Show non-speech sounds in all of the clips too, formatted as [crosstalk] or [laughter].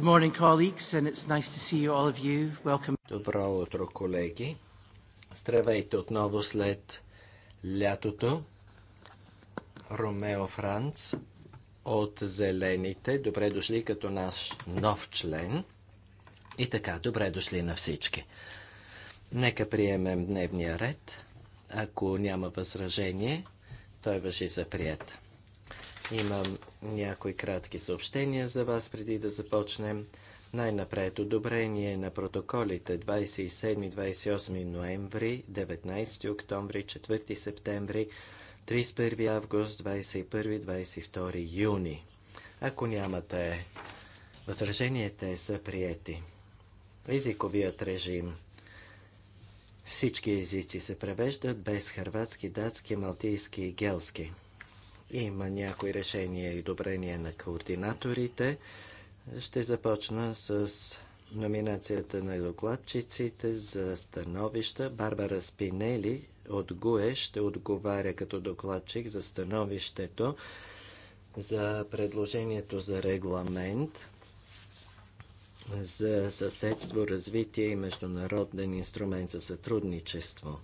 Good morning, colleagues, and it's nice to see all of you. Welcome. Добро утро, колеги. Здравейте отново след лятото. Ромео Франц от Зелените. Добре дошли като наш нов член. И така, добре дошли на всички. Нека приемем дневния ред. Ако няма възражение, той въжи за приятел. Имам някои кратки съобщения за вас преди да започнем. Най-напред одобрение на протоколите 27-28 ноември, 19 октомври, 4 септември, 31 август, 21-22 юни. Ако нямате възражение, те са приети. Езиковият режим. Всички езици се превеждат без хърватски, датски, малтийски и гелски. Има някои решения и добрения на координаторите. Ще започна с номинацията на докладчиците за становища. Барбара Спинели от ГУЕ ще отговаря като докладчик за становището за предложението за регламент за съседство, развитие и международен инструмент за сътрудничество.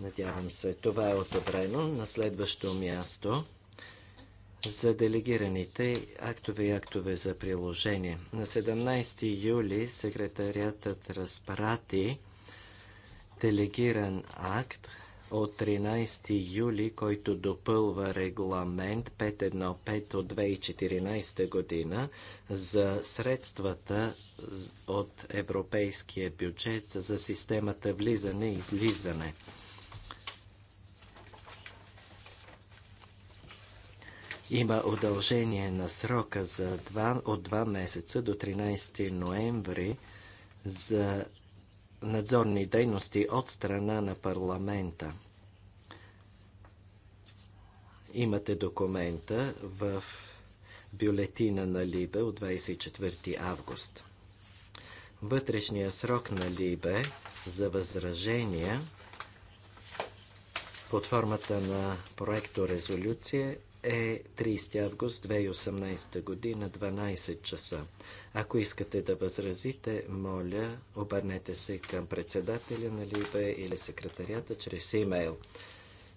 Надявам се, това е одобрено. На следващо място за делегираните актове и актове за приложение. На 17 юли секретариатът разпрати делегиран акт от 13 юли, който допълва регламент 515 от 2014 година за средствата от европейския бюджет за системата влизане и излизане. Има удължение на срока за два, от 2 месеца до 13 ноември за надзорни дейности от страна на парламента. Имате документа в бюлетина на Либе от 24 август. Вътрешния срок на Либе за възражения под формата на проекто резолюция е 30 август 2018 година, 12 часа. Ако искате да възразите, моля, обърнете се към председателя на Либе или секретарията чрез имейл.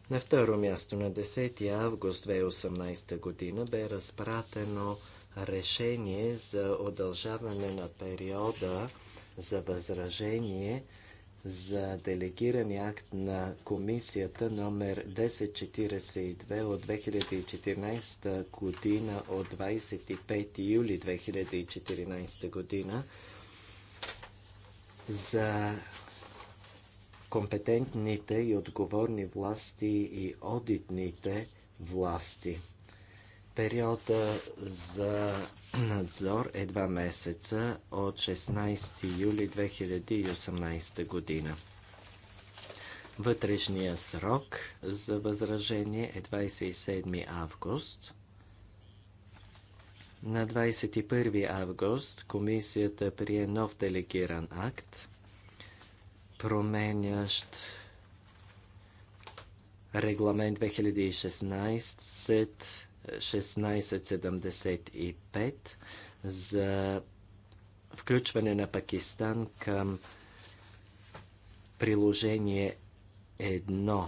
На второ място на 10 август 2018 година бе разпратено решение за удължаване на периода за възражение – за делегирани акт на комисията номер 1042 от 2014 година от 25 юли 2014 година за компетентните и отговорни власти и одитните власти. Периода за надзор е два месеца от 16 юли 2018 година. Вътрешния срок за възражение е 27 август. На 21 август комисията прие нов делегиран акт, променящ регламент 2016 1675 за включване на Пакистан към приложение 1.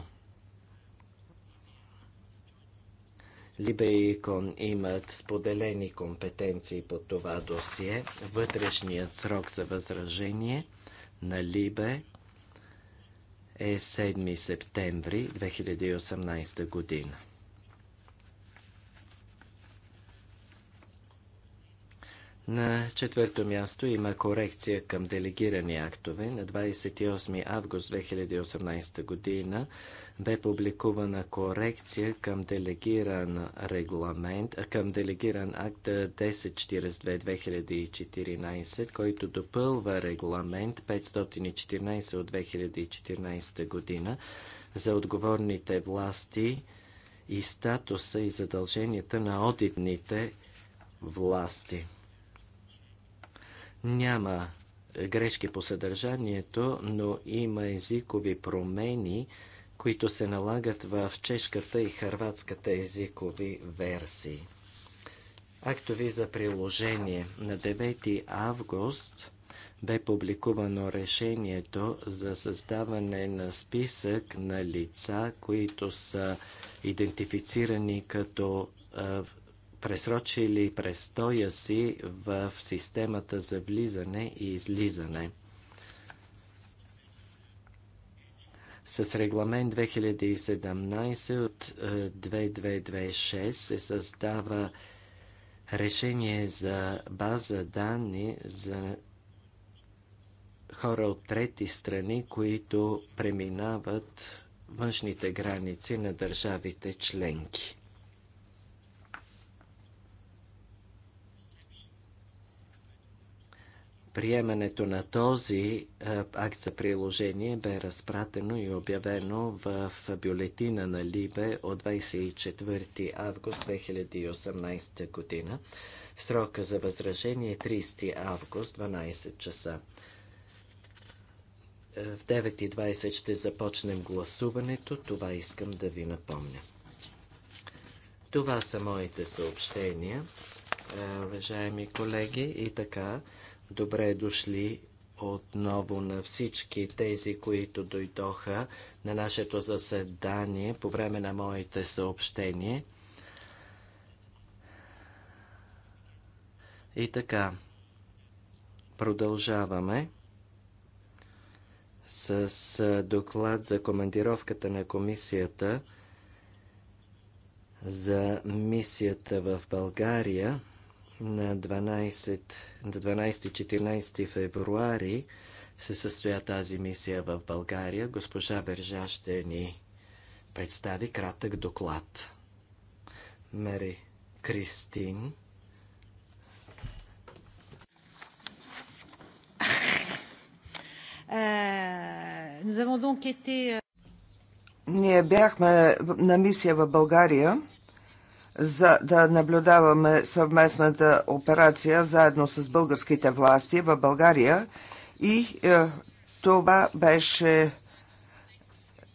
Либе и Икон имат споделени компетенции по това досие. Вътрешният срок за възражение на Либе е 7 септември 2018 година. На четвърто място има корекция към делегирани актове. На 28 август 2018 година бе публикувана корекция към делегиран регламент, към делегиран акт 1042-2014, който допълва регламент 514 от 2014 година за отговорните власти и статуса и задълженията на одитните власти. Няма грешки по съдържанието, но има езикови промени, които се налагат в чешката и хърватската езикови версии. Актови за приложение. На 9 август бе публикувано решението за създаване на списък на лица, които са идентифицирани като пресрочили престоя си в системата за влизане и излизане. С регламент 2017 от 2226 е, се създава решение за база данни за хора от трети страни, които преминават външните граници на държавите членки. Приемането на този е, акт за приложение бе разпратено и обявено в бюлетина на Либе от 24 август 2018 година. Срока за възражение е 30 август 12 часа. Е, в 9.20 ще започнем гласуването. Това искам да ви напомня. Това са моите съобщения, е, уважаеми колеги. И така, Добре дошли отново на всички тези, които дойдоха на нашето заседание по време на моите съобщения. И така, продължаваме с доклад за командировката на комисията за мисията в България на 12, и 14 февруари се състоя тази мисия в България. Госпожа Бержа ще ни представи кратък доклад. Мери Кристин. Е, е, Ние бяхме на мисия в България за да наблюдаваме съвместната операция заедно с българските власти в България и е, това беше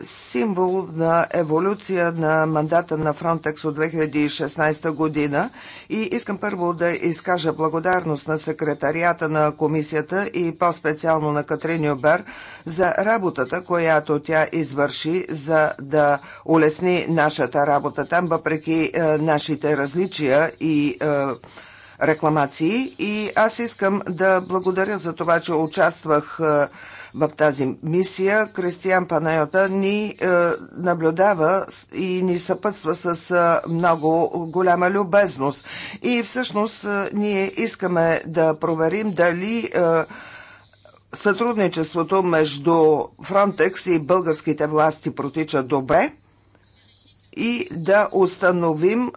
символ на еволюция на мандата на Фронтекс от 2016 година и искам първо да изкажа благодарност на секретарията на комисията и по-специално на Катрин Юбер за работата, която тя извърши за да улесни нашата работа там, въпреки е, нашите различия и е, рекламации. И аз искам да благодаря за това, че участвах е, в тази мисия. Кристиян Панайота ни е, наблюдава и ни съпътства с е, много голяма любезност. И всъщност е, ние искаме да проверим дали сътрудничеството между Фронтекс и българските власти протича добре и да установим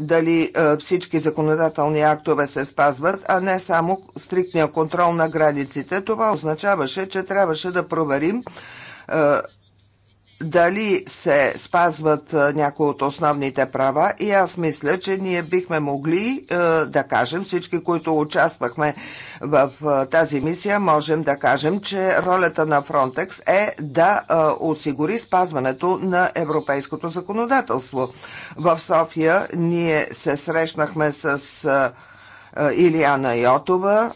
дали всички законодателни актове се спазват, а не само стриктния контрол на границите. Това означаваше, че трябваше да проверим дали се спазват някои от основните права и аз мисля, че ние бихме могли да кажем, всички, които участвахме в тази мисия, можем да кажем, че ролята на Фронтекс е да осигури спазването на европейското законодателство. В София ние се срещнахме с Илияна Йотова,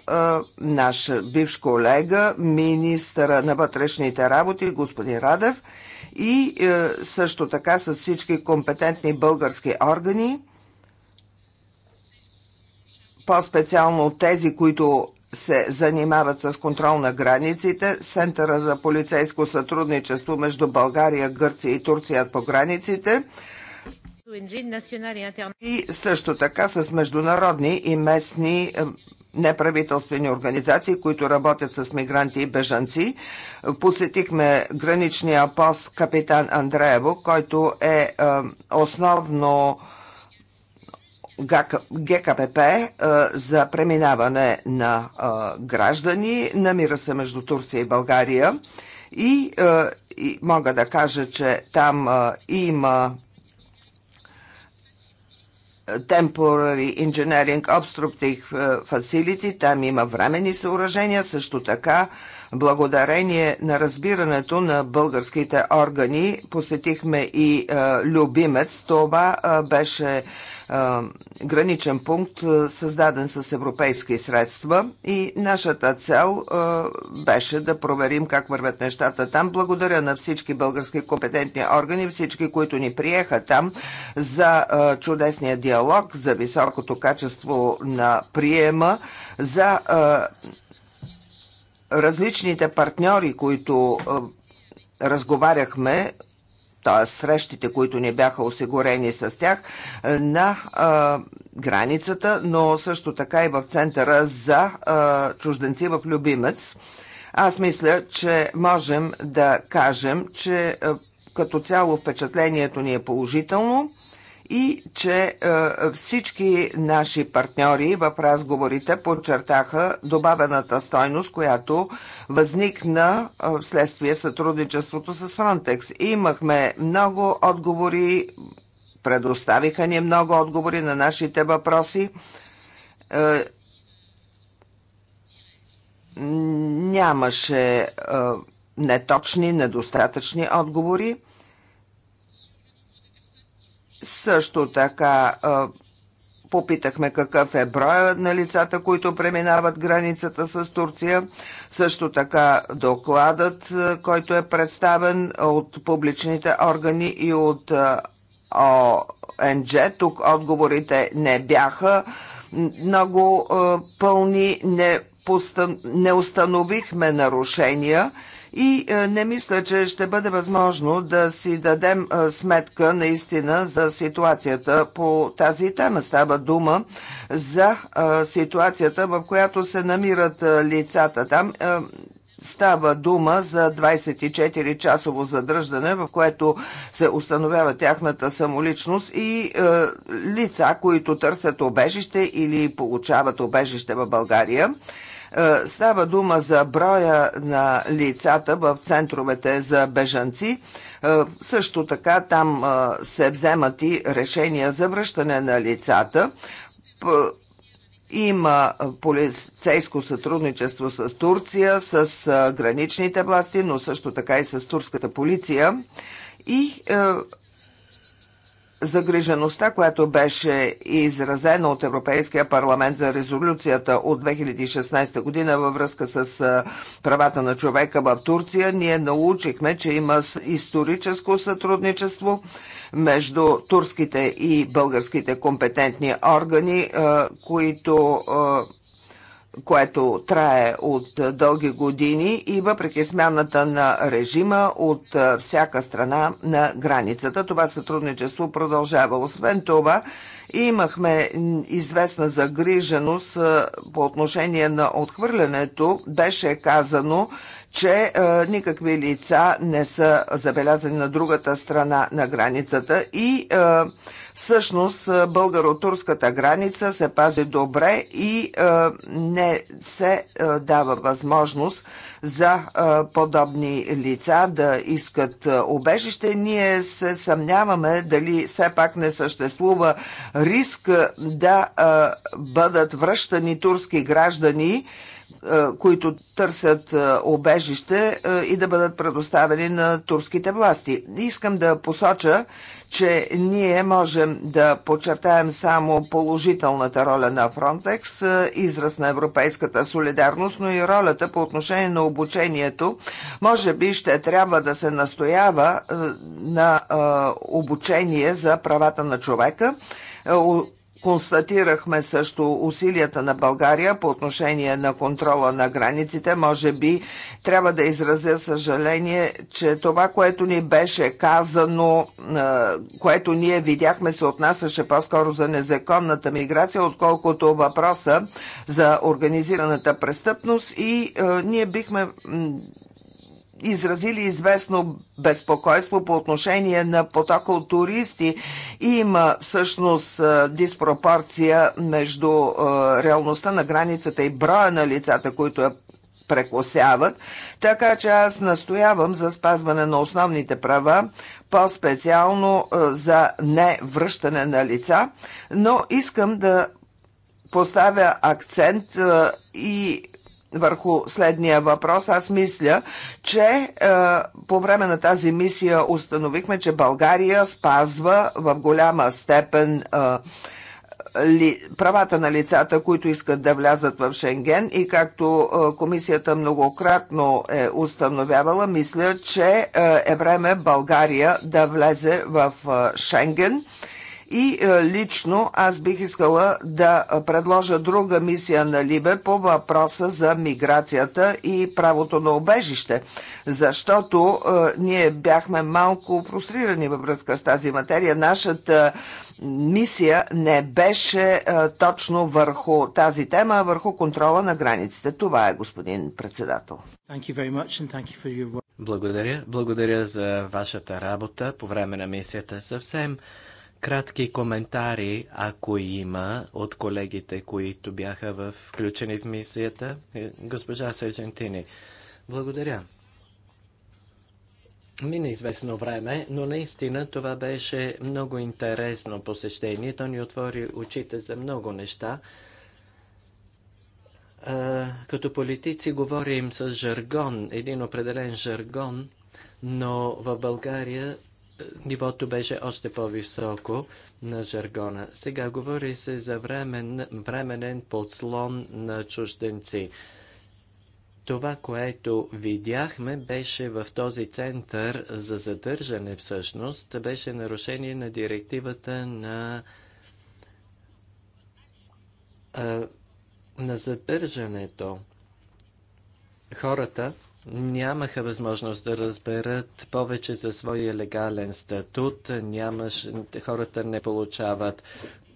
наш бивш колега, министър на вътрешните работи, господин Радев – и е, също така с всички компетентни български органи, по-специално тези, които се занимават с контрол на границите, Центъра за полицейско сътрудничество между България, Гърция и Турция по границите и също така с международни и местни е, неправителствени организации, които работят с мигранти и бежанци. Посетихме граничния пост капитан Андреево, който е, е основно ГКПП е, за преминаване на е, граждани. Намира се между Турция и България и, и мога да кажа, че там има Temporary Engineering Obstructive е, Facility, там има времени съоръжения, също така благодарение на разбирането на българските органи посетихме и е, Любимец. Това е, беше граничен пункт, създаден с европейски средства и нашата цел беше да проверим как вървят нещата там. Благодаря на всички български компетентни органи, всички, които ни приеха там за чудесния диалог, за високото качество на приема, за различните партньори, които разговаряхме т.е. срещите, които не бяха осигурени с тях, е, на а, границата, но също така и в центъра за а, чужденци в Любимец. Аз мисля, че можем да кажем, че а, е, като цяло впечатлението ни е положително и че е, всички наши партньори в разговорите подчертаха добавената стойност, която възникна е, вследствие сътрудничеството с Фронтекс. Имахме много отговори, предоставиха ни много отговори на нашите въпроси е, нямаше неточни, недостатъчни отговори. Също така Попитахме какъв е броят на лицата, които преминават границата с Турция. Също така докладът, който е представен от публичните органи и от ОНЖ. Тук отговорите не бяха много пълни. не установихме нарушения и е, не мисля, че ще бъде възможно да си дадем е, сметка наистина за ситуацията по тази тема. Става дума за е, ситуацията, в която се намират лицата там. Става дума за 24-часово задръждане, в което се установява тяхната самоличност и е, лица, които търсят обежище или получават обежище в България. Е, става дума за броя на лицата в центровете за бежанци. Е, също така там е, се вземат и решения за връщане на лицата. Има полицейско сътрудничество с Турция, с граничните власти, но също така и с турската полиция. И загрижеността, която беше изразена от Европейския парламент за резолюцията от 2016 година във връзка с правата на човека в Турция, ние научихме, че има историческо сътрудничество между турските и българските компетентни органи, които което трае от дълги години и въпреки смяната на режима от всяка страна на границата. Това сътрудничество продължава. Освен това, имахме известна загриженост по отношение на отхвърлянето. Беше казано, че е, никакви лица не са забелязани на другата страна на границата и е, Всъщност българо-турската граница се пази добре и не се дава възможност за подобни лица да искат обежище. Ние се съмняваме дали все пак не съществува риск да бъдат връщани турски граждани, които търсят обежище и да бъдат предоставени на турските власти. Искам да посоча, че ние можем да подчертаем само положителната роля на Frontex, е, израз на европейската солидарност, но и ролята по отношение на обучението. Може би ще трябва да се настоява е, на е, обучение за правата на човека Констатирахме също усилията на България по отношение на контрола на границите. Може би трябва да изразя съжаление, че това, което ни беше казано, което ние видяхме, се отнасяше по-скоро за незаконната миграция, отколкото въпроса за организираната престъпност и ние бихме изразили известно безпокойство по отношение на потока от туристи и има всъщност диспропорция между реалността на границата и броя на лицата, които я прекосяват, така че аз настоявам за спазване на основните права, по-специално за невръщане на лица, но искам да поставя акцент и върху следния въпрос. Аз мисля, че е, по време на тази мисия установихме, че България спазва в голяма степен е, ли, правата на лицата, които искат да влязат в Шенген и както е, комисията многократно е установявала, мисля, че е, е време България да влезе в е, Шенген. И е, лично аз бих искала да предложа друга мисия на Либе по въпроса за миграцията и правото на обежище, защото е, ние бяхме малко прострирани във връзка с тази материя. Нашата е, мисия не беше а, точно върху тази тема, а върху контрола на границите. Това е, господин председател. Your... Благодаря. Благодаря за вашата работа по време на мисията. Съвсем кратки коментари, ако има, от колегите, които бяха в, включени в мисията. Е, госпожа Сержентини, благодаря. Мина известно време, но наистина това беше много интересно посещение. То ни отвори очите за много неща. А, е, като политици говорим с жаргон, един определен жаргон, но в България нивото беше още по-високо на жаргона. Сега говори се за времен, временен подслон на чужденци. Това, което видяхме, беше в този център за задържане всъщност, беше нарушение на директивата на, на задържането. Хората, нямаха възможност да разберат повече за своя легален статут, нямаш, хората не получават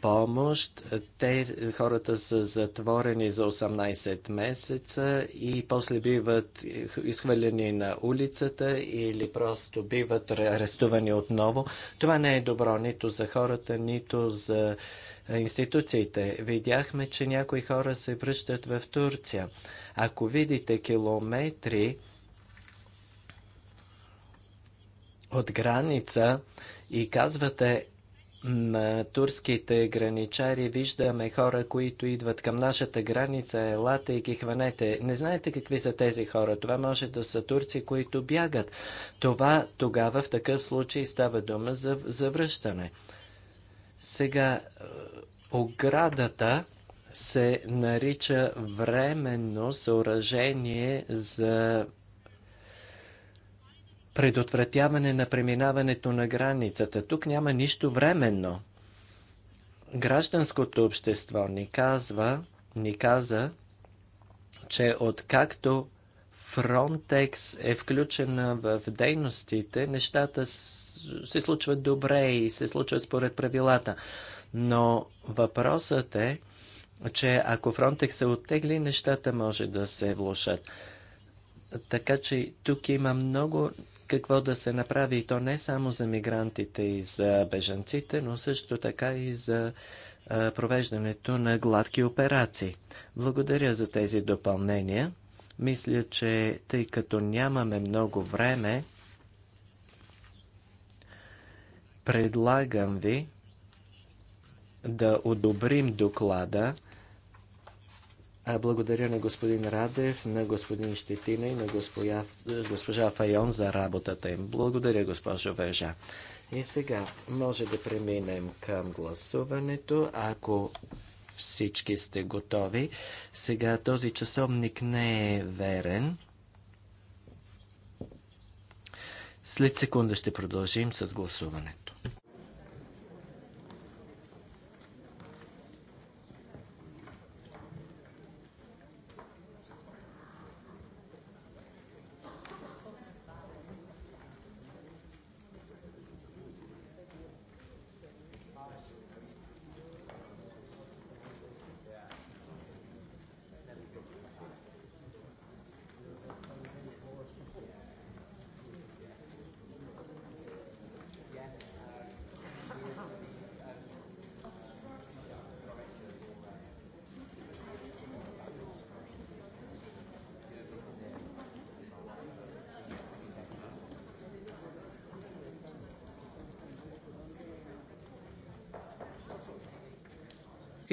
помощ. Те, хората са затворени за 18 месеца и после биват изхвърлени на улицата или просто биват арестувани отново. Това не е добро нито за хората, нито за институциите. Видяхме, че някои хора се връщат в Турция. Ако видите километри от граница и казвате на турските граничари виждаме хора, които идват към нашата граница, елате и ги хванете. Не знаете какви са тези хора. Това може да са турци, които бягат. Това тогава в такъв случай става дума за завръщане. Сега е, оградата се нарича временно съоръжение за предотвратяване на преминаването на границата. Тук няма нищо временно. Гражданското общество ни казва, ни каза, че откакто Frontex е включена в дейностите, нещата се случват добре и се случват според правилата. Но въпросът е, че ако Фронтекс се оттегли, нещата може да се влушат. Така че тук има много какво да се направи и то не само за мигрантите и за бежанците, но също така и за провеждането на гладки операции. Благодаря за тези допълнения. Мисля, че тъй като нямаме много време, предлагам ви да одобрим доклада благодаря на господин Радев, на господин Щетина и на госпожа, госпожа Файон за работата им. Благодаря, госпожо Вежа. И сега може да преминем към гласуването. Ако всички сте готови, сега този часовник не е верен. След секунда ще продължим с гласуването.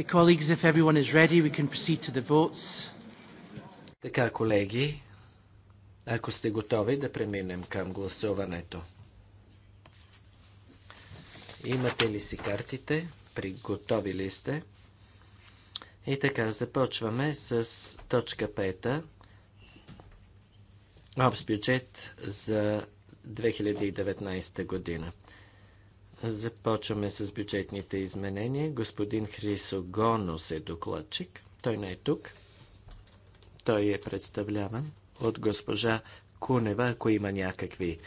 Colleagues, if everyone is ready, we can proceed to the votes. Така, колеги, ако сте готови да преминем към гласуването. Имате ли си картите? Приготови ли сте? И така, започваме с точка 5. Общ бюджет за 2019 година. Започваме с бюджетните изменения. Господин Хрисо Гонос е докладчик. Той не е тук. Той е представляван от госпожа Кунева, ако има някакви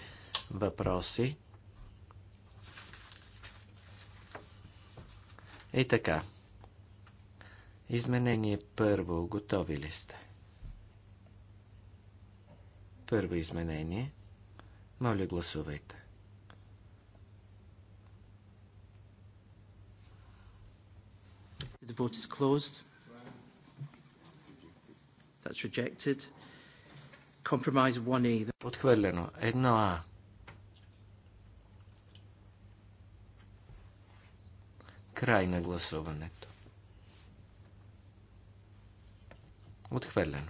въпроси. И така. Изменение първо. Готови ли сте? Първо изменение. Моля, гласувайте. The vote is closed. That's rejected. Compromise 1A. Отхвърлено. 1А. Край на гласуването. Отхвърлено.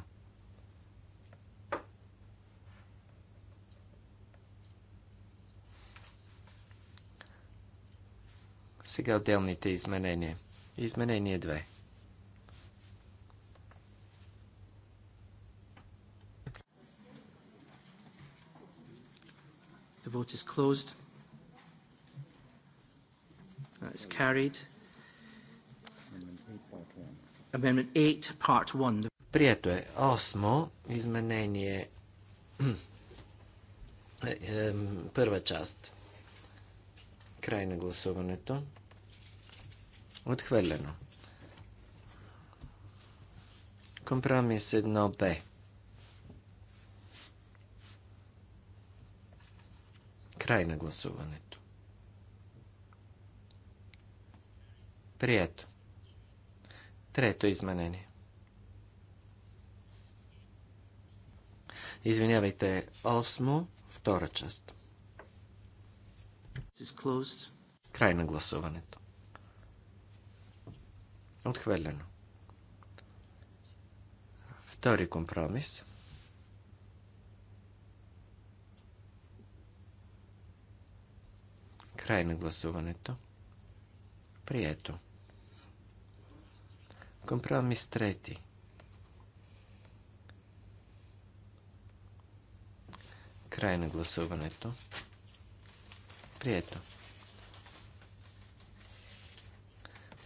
Сега отделните изменения. Изменение 2. The vote is closed. That uh, is carried. Amendment 8, Part 1. Прието е. Осмо изменение. [clears throat] Е, първа част. Край на гласуването. Отхвърлено. Компромис 1Б. Край на гласуването. Прието. Трето изменение. Извинявайте, осмо, втора част. Край на гласуването. Отхвърлено. Втори компромис. Край на гласуването. Прието. Компромис трети. Край на гласуването. Прието.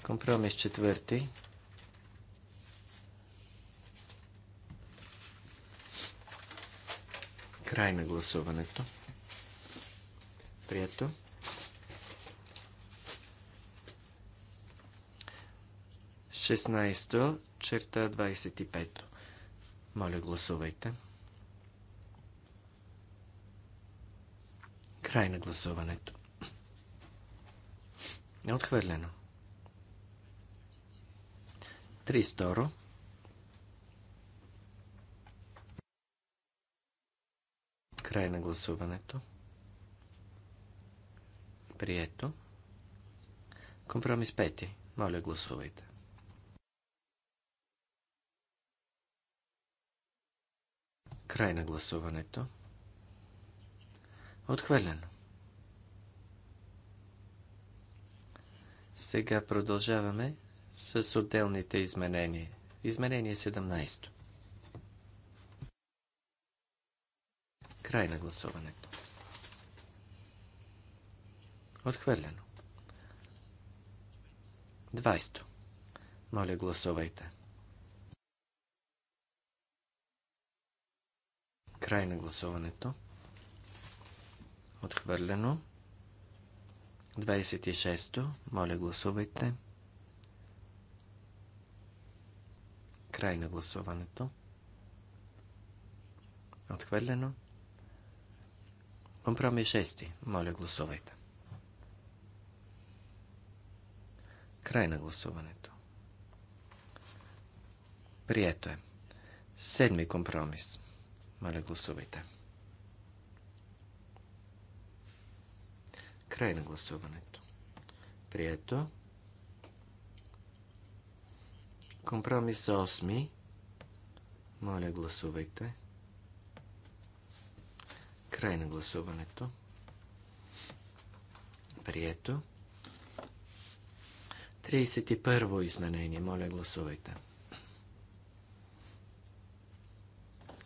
Компромис четвърти. Край на гласуването. Прието. Шестнайсто, черта 25. Моля, гласувайте. Край на гласуването. Не отхвърлено. 32. Край на гласуването. Прието. Компромис 5. Моля, гласувайте. Край на гласуването. Отхвърлено. Сега продължаваме с отделните изменения. Изменение 17. Край на гласуването. Отхвърлено. 20. Моля, гласувайте. Край на гласуването. Отхвърлено. 26. Моля, гласувайте. Край на гласуването. Отхвърлено. Компромис 6. Моля, гласувайте. Край на гласуването. Прието е. Седми компромис. Моля, гласувайте. Край на гласуването. Прието. Компромис 8. Моля, гласувайте. Край на гласуването. Прието. 31 во изменение. Моля, гласувайте.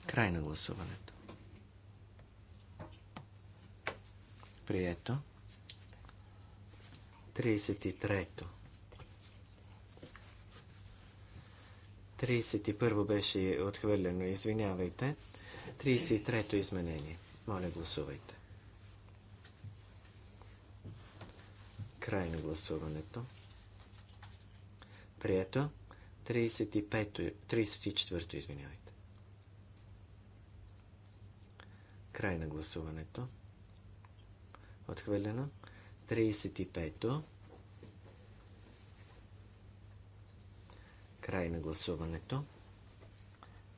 Край на гласуването. Прието. 33-то. 31 беше отхвърлено, извинявайте. 33-то изменение. Моля, гласувайте. Край на гласуването. Прието. 34-то, извинявайте. Край на гласуването. Отхвърлено. 35-то. Край на гласуването.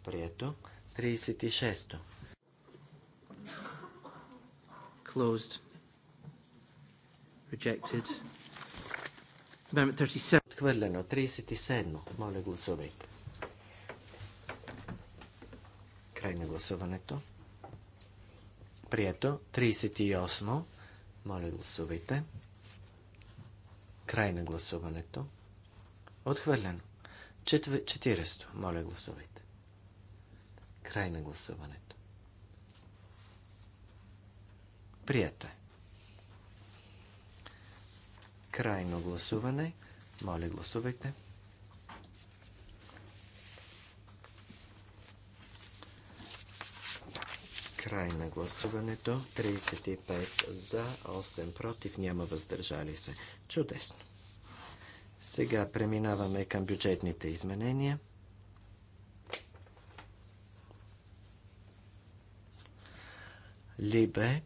Прието. 36-то. Closed. Rejected. Amendment 37. Отхвърлено. 37. Моля, гласувайте. Край на гласуването. Прието. 38. Моля, гласувайте. Край на гласуването. Отхвърлено. 40. Моля, гласувайте. Край на гласуването. Прието е. Крайно гласуване. Моля, гласувайте. Край на гласуването. 35 за, 8 против, няма въздържали се. Чудесно. Сега преминаваме към бюджетните изменения. Либе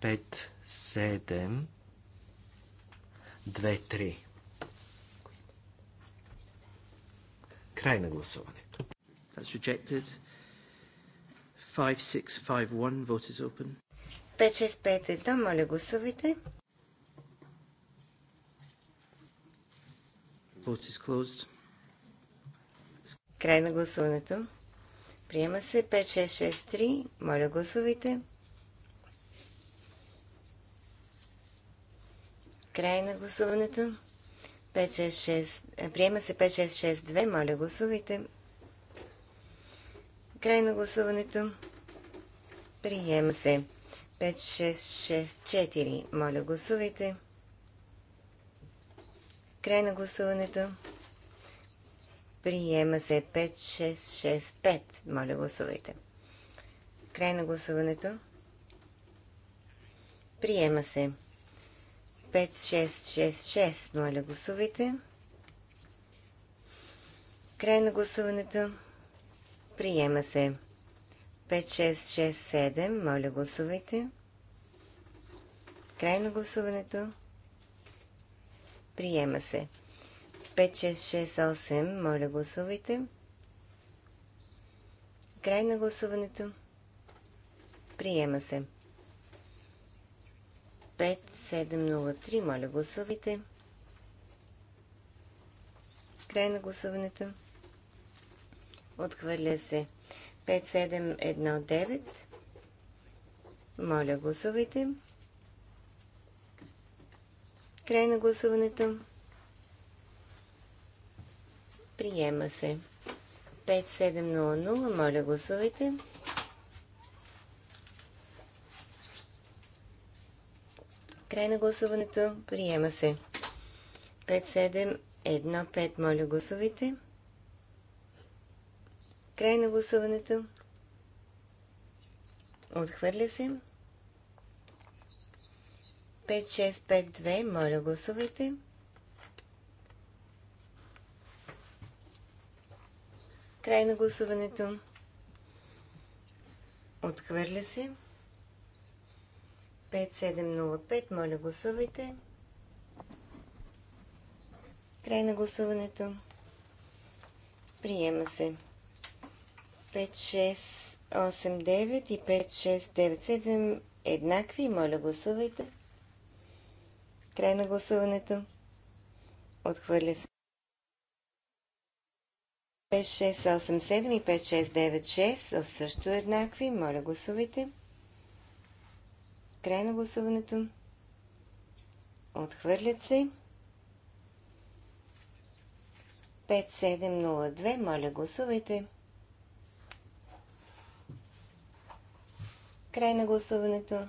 5, 7, 2, 3. Край на гласуването. That's rejected. 5651, vote is open. 5651, моля гласувайте. is closed. Край на гласуването. Приема се 5663. Моля гласувайте. Край на гласуването. 566. Приема се 5662. Моля гласувайте. Край на гласуването. Приема се 5664. Моля гласувайте. Край на гласуването. Приема се 5665. Моля, гласувайте. Край на гласуването. Приема се 5666. Моля, гласувайте. Край на гласуването. Приема се 5667. Моля, гласувайте. Край на гласуването. Приема се. 8. Моля, гласувайте. Край на гласуването. Приема се. 5703. Моля, гласувайте. Край на гласуването. Отхвърля се. 5719. Моля, гласувайте. Край на гласуването. Приема се. 5700. Моля, гласувайте. Край на гласуването. Приема се. 5715. Моля, гласувайте. Край на гласуването. Отхвърля се. 5715. 5652. Моля, гласувайте. Край на гласуването. Отхвърля се. 5705. Моля, гласувайте. Край на гласуването. Приема се. 5689 и 5697 еднакви. Моля, гласувайте. Край на гласуването. Отхвърля се. 5687 и 5696 също еднакви. Моля, гласувайте. Край на гласуването. Отхвърлят се. 5702. Моля, гласувайте. Край на гласуването.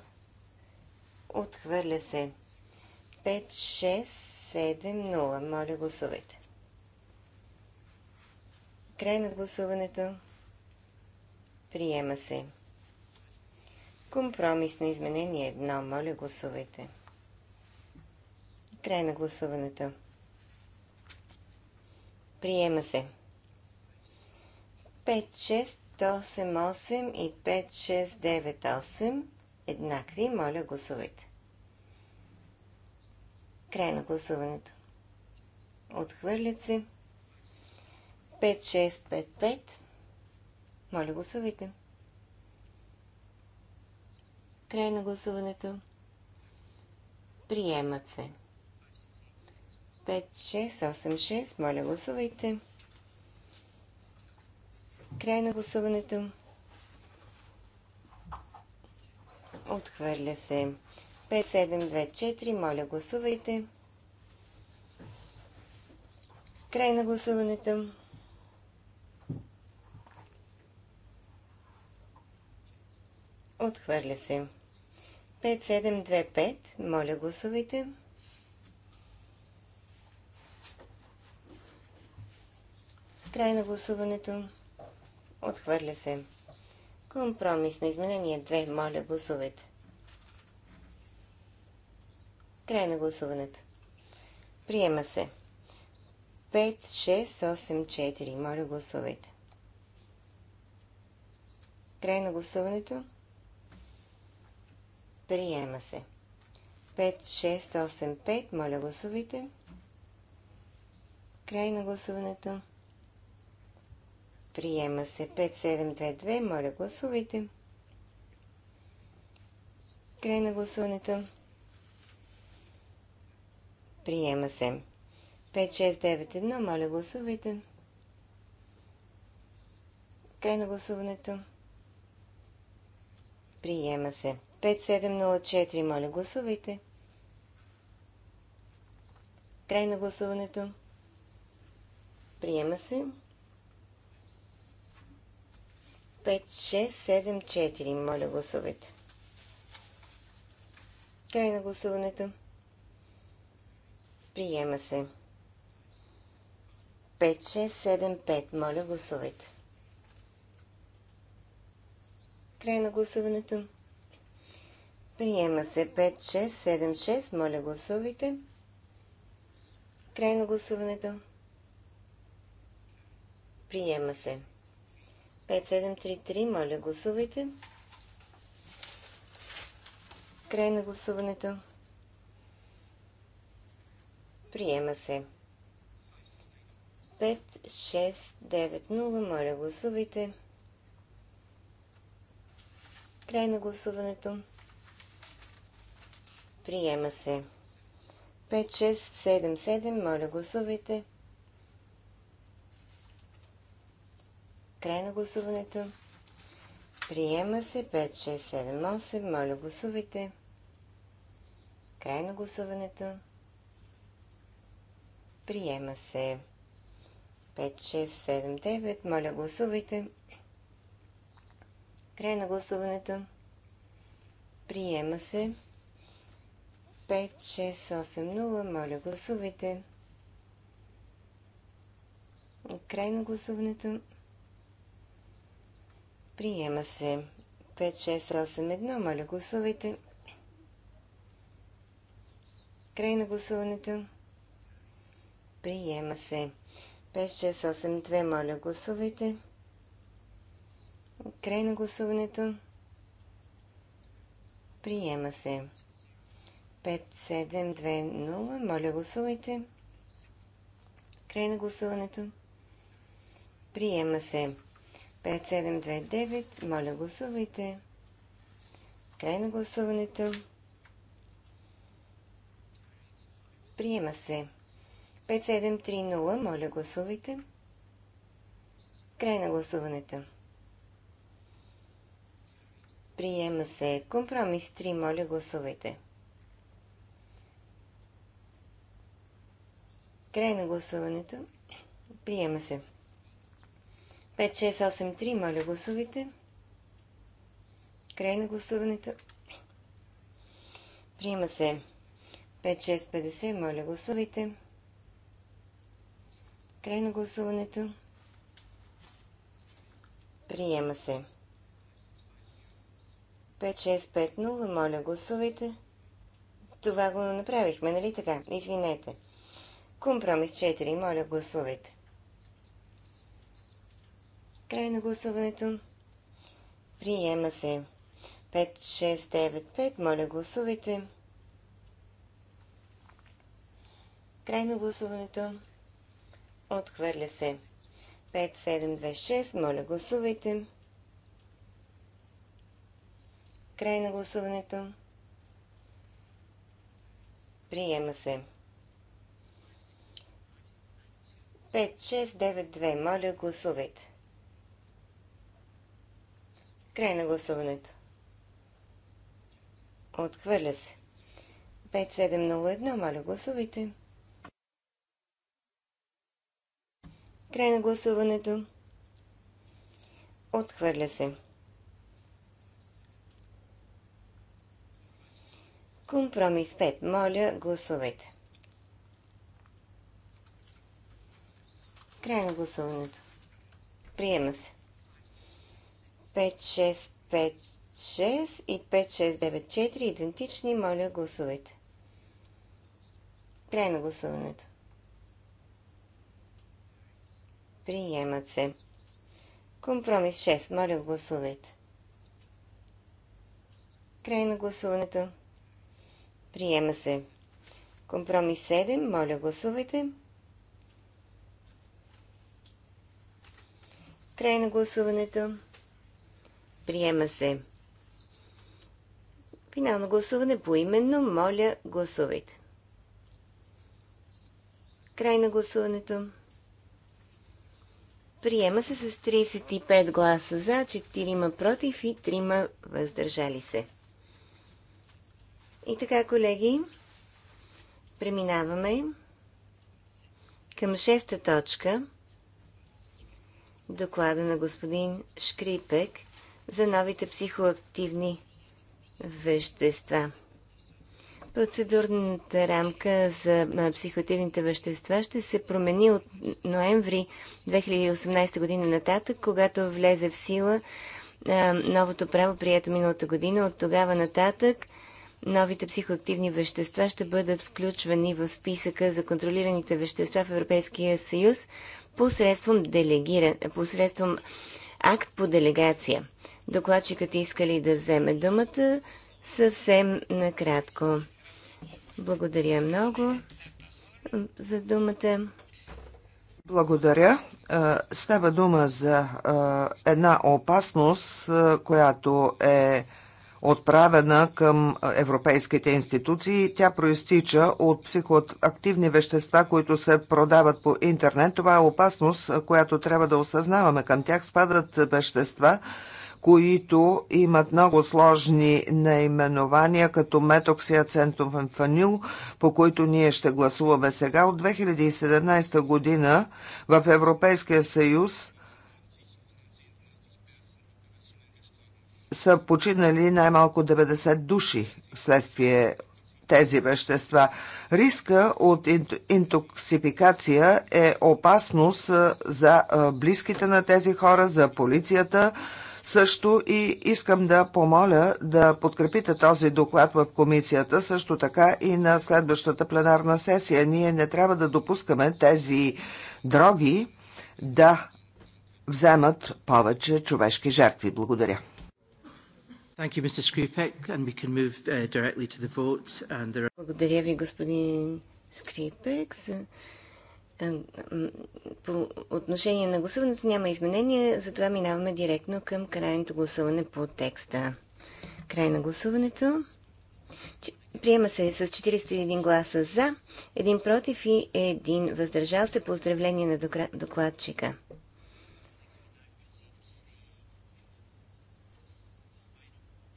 Отхвърля се. 5670. Моля, гласувайте. Край на гласуването. Приема се. Компромис на изменение 1. Моля, гласувайте. Край на гласуването. Приема се. 5-6-8-8 и 5-6-9-8 еднакви. Моля, гласувайте. Край на гласуването. Отхвърлят се. 5-6-5-5. Моля, гласувайте. Край на гласуването. Приемат се. 5-6-8-6. Моля, гласувайте. Край на гласуването. Отхвърля се. 5724. Моля, гласувайте. Край на гласуването. Отхвърля се. 5725. Моля, гласувайте. Край на гласуването. Отхвърля се. Компромис на изменение 2. Моля, гласувайте. Край на гласуването. Приема се. 5, 6, 8, 4. Моля, гласувайте. Край на гласуването. Приема се. 5, 6, 8, 5. Моля, гласувайте. Край на гласуването. Приема се. 5, 7, 2, 2. Моля, гласувайте. Край на гласуването. Приема се. 5691. Моля, гласувайте. Край на гласуването. Приема се. 5704. Моля, гласувайте. Край на гласуването. Приема се. 5674. Моля, гласувайте. Край на гласуването. Приема се. 5675. Моля, гласувайте. Край на гласуването. Приема се 5676. Моля, гласувайте. Край на гласуването. Приема се. 5-7-3-3. Моля, гласувайте. Край на гласуването. Приема се. 5690. Моля, гласувайте. Край на гласуването. Приема се. 5677. Моля, гласувайте. Край на гласуването. Приема се 5678. Моля, гласувайте. Край на гласуването. Приема се 5, 6, 7, 9. Моля, гласувайте. Край на гласуването. Приема се 5, 6, 8, 0. Моля, гласувайте. Край на гласуването. Приема се 5, 6, 8, 1. Моля, гласувайте. Край на гласуването. Приема се. 5682, моля гласувайте. Край на гласуването. Приема се. 5720, моля гласувайте. Край на гласуването. Приема се. 5729, моля гласувайте. Край на гласуването. Приема се. 5730. Моля, гласувайте. Край на гласуването. Приема се. Компромис 3. Моля, гласувайте. Край на гласуването. Приема се. 5683. Моля, гласувайте. Край на гласуването. Приема се. 5650. Моля, гласувайте. Край на гласуването. Приема се. 5650, моля гласувайте. Това го направихме, нали така? Извинете. Компромис 4, моля гласувайте. Край на гласуването. Приема се. 5695, моля гласувайте. Край на гласуването. Отхвърля се. 5726. Моля, гласувайте. Край на гласуването. Приема се. 5692. Моля, гласувайте. Край на гласуването. Отхвърля се. 5701. Моля, гласувайте. Край на гласуването. Отхвърля се. Компромис 5. Моля, гласувайте. Край на гласуването. Приема се. 5656 и 5694 идентични. Моля, гласувайте. Край на гласуването. Приемат се. Компромис 6. Моля, гласувайте. Край на гласуването. Приема се. Компромис 7. Моля, гласувайте. Край на гласуването. Приема се. Финално гласуване по именно. Моля, гласувайте. Край на гласуването. Приема се с 35 гласа за, 4 против и 3 въздържали се. И така, колеги, преминаваме към шеста точка. Доклада на господин Шкрипек за новите психоактивни вещества. Процедурната рамка за психоактивните вещества ще се промени от ноември 2018 година нататък, когато влезе в сила новото право, прието миналата година. От тогава нататък новите психоактивни вещества ще бъдат включвани в списъка за контролираните вещества в Европейския съюз посредством, делегира, посредством акт по делегация. Докладчикът иска ли да вземе думата съвсем накратко? Благодаря много за думата. Благодаря. Е, става дума за е, една опасност, е, която е отправена към европейските институции. Тя проистича от психоактивни вещества, които се продават по интернет. Това е опасност, която трябва да осъзнаваме. Към тях спадат вещества, които имат много сложни наименования, като метоксиацентов фанил, по които ние ще гласуваме сега. От 2017 година в Европейския съюз са починали най-малко 90 души вследствие тези вещества. Риска от интоксикация е опасност за близките на тези хора, за полицията, също и искам да помоля да подкрепите този доклад в комисията, също така и на следващата пленарна сесия. Ние не трябва да допускаме тези дроги да вземат повече човешки жертви. Благодаря. Благодаря ви, господин Скрипек. За по отношение на гласуването няма изменения, затова минаваме директно към крайното гласуване по текста. Край на гласуването. Приема се с 41 гласа за, 1 против и един въздържал се. Поздравление на докладчика.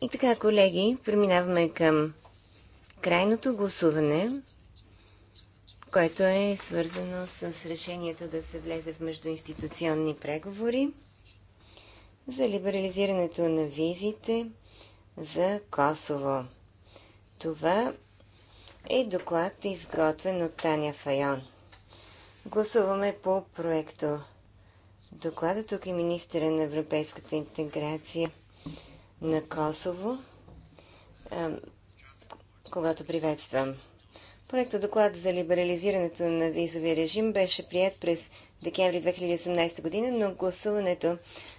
И така, колеги, преминаваме към крайното гласуване което е свързано с решението да се влезе в междуинституционни преговори за либерализирането на визите за Косово. Това е доклад, изготвен от Таня Файон. Гласуваме по проекто. Доклада тук е министра на европейската интеграция на Косово, когато приветствам Проектът доклад за либерализирането на визовия режим беше прият през декември 2018 година, но гласуването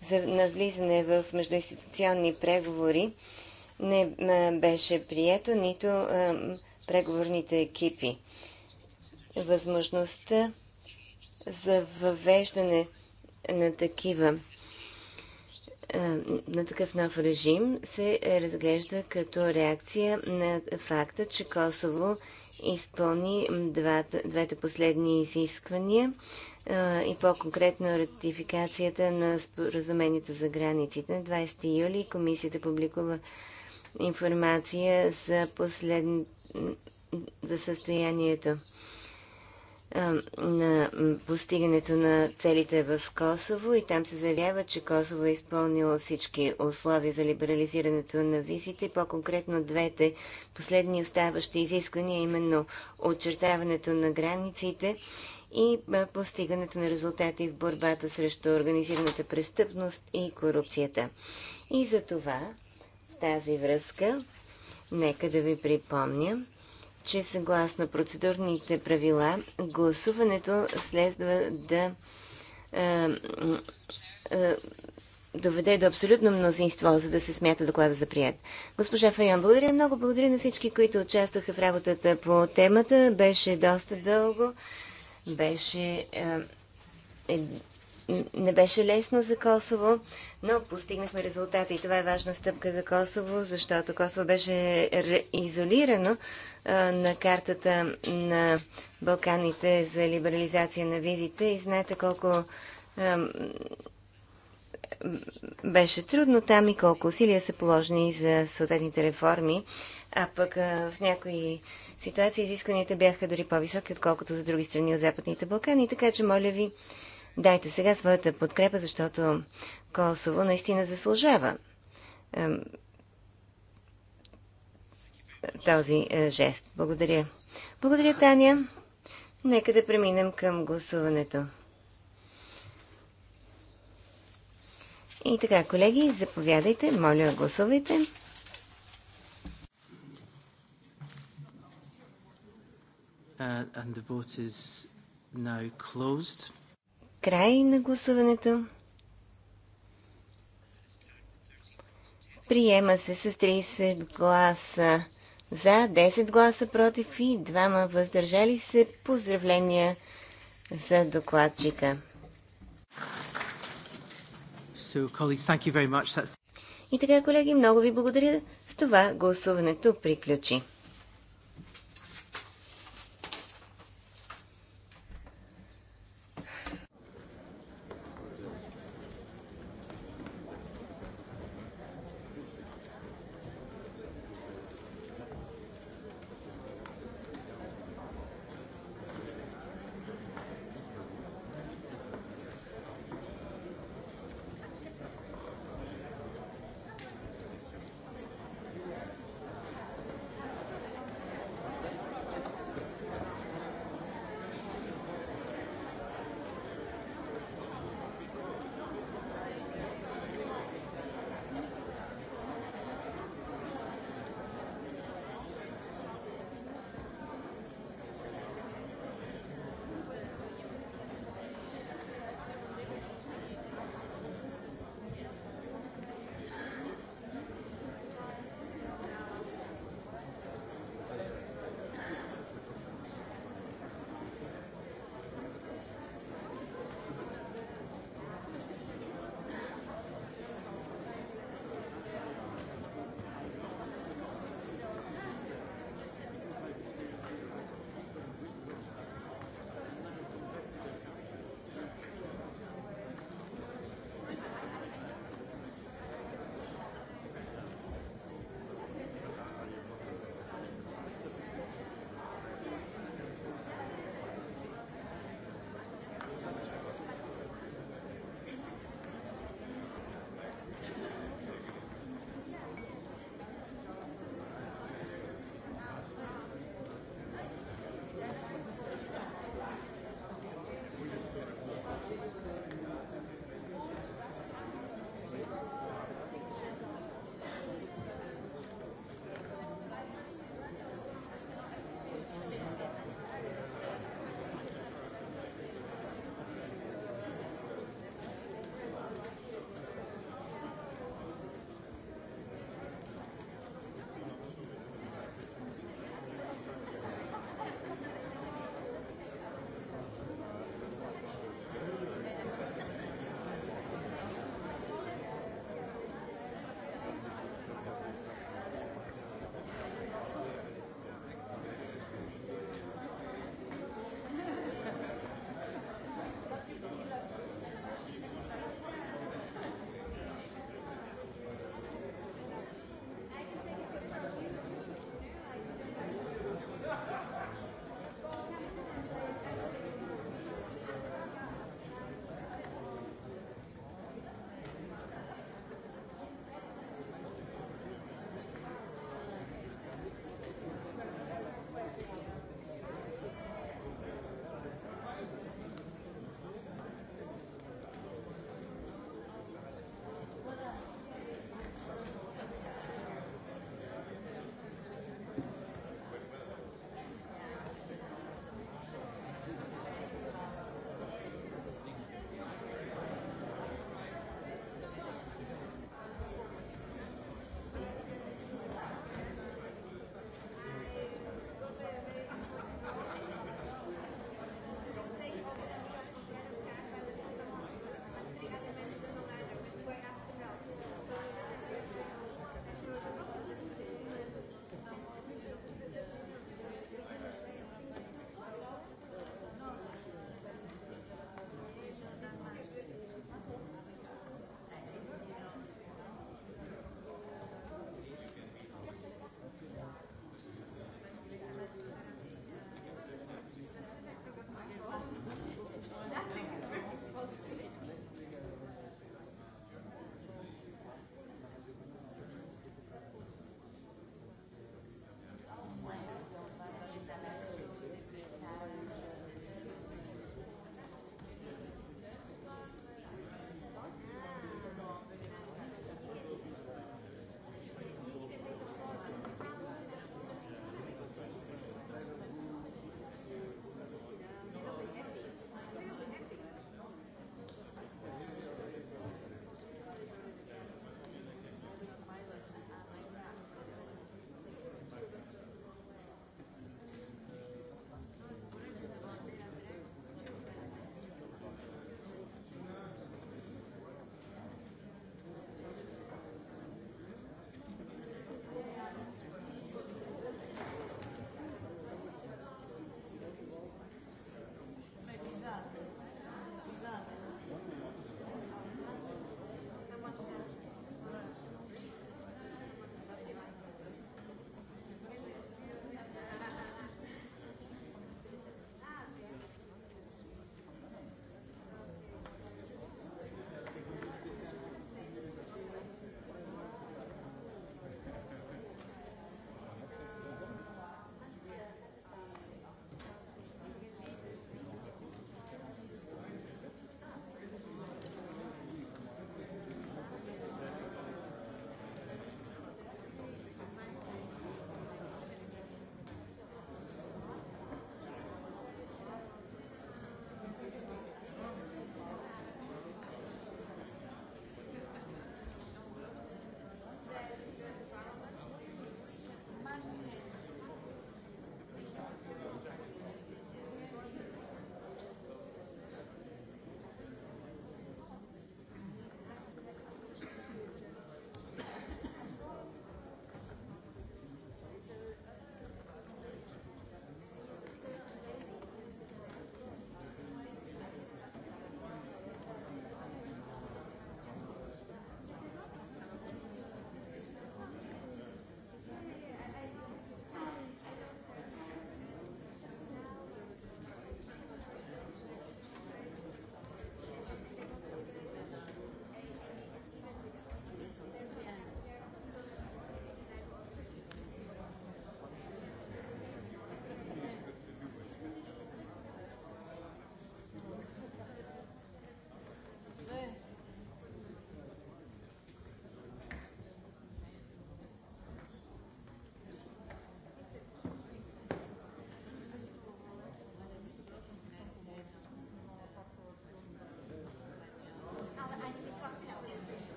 за навлизане в междуинституционни преговори не беше прието, нито преговорните екипи. Възможността за въвеждане на такива на такъв нов режим се разглежда като реакция на факта, че Косово изпълни двата, двете последни изисквания и по-конкретно ратификацията на споразумението за границите. На 20 юли комисията публикува информация за, послед... за състоянието на постигането на целите в Косово и там се заявява, че Косово е изпълнило всички условия за либерализирането на визите, по-конкретно двете последни оставащи изисквания, именно очертаването на границите и постигането на резултати в борбата срещу организираната престъпност и корупцията. И за това, в тази връзка, нека да ви припомня, че съгласно процедурните правила гласуването следва да е, е, доведе до абсолютно мнозинство, за да се смята доклада за прият. Госпожа Файон, благодаря много. Благодаря на всички, които участваха в работата по темата. Беше доста дълго. Беше е, не беше лесно за Косово, но постигнахме резултата и това е важна стъпка за Косово, защото Косово беше изолирано на картата на Балканите за либерализация на визите и знаете колко беше трудно там и колко усилия са положени за съответните реформи, а пък в някои ситуации изискванията бяха дори по-високи, отколкото за други страни от Западните Балкани, така че моля ви дайте сега своята подкрепа, защото Косово наистина заслужава този е, жест. Благодаря. Благодаря, Таня. Нека да преминем към гласуването. И така, колеги, заповядайте, моля, гласувайте. Uh, and the vote is now closed. Край на гласуването. Приема се с 30 гласа за, 10 гласа против и 2 въздържали се. Поздравления за докладчика. И така, колеги, много ви благодаря. С това гласуването приключи.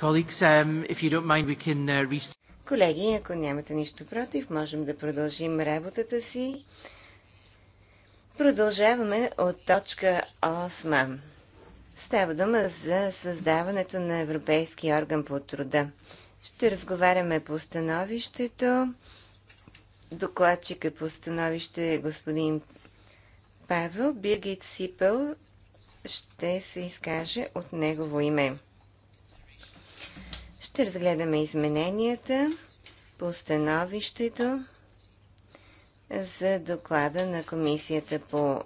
Um, uh, Колеги, ако нямате нищо против, можем да продължим работата си. Продължаваме от точка 8. Става дума за създаването на Европейски орган по труда. Ще разговаряме по становището. Докладчика по становище е господин Павел. Биргит Сипел ще се изкаже от негово име. Ще разгледаме измененията по становището за доклада на Комисията по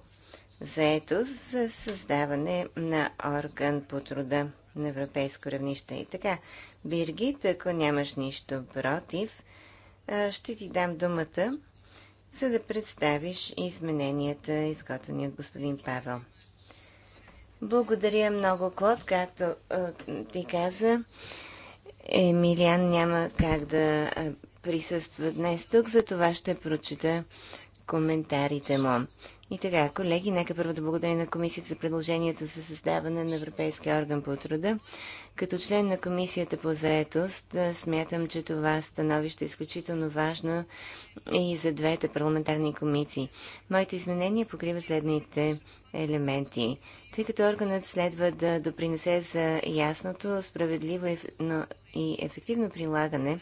заетост за създаване на орган по труда на европейско равнище. И така, Биргит, ако нямаш нищо против, ще ти дам думата, за да представиш измененията, изготвени от господин Павел. Благодаря много, Клод, както ти каза. Емилиан няма как да присъства днес тук, за това ще прочета коментарите му. И така, колеги, нека първо да благодаря на комисията за предложението за създаване на Европейския орган по труда. Като член на Комисията по заетост смятам, че това становище е изключително важно и за двете парламентарни комисии. Моите изменения покриват следните елементи. Тъй като органът следва да допринесе за ясното, справедливо и ефективно прилагане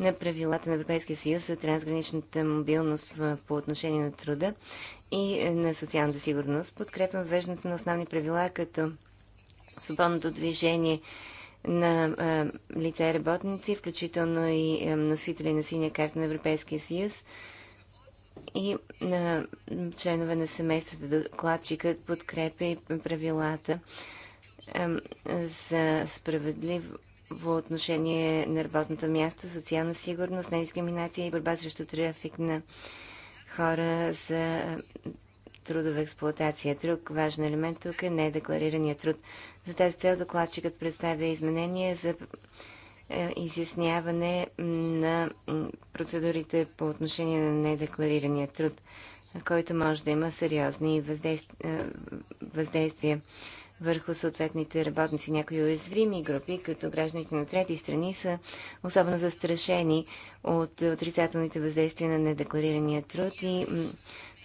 на правилата на Европейския съюз за трансграничната мобилност по отношение на труда и е, на социалната сигурност, подкрепям веждането на основни правила като свободното движение на а, лица и работници, включително и а, носители на синя карта на Европейския съюз и на членове на семействата. Докладчикът подкрепя и правилата а, за справедливо отношение на работното място, социална сигурност, недискриминация и борба срещу трафик на хора за трудова експлоатация. Друг важен елемент тук е недекларираният труд. За тази цел докладчикът представя изменения за е, изясняване на процедурите по отношение на недекларирания труд, който може да има сериозни въздействия, е, въздействия върху съответните работници. Някои уязвими групи, като гражданите на трети страни, са особено застрашени от отрицателните въздействия на недекларирания труд и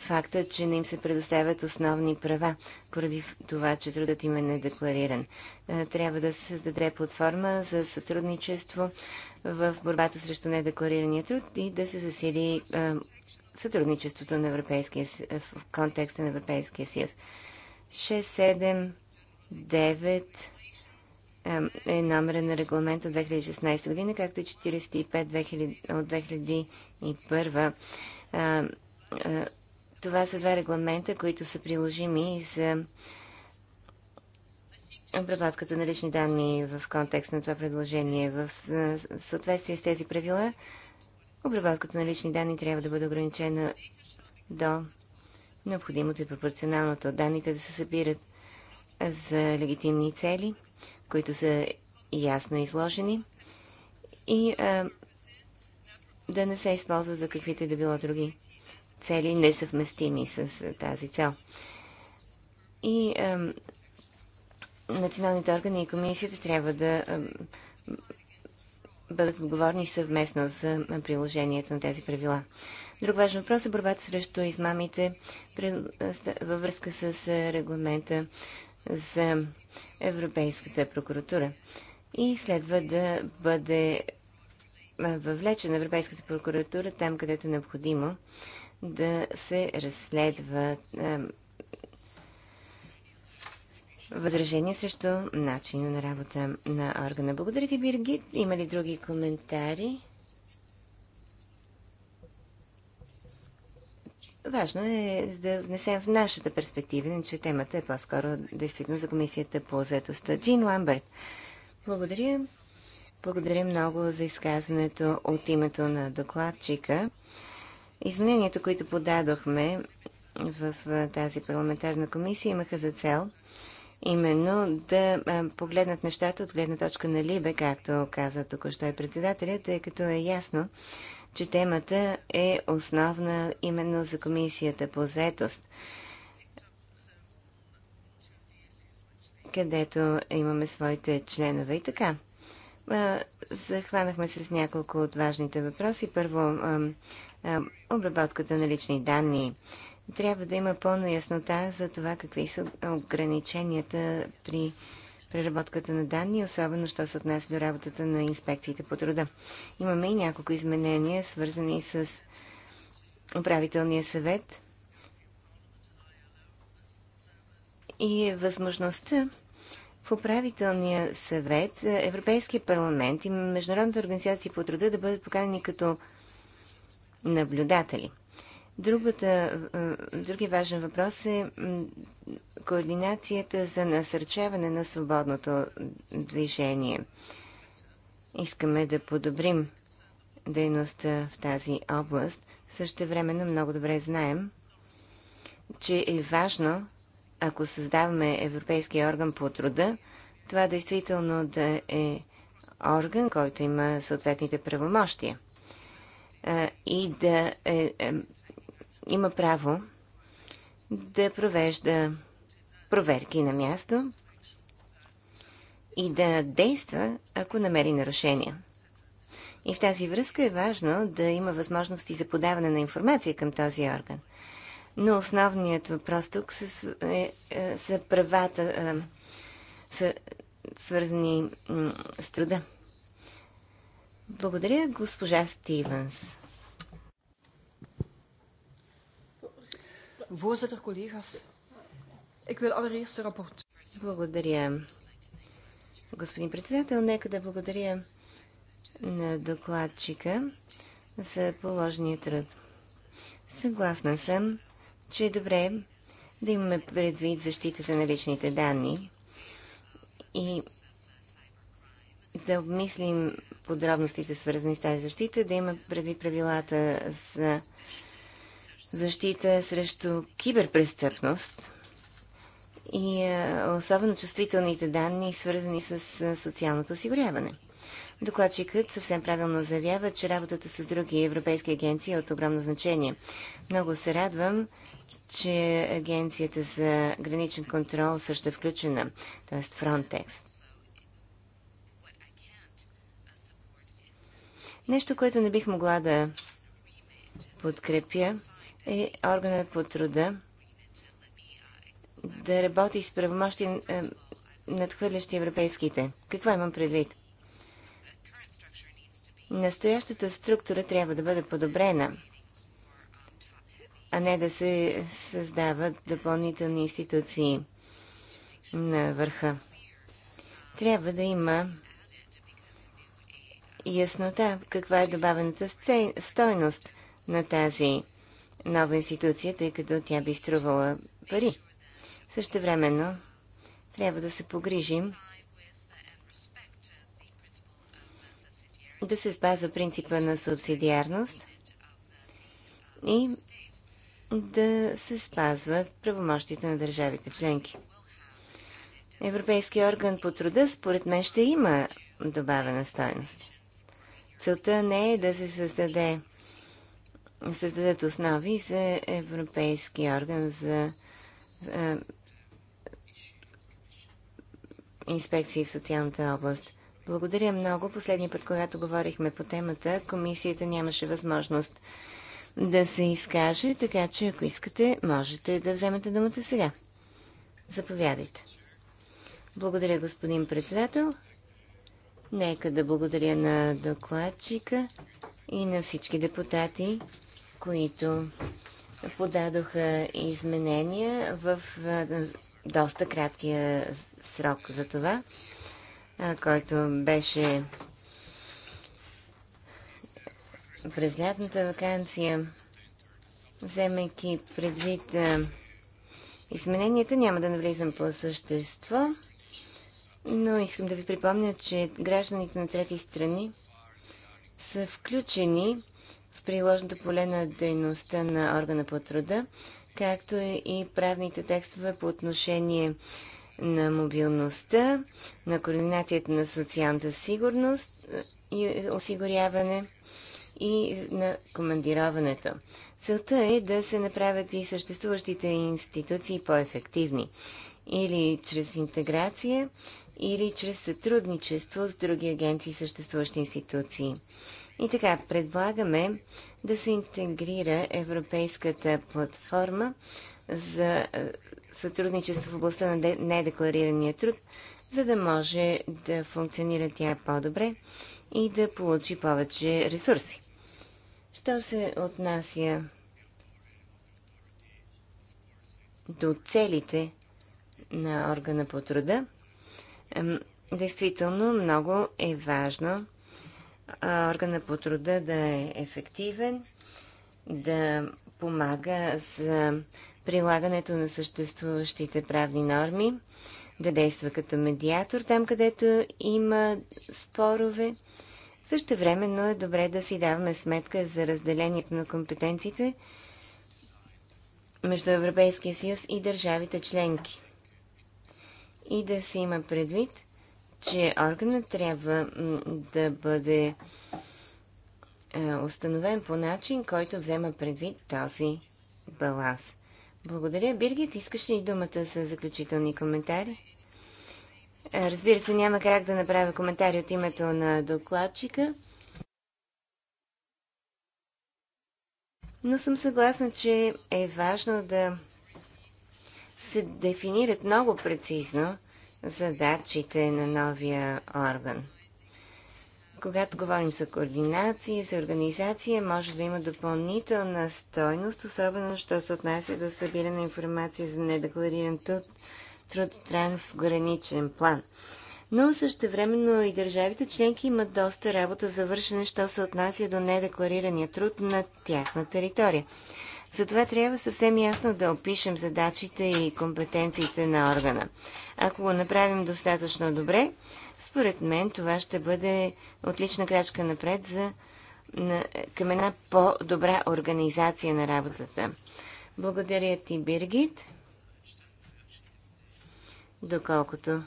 факта, че не им се предоставят основни права, поради това, че трудът им е недеклариран. Е, трябва да се създаде платформа за сътрудничество в борбата срещу недекларирания труд и да се засили е, сътрудничеството на Европейския, е, в контекста на Европейския съюз. 6, 7, 9 е номера на регламента от 2016 година, както и 45 2000, от 2001 това са два регламента, които са приложими и за обработката на лични данни в контекст на това предложение. В съответствие с тези правила, обработката на лични данни трябва да бъде ограничена до необходимото и пропорционалното от данните да се събират за легитимни цели, които са ясно изложени и а, да не се използват за каквито и да било други цели несъвместими с тази цел. И е, националните органи и комисията трябва да е, бъдат отговорни съвместно за приложението на тези правила. Друг важен въпрос е борбата срещу измамите във връзка с регламента за Европейската прокуратура. И следва да бъде въвлечена Европейската прокуратура там, където е необходимо, да се разследва е, възражение възражения срещу начина на работа на органа. Благодаря ти, Биргит. Има ли други коментари? Важно е да внесем в нашата перспектива, че темата е по-скоро действително за комисията по заедостта. Джин Ламберт, благодаря. Благодаря много за изказването от името на докладчика. Измененията, които подадохме в тази парламентарна комисия, имаха за цел именно да погледнат нещата от гледна точка на Либе, както каза току-що и председателя, тъй като е ясно, че темата е основна именно за комисията по заетост, където имаме своите членове и така. Захванахме се с няколко от важните въпроси. Първо, е, обработката на лични данни. Трябва да има пълна яснота за това какви са ограниченията при преработката на данни, особено що се отнася до работата на инспекциите по труда. Имаме и няколко изменения, свързани с управителния съвет и възможността в управителния съвет Европейския парламент и Международната организация по труда да бъдат поканени като наблюдатели. Другата, други важен въпрос е координацията за насърчаване на свободното движение. Искаме да подобрим дейността в тази област. Също времено много добре знаем, че е важно, ако създаваме Европейския орган по труда, това действително да е орган, който има съответните правомощия и да е, е, има право да провежда проверки на място и да действа, ако намери нарушения. И в тази връзка е важно да има възможности за подаване на информация към този орган. Но основният въпрос тук са, е, е, са правата, е, са свързани с труда. Благодаря, госпожа Стивенс. Voorzitter, collega's. Ik wil allereerst de rapport. Благодаря. Господин председател, нека да благодаря на докладчика за положения труд. Съгласна съм, че е добре да имаме предвид защитата на личните данни и да обмислим подробностите, свързани с тази защита, да има прави правилата за защита срещу киберпрестъпност и особено чувствителните данни, свързани с социалното осигуряване. Докладчикът съвсем правилно заявява, че работата с други европейски агенции е от огромно значение. Много се радвам, че агенцията за граничен контрол също е включена, т.е. Frontex. Нещо, което не бих могла да подкрепя, е органът по труда да работи с правомощи е, надхвърлящи европейските. Какво имам предвид? Настоящата структура трябва да бъде подобрена, а не да се създават допълнителни институции на върха. Трябва да има яснота каква е добавената стойност на тази нова институция, тъй като тя би струвала пари. Също времено трябва да се погрижим да се спазва принципа на субсидиарност и да се спазват правомощите на държавите членки. Европейски орган по труда, според мен, ще има добавена стойност. Целта не е да се създаде създадат основи за Европейски орган за е, инспекции в социалната област. Благодаря много. Последния път, когато говорихме по темата, комисията нямаше възможност да се изкаже, така че ако искате, можете да вземете думата сега. Заповядайте. Благодаря, господин председател. Нека да благодаря на докладчика и на всички депутати, които подадоха изменения в доста краткия срок за това, който беше през лятната вакансия, вземайки предвид измененията, няма да навлизам по същество но искам да ви припомня, че гражданите на трети страни са включени в приложното поле на дейността на органа по труда, както и правните текстове по отношение на мобилността, на координацията на социалната сигурност е, и осигуряване и на командироването. Целта е да се направят и съществуващите институции по-ефективни или чрез интеграция, или чрез сътрудничество с други агенции и съществуващи институции. И така, предлагаме да се интегрира Европейската платформа за сътрудничество в областта на недекларирания труд, за да може да функционира тя по-добре и да получи повече ресурси. Що се отнася до целите на органа по труда. Действително, много е важно органа по труда да е ефективен, да помага за прилагането на съществуващите правни норми, да действа като медиатор там, където има спорове. Също но е добре да си даваме сметка за разделението на компетенциите между Европейския съюз и държавите членки и да се има предвид, че органът трябва да бъде е, установен по начин, който взема предвид този баланс. Благодаря. Биргит, искаш ли думата за заключителни коментари? Е, разбира се, няма как да направя коментари от името на докладчика. Но съм съгласна, че е важно да се дефинират много прецизно задачите на новия орган. Когато говорим за координация, за организация, може да има допълнителна стойност, особено що се отнася до събиране на информация за недеклариран труд, труд трансграничен план. Но времено и държавите членки имат доста работа за вършене, що се отнася до недекларирания труд на тяхна територия. Затова трябва съвсем ясно да опишем задачите и компетенциите на органа. Ако го направим достатъчно добре, според мен това ще бъде отлична крачка напред за, на, към една по-добра организация на работата. Благодаря ти, Биргит. Доколкото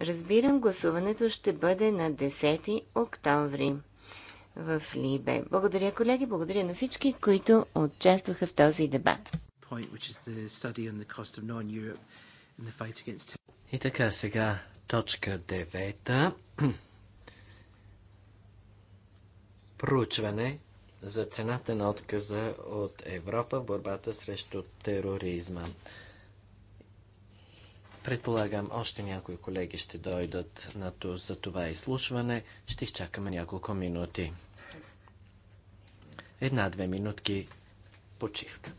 разбирам, гласуването ще бъде на 10 октомври в Либе. Благодаря, колеги, благодаря на всички, които участваха в този дебат. И така, сега точка девета: [clears throat] Проучване за цената на отказа от Европа в борбата срещу тероризма. Предполагам, още някои колеги ще дойдат на то, за това изслушване. Ще изчакаме няколко минути. Една-две минутки почивка.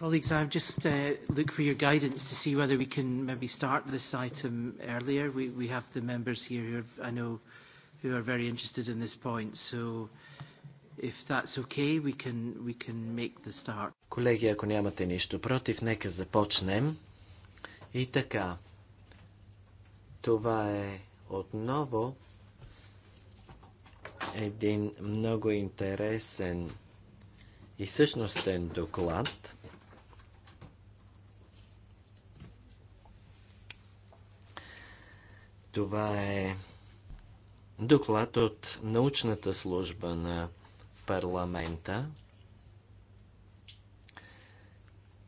Colleagues, I've just uh, looked for your guidance to see whether we can maybe start this item earlier. We, we have the members here who are, I know who are very interested in this point, so if that's okay, we can, we can make the start. Колеги, ако нямате нищо против, нека започнем. И така, това е отново един много интересен и същностен доклад – Това е доклад от научната служба на парламента.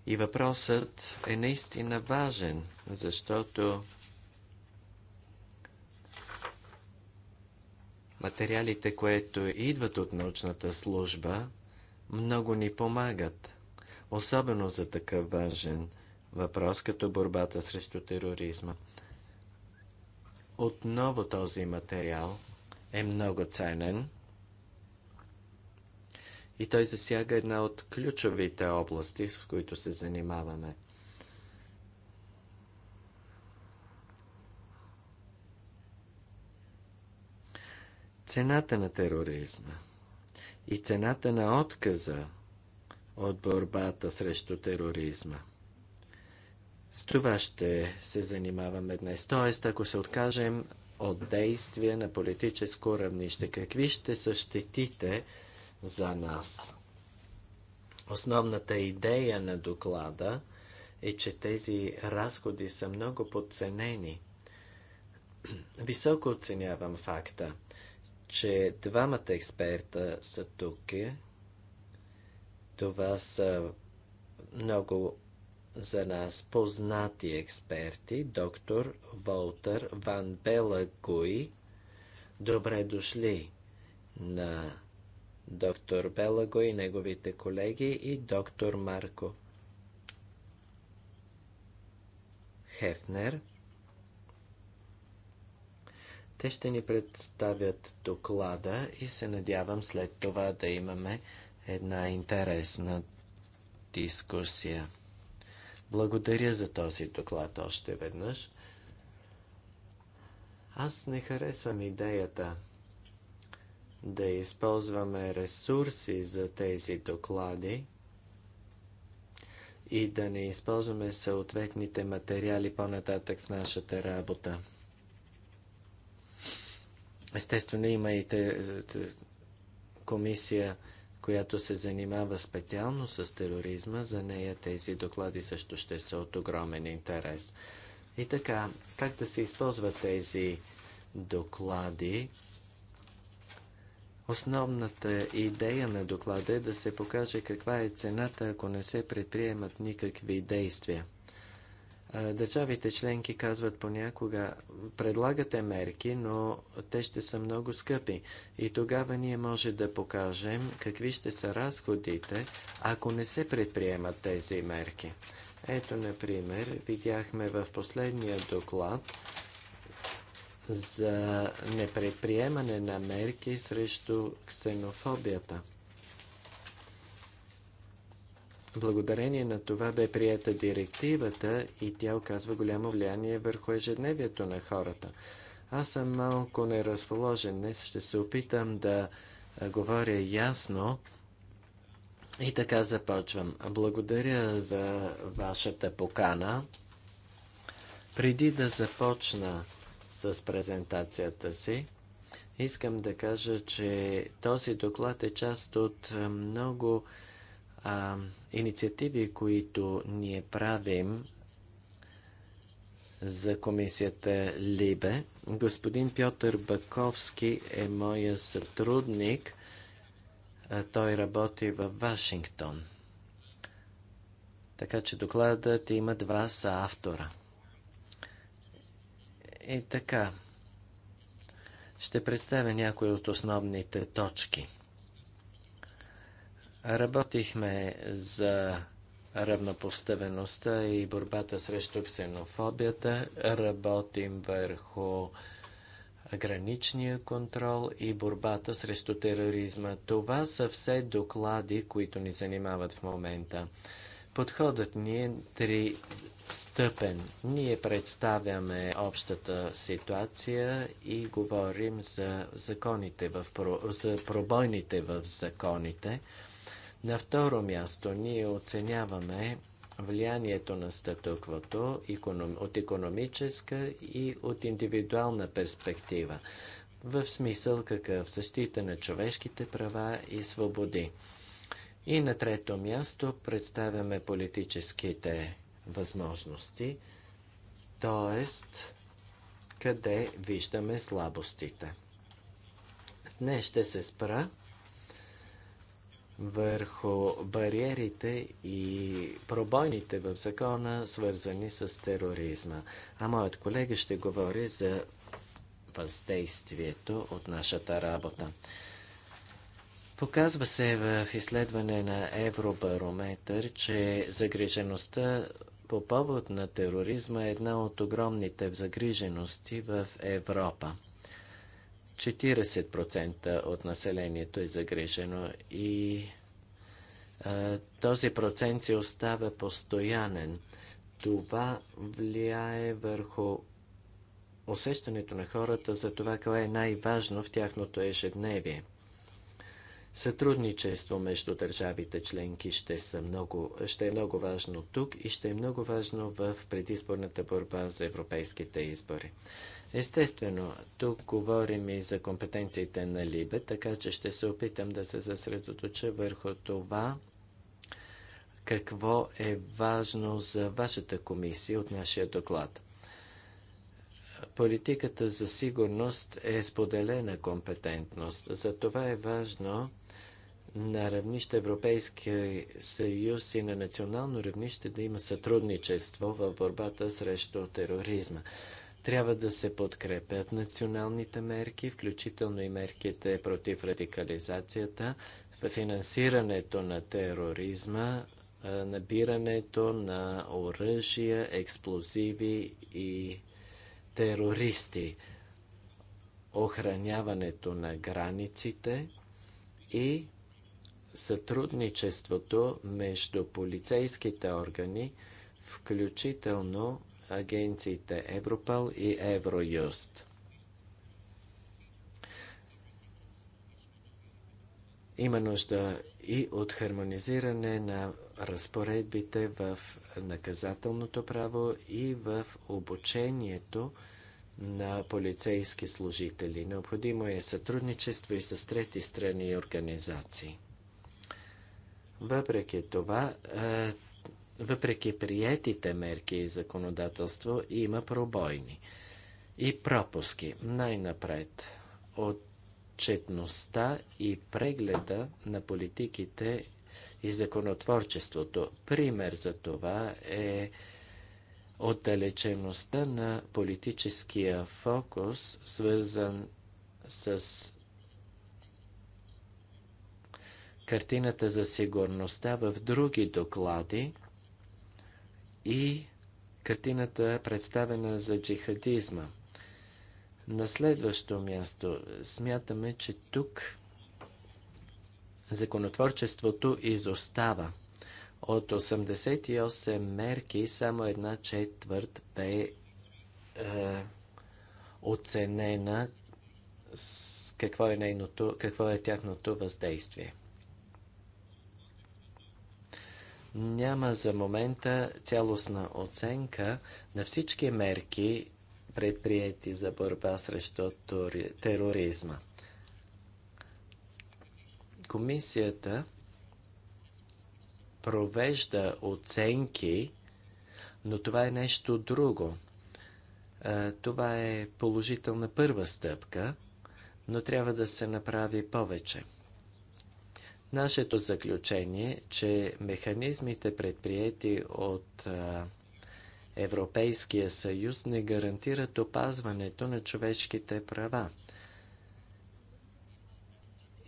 И въпросът е наистина важен, защото материалите, които идват от научната служба, много ни помагат, особено за такъв важен въпрос, като борбата срещу тероризма. Отново този материал е много ценен и той засяга една от ключовите области, с които се занимаваме. Цената на тероризма и цената на отказа от борбата срещу тероризма – с това ще се занимаваме днес. Тоест, ако се откажем от действия на политическо равнище, какви ще са щетите за нас? Основната идея на доклада е, че тези разходи са много подценени. Високо оценявам факта, че двамата експерта са тук. Това са много за нас познати експерти, доктор Волтер Ван Белагуи. Добре дошли на доктор Бела и неговите колеги и доктор Марко Хефнер. Те ще ни представят доклада и се надявам след това да имаме една интересна дискусия. Благодаря за този доклад още веднъж. Аз не харесвам идеята да използваме ресурси за тези доклади и да не използваме съответните материали по-нататък в нашата работа. Естествено, има и комисия която се занимава специално с тероризма, за нея тези доклади също ще са от огромен интерес. И така, как да се използват тези доклади? Основната идея на доклада е да се покаже каква е цената, ако не се предприемат никакви действия. Е, държавите членки казват понякога, предлагате мерки, но те ще са много скъпи. И тогава ние може да покажем какви ще са разходите, ако не се предприемат тези мерки. Ето, например, видяхме в последния доклад за непредприемане на мерки срещу ксенофобията. Благодарение на това бе приета директивата и тя оказва голямо влияние върху ежедневието на хората. Аз съм малко неразположен. Днес ще се опитам да говоря ясно. И така започвам. Благодаря за вашата покана. Преди да започна с презентацията си, искам да кажа, че този доклад е част от много а, инициативи, които ние правим за комисията Либе. Господин Пьотър Баковски е моя сътрудник. Той работи в Вашингтон. Така че докладът има два автора. И така, ще представя някои от основните точки – Работихме за равнопоставеността и борбата срещу ксенофобията. Работим върху граничния контрол и борбата срещу тероризма. Това са все доклади, които ни занимават в момента. Подходът ни е три стъпен. Ние представяме общата ситуация и говорим за законите в, за пробойните в законите. На второ място ние оценяваме влиянието на статуквото от економическа и от индивидуална перспектива, в смисъл какъв защита на човешките права и свободи. И на трето място представяме политическите възможности, т.е. къде виждаме слабостите. Днес ще се спра върху бариерите и пробойните в закона, свързани с тероризма. А моят колега ще говори за въздействието от нашата работа. Показва се в изследване на Евробарометър, че загрижеността по повод на тероризма е една от огромните загрижености в Европа. 40% от населението е загрижено и а, този процент се остава постоянен. Това влияе върху усещането на хората за това, кое е най-важно в тяхното ежедневие. Сътрудничество между държавите членки ще, са много, ще е много важно тук и ще е много важно в предизборната борба за европейските избори. Естествено, тук говорим и за компетенциите на Либе, така че ще се опитам да се съсредоточа върху това, какво е важно за вашата комисия от нашия доклад. Политиката за сигурност е споделена компетентност. Затова е важно на равнище Европейския съюз и на национално равнище да има сътрудничество в борбата срещу тероризма. Трябва да се подкрепят националните мерки, включително и мерките против радикализацията, финансирането на тероризма, набирането на оръжия, експлозиви и терористи, охраняването на границите и сътрудничеството между полицейските органи, включително агенциите Европал и Евроюст. Има нужда и от хармонизиране на разпоредбите в наказателното право и в обучението на полицейски служители. Необходимо е сътрудничество и с трети страни и организации. Въпреки това, е, въпреки приетите мерки и законодателство, има пробойни и пропуски. Най-напред отчетността и прегледа на политиките и законотворчеството. Пример за това е отдалечеността на политическия фокус, свързан с картината за сигурността в други доклади, и картината представена за джихадизма. На следващо място смятаме, че тук законотворчеството изостава. От 88 мерки само една четвърт бе е, оценена с какво е, нейното, какво е тяхното въздействие. Няма за момента цялостна оценка на всички мерки, предприяти за борба срещу тероризма. Комисията провежда оценки, но това е нещо друго. Това е положителна първа стъпка, но трябва да се направи повече. Нашето заключение, е, че механизмите предприяти от Европейския съюз не гарантират опазването на човешките права.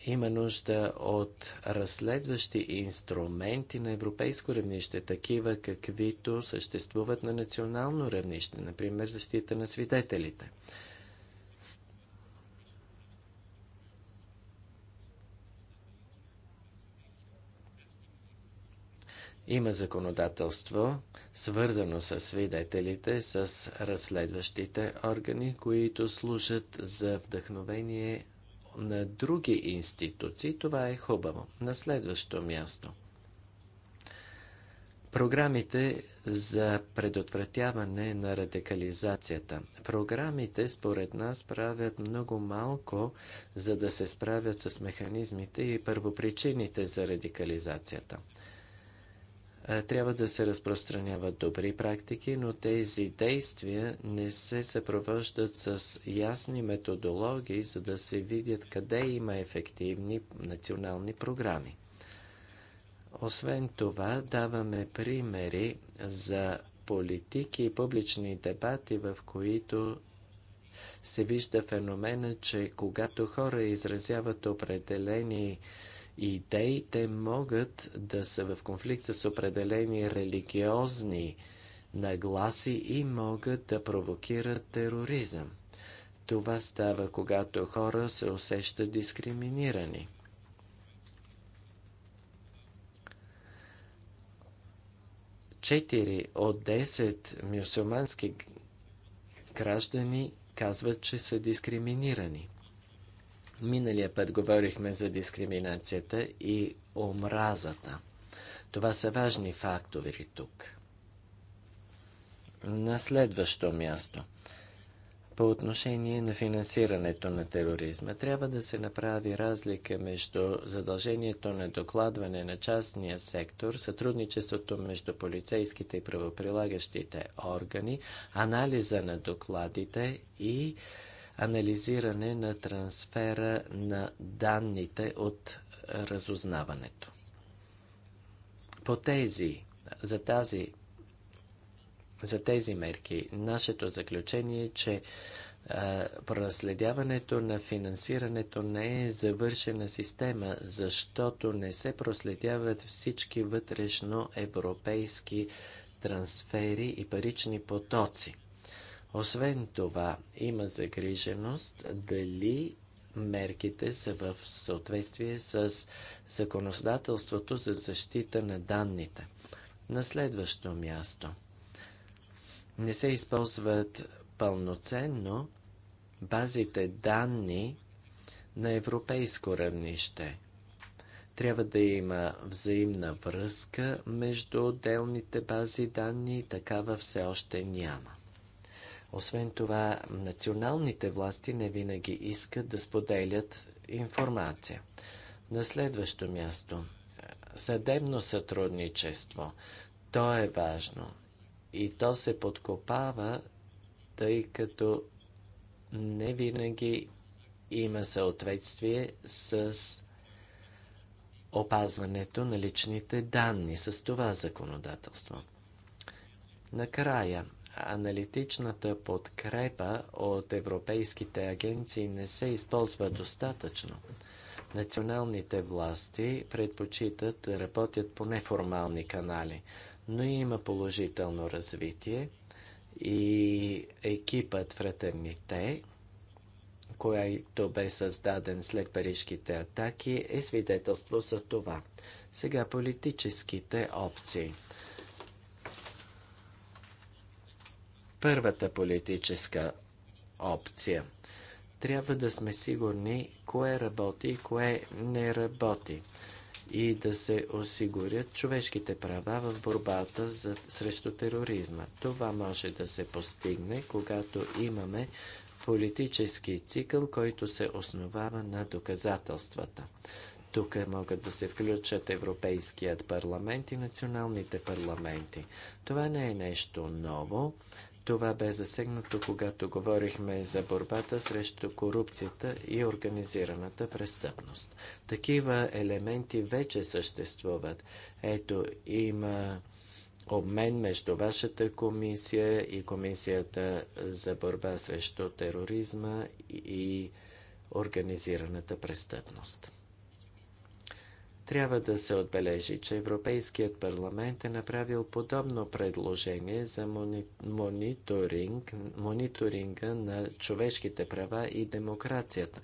Има нужда от разследващи инструменти на европейско равнище, такива каквито съществуват на национално равнище, например защита на свидетелите. Има законодателство, свързано с свидетелите, с разследващите органи, които служат за вдъхновение на други институции. Това е хубаво. На следващо място. Програмите за предотвратяване на радикализацията. Програмите, според нас, правят много малко, за да се справят с механизмите и първопричините за радикализацията. Е, трябва да се разпространяват добри практики, но тези действия не се съпровождат с ясни методологии, за да се видят къде има ефективни национални програми. Освен това, даваме примери за политики и публични дебати, в които се вижда феномена, че когато хора изразяват определени идеи, те могат да са в конфликт с определени религиозни нагласи и могат да провокират тероризъм. Това става, когато хора се усещат дискриминирани. Четири от десет мюсюлмански граждани казват, че са дискриминирани. Миналия път говорихме за дискриминацията и омразата. Това са важни фактори тук. На следващо място. По отношение на финансирането на тероризма, трябва да се направи разлика между задължението на докладване на частния сектор, сътрудничеството между полицейските и правоприлагащите органи, анализа на докладите и анализиране на трансфера на данните от разузнаването. По тези, за тази за тези мерки. Нашето заключение е, че а, проследяването на финансирането не е завършена система, защото не се проследяват всички вътрешно европейски трансфери и парични потоци. Освен това, има загриженост дали мерките са в съответствие с законодателството за защита на данните. На следващо място. Не се използват пълноценно базите данни на европейско равнище. Трябва да има взаимна връзка между отделните бази данни, такава все още няма. Освен това, националните власти не винаги искат да споделят информация. На следващо място съдебно сътрудничество. То е важно. И то се подкопава, тъй като не винаги има съответствие с опазването на личните данни с това законодателство. Накрая, аналитичната подкрепа от европейските агенции не се използва достатъчно. Националните власти предпочитат да работят по неформални канали, но има положително развитие и екипът Фратерните, който бе създаден след парижките атаки, е свидетелство за това. Сега политическите опции – първата политическа опция. Трябва да сме сигурни кое работи и кое не работи и да се осигурят човешките права в борбата за, срещу тероризма. Това може да се постигне, когато имаме политически цикъл, който се основава на доказателствата. Тук могат да се включат Европейският парламент и националните парламенти. Това не е нещо ново. Това бе засегнато, когато говорихме за борбата срещу корупцията и организираната престъпност. Такива елементи вече съществуват. Ето, има обмен между вашата комисия и комисията за борба срещу тероризма и организираната престъпност. Трябва да се отбележи, че Европейският парламент е направил подобно предложение за мониторинг, мониторинга на човешките права и демокрацията.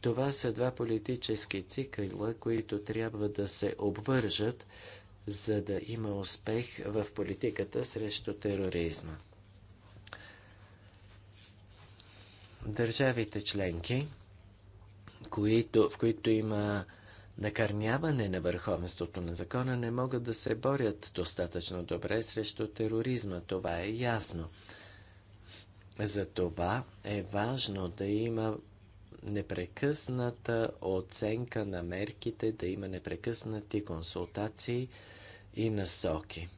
Това са два политически цикъла, които трябва да се обвържат, за да има успех в политиката срещу тероризма. Държавите членки, които, в които има накърняване на върховенството на закона не могат да се борят достатъчно добре срещу тероризма. Това е ясно. Затова е важно да има непрекъсната оценка на мерките, да има непрекъснати консултации и насоки.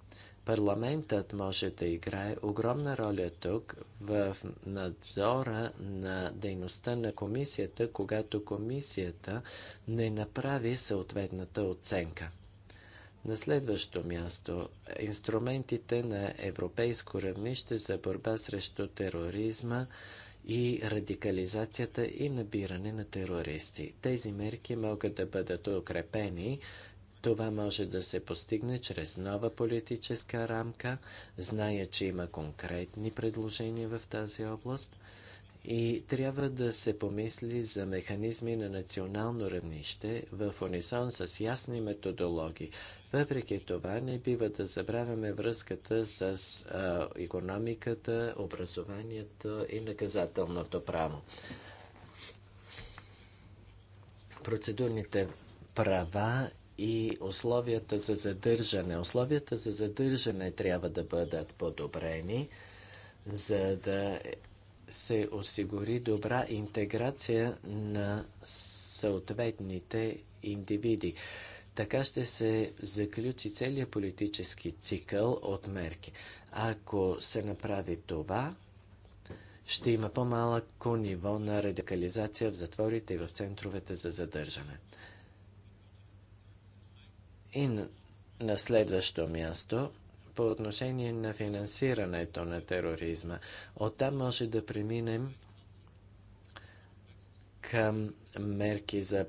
Парламентът може да играе огромна роля тук в надзора на дейността на комисията, когато комисията не направи съответната оценка. На следващо място инструментите на европейско равнище за борба срещу тероризма и радикализацията и набиране на терористи. Тези мерки могат да бъдат укрепени това може да се постигне чрез нова политическа рамка. Зная, че има конкретни предложения в тази област и трябва да се помисли за механизми на национално равнище в унисон с ясни методологии. Въпреки това, не бива да забравяме връзката с а, економиката, образованието и наказателното право. Процедурните права и условията за задържане. Условията за задържане трябва да бъдат подобрени, за да се осигури добра интеграция на съответните индивиди. Така ще се заключи целият политически цикъл от мерки. Ако се направи това, ще има по-малко ниво на радикализация в затворите и в центровете за задържане. И на следващо място, по отношение на финансирането на тероризма. Оттам може да преминем към мерки за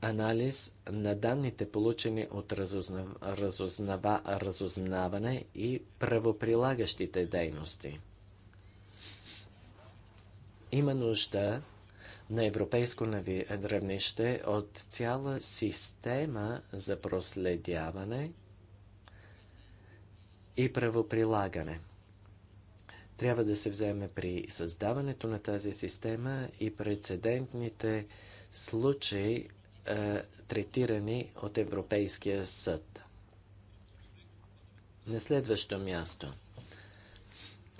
анализ на данните, получени от разузнав... разузнава... разузнаване и правоприлагащите дейности. Има нужда на европейско равнище от цяла система за проследяване и правоприлагане. Трябва да се вземе при създаването на тази система и прецедентните случаи, е, третирани от Европейския съд. На следващо място –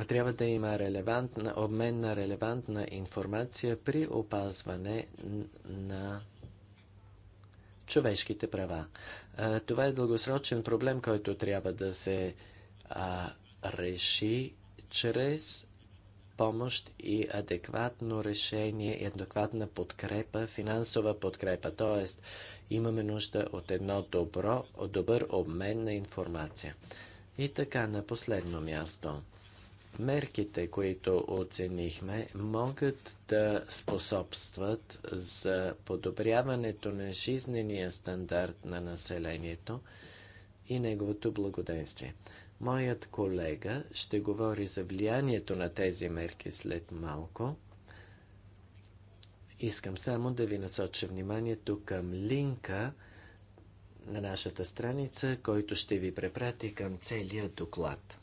трябва да има релевантна, обмен на релевантна информация при опазване на човешките права. Това е дългосрочен проблем, който трябва да се а, реши чрез помощ и адекватно решение и адекватна подкрепа, финансова подкрепа. Тоест, имаме нужда от едно добро, от добър обмен на информация. И така, на последно място – Мерките, които оценихме, могат да способстват за подобряването на жизнения стандарт на населението и неговото благоденствие. Моят колега ще говори за влиянието на тези мерки след малко. Искам само да ви насоча вниманието към линка на нашата страница, който ще ви препрати към целия доклад.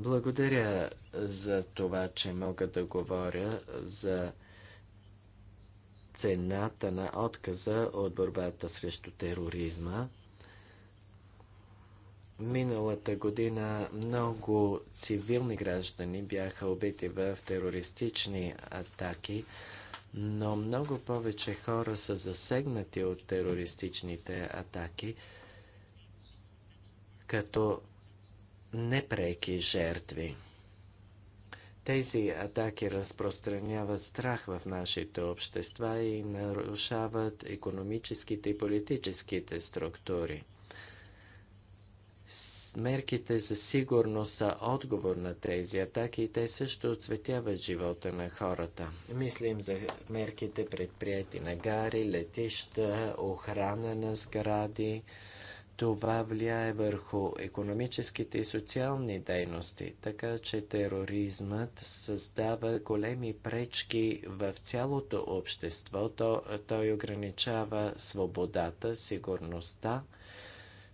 Благодаря за това, че мога да говоря за цената на отказа от борбата срещу тероризма. Миналата година много цивилни граждани бяха убити в терористични атаки, но много повече хора са засегнати от терористичните атаки, като непреки жертви. Тези атаки разпространяват страх в нашите общества и нарушават економическите и политическите структури. Мерките за сигурност са отговор на тези атаки и те също отцветяват живота на хората. Мислим за мерките предприяти на гари, летища, охрана на сгради, това влияе върху економическите и социални дейности, така че тероризмът създава големи пречки в цялото общество. То, той ограничава свободата, сигурността,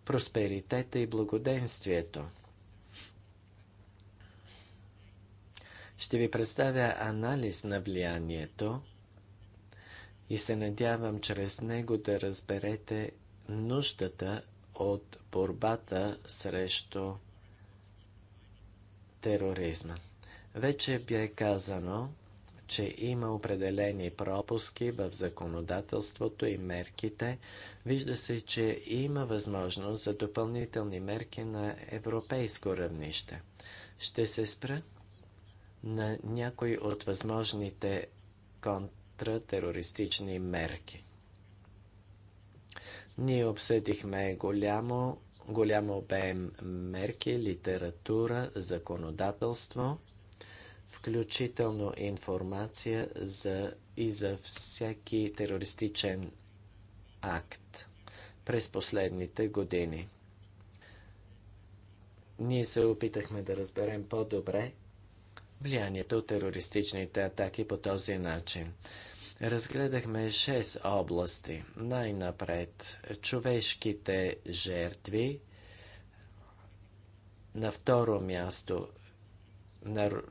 просперитета и благоденствието. Ще ви представя анализ на влиянието и се надявам чрез него да разберете нуждата от борбата срещу тероризма. Вече бе казано, че има определени пропуски в законодателството и мерките. Вижда се, че има възможност за допълнителни мерки на европейско равнище. Ще се спра на някои от възможните контратерористични мерки. Ние обсъдихме голямо, голям обем мерки, литература, законодателство, включително информация за и за всеки терористичен акт през последните години. Ние се опитахме да разберем по-добре влиянието от терористичните атаки по този начин. Разгледахме 6 области. Най-напред човешките жертви. На второ място нар...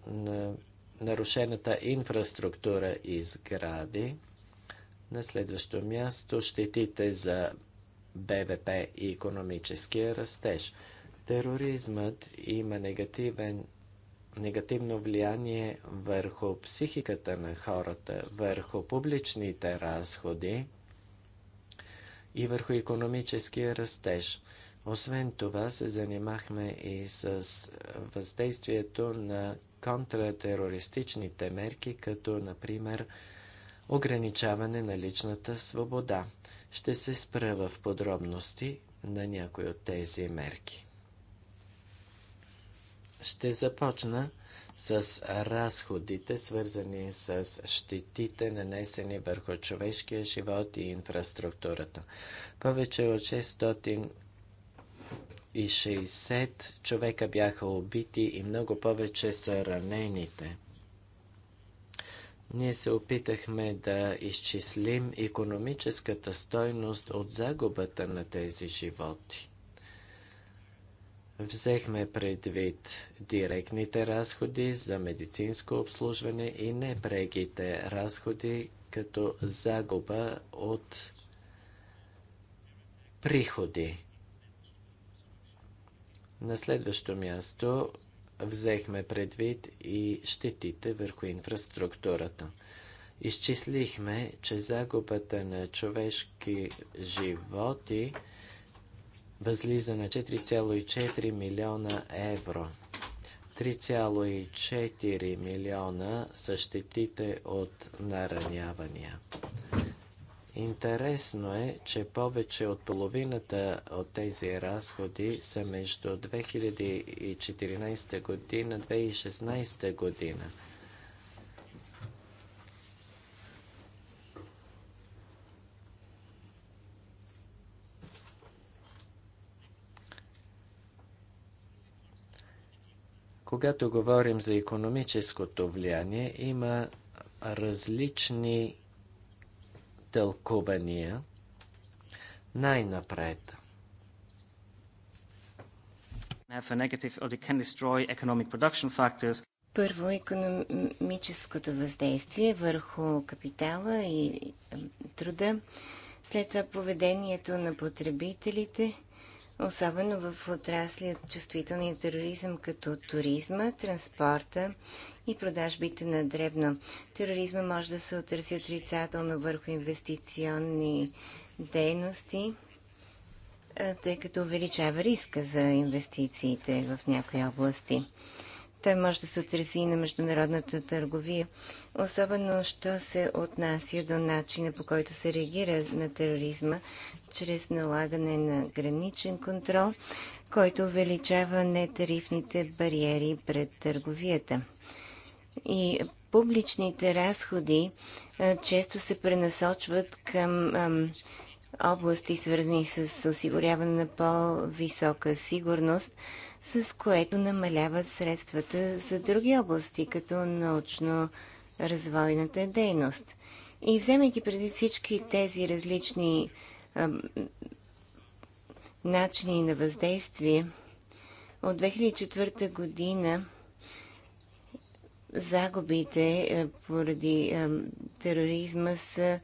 нарушената инфраструктура и сгради. На следващо място щетите за БВП и економическия растеж. Тероризмът има негативен негативно влияние върху психиката на хората, върху публичните разходи и върху економическия растеж. Освен това се занимахме и с въздействието на контратерористичните мерки, като например ограничаване на личната свобода. Ще се спра в подробности на някои от тези мерки. Ще започна с разходите, свързани с щетите, нанесени върху човешкия живот и инфраструктурата. Повече от 660 човека бяха убити и много повече са ранените. Ние се опитахме да изчислим економическата стойност от загубата на тези животи. Взехме предвид директните разходи за медицинско обслужване и непреките разходи като загуба от приходи. На следващо място взехме предвид и щетите върху инфраструктурата. Изчислихме, че загубата на човешки животи – възлиза на 4,4 милиона евро. 3,4 милиона са щетите от наранявания. Интересно е, че повече от половината от тези разходи са между 2014 година и 2016 година. Когато говорим за економическото влияние, има различни тълкувания. Най-напред. Първо, економическото въздействие върху капитала и труда, след това поведението на потребителите – особено в отрасли от чувствителния тероризъм, като туризма, транспорта и продажбите на дребно. Тероризма може да се отрази отрицателно върху инвестиционни дейности, тъй като увеличава риска за инвестициите в някои области. Той може да се отрази и на международната търговия, особено що се отнася до начина по който се реагира на тероризма чрез налагане на граничен контрол, който увеличава нетарифните бариери пред търговията. И публичните разходи а, често се пренасочват към области, свързани с осигуряване на по-висока сигурност, с което намаляват средствата за други области, като научно-развойната дейност. И вземайки преди всички тези различни а, начини на въздействие, от 2004 година загубите е, поради а, тероризма са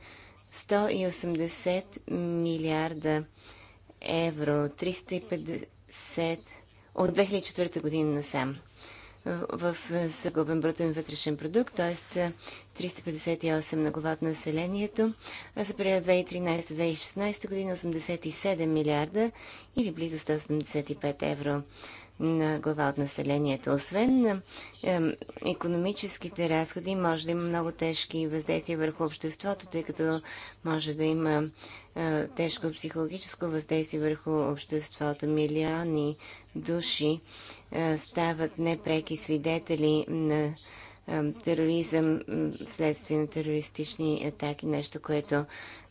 180 милиарда евро, 350 от 2004 година насам в съгубен брутен вътрешен продукт, т.е. 358 на глава от населението, а за период 2013-2016 година 87 милиарда или близо 175 евро на глава от населението. Освен на е, економическите разходи, може да има много тежки въздействия върху обществото, тъй като може да има е, тежко психологическо въздействие върху обществото. Милиони души е, стават непреки свидетели на е, тероризъм вследствие на терористични атаки, нещо, което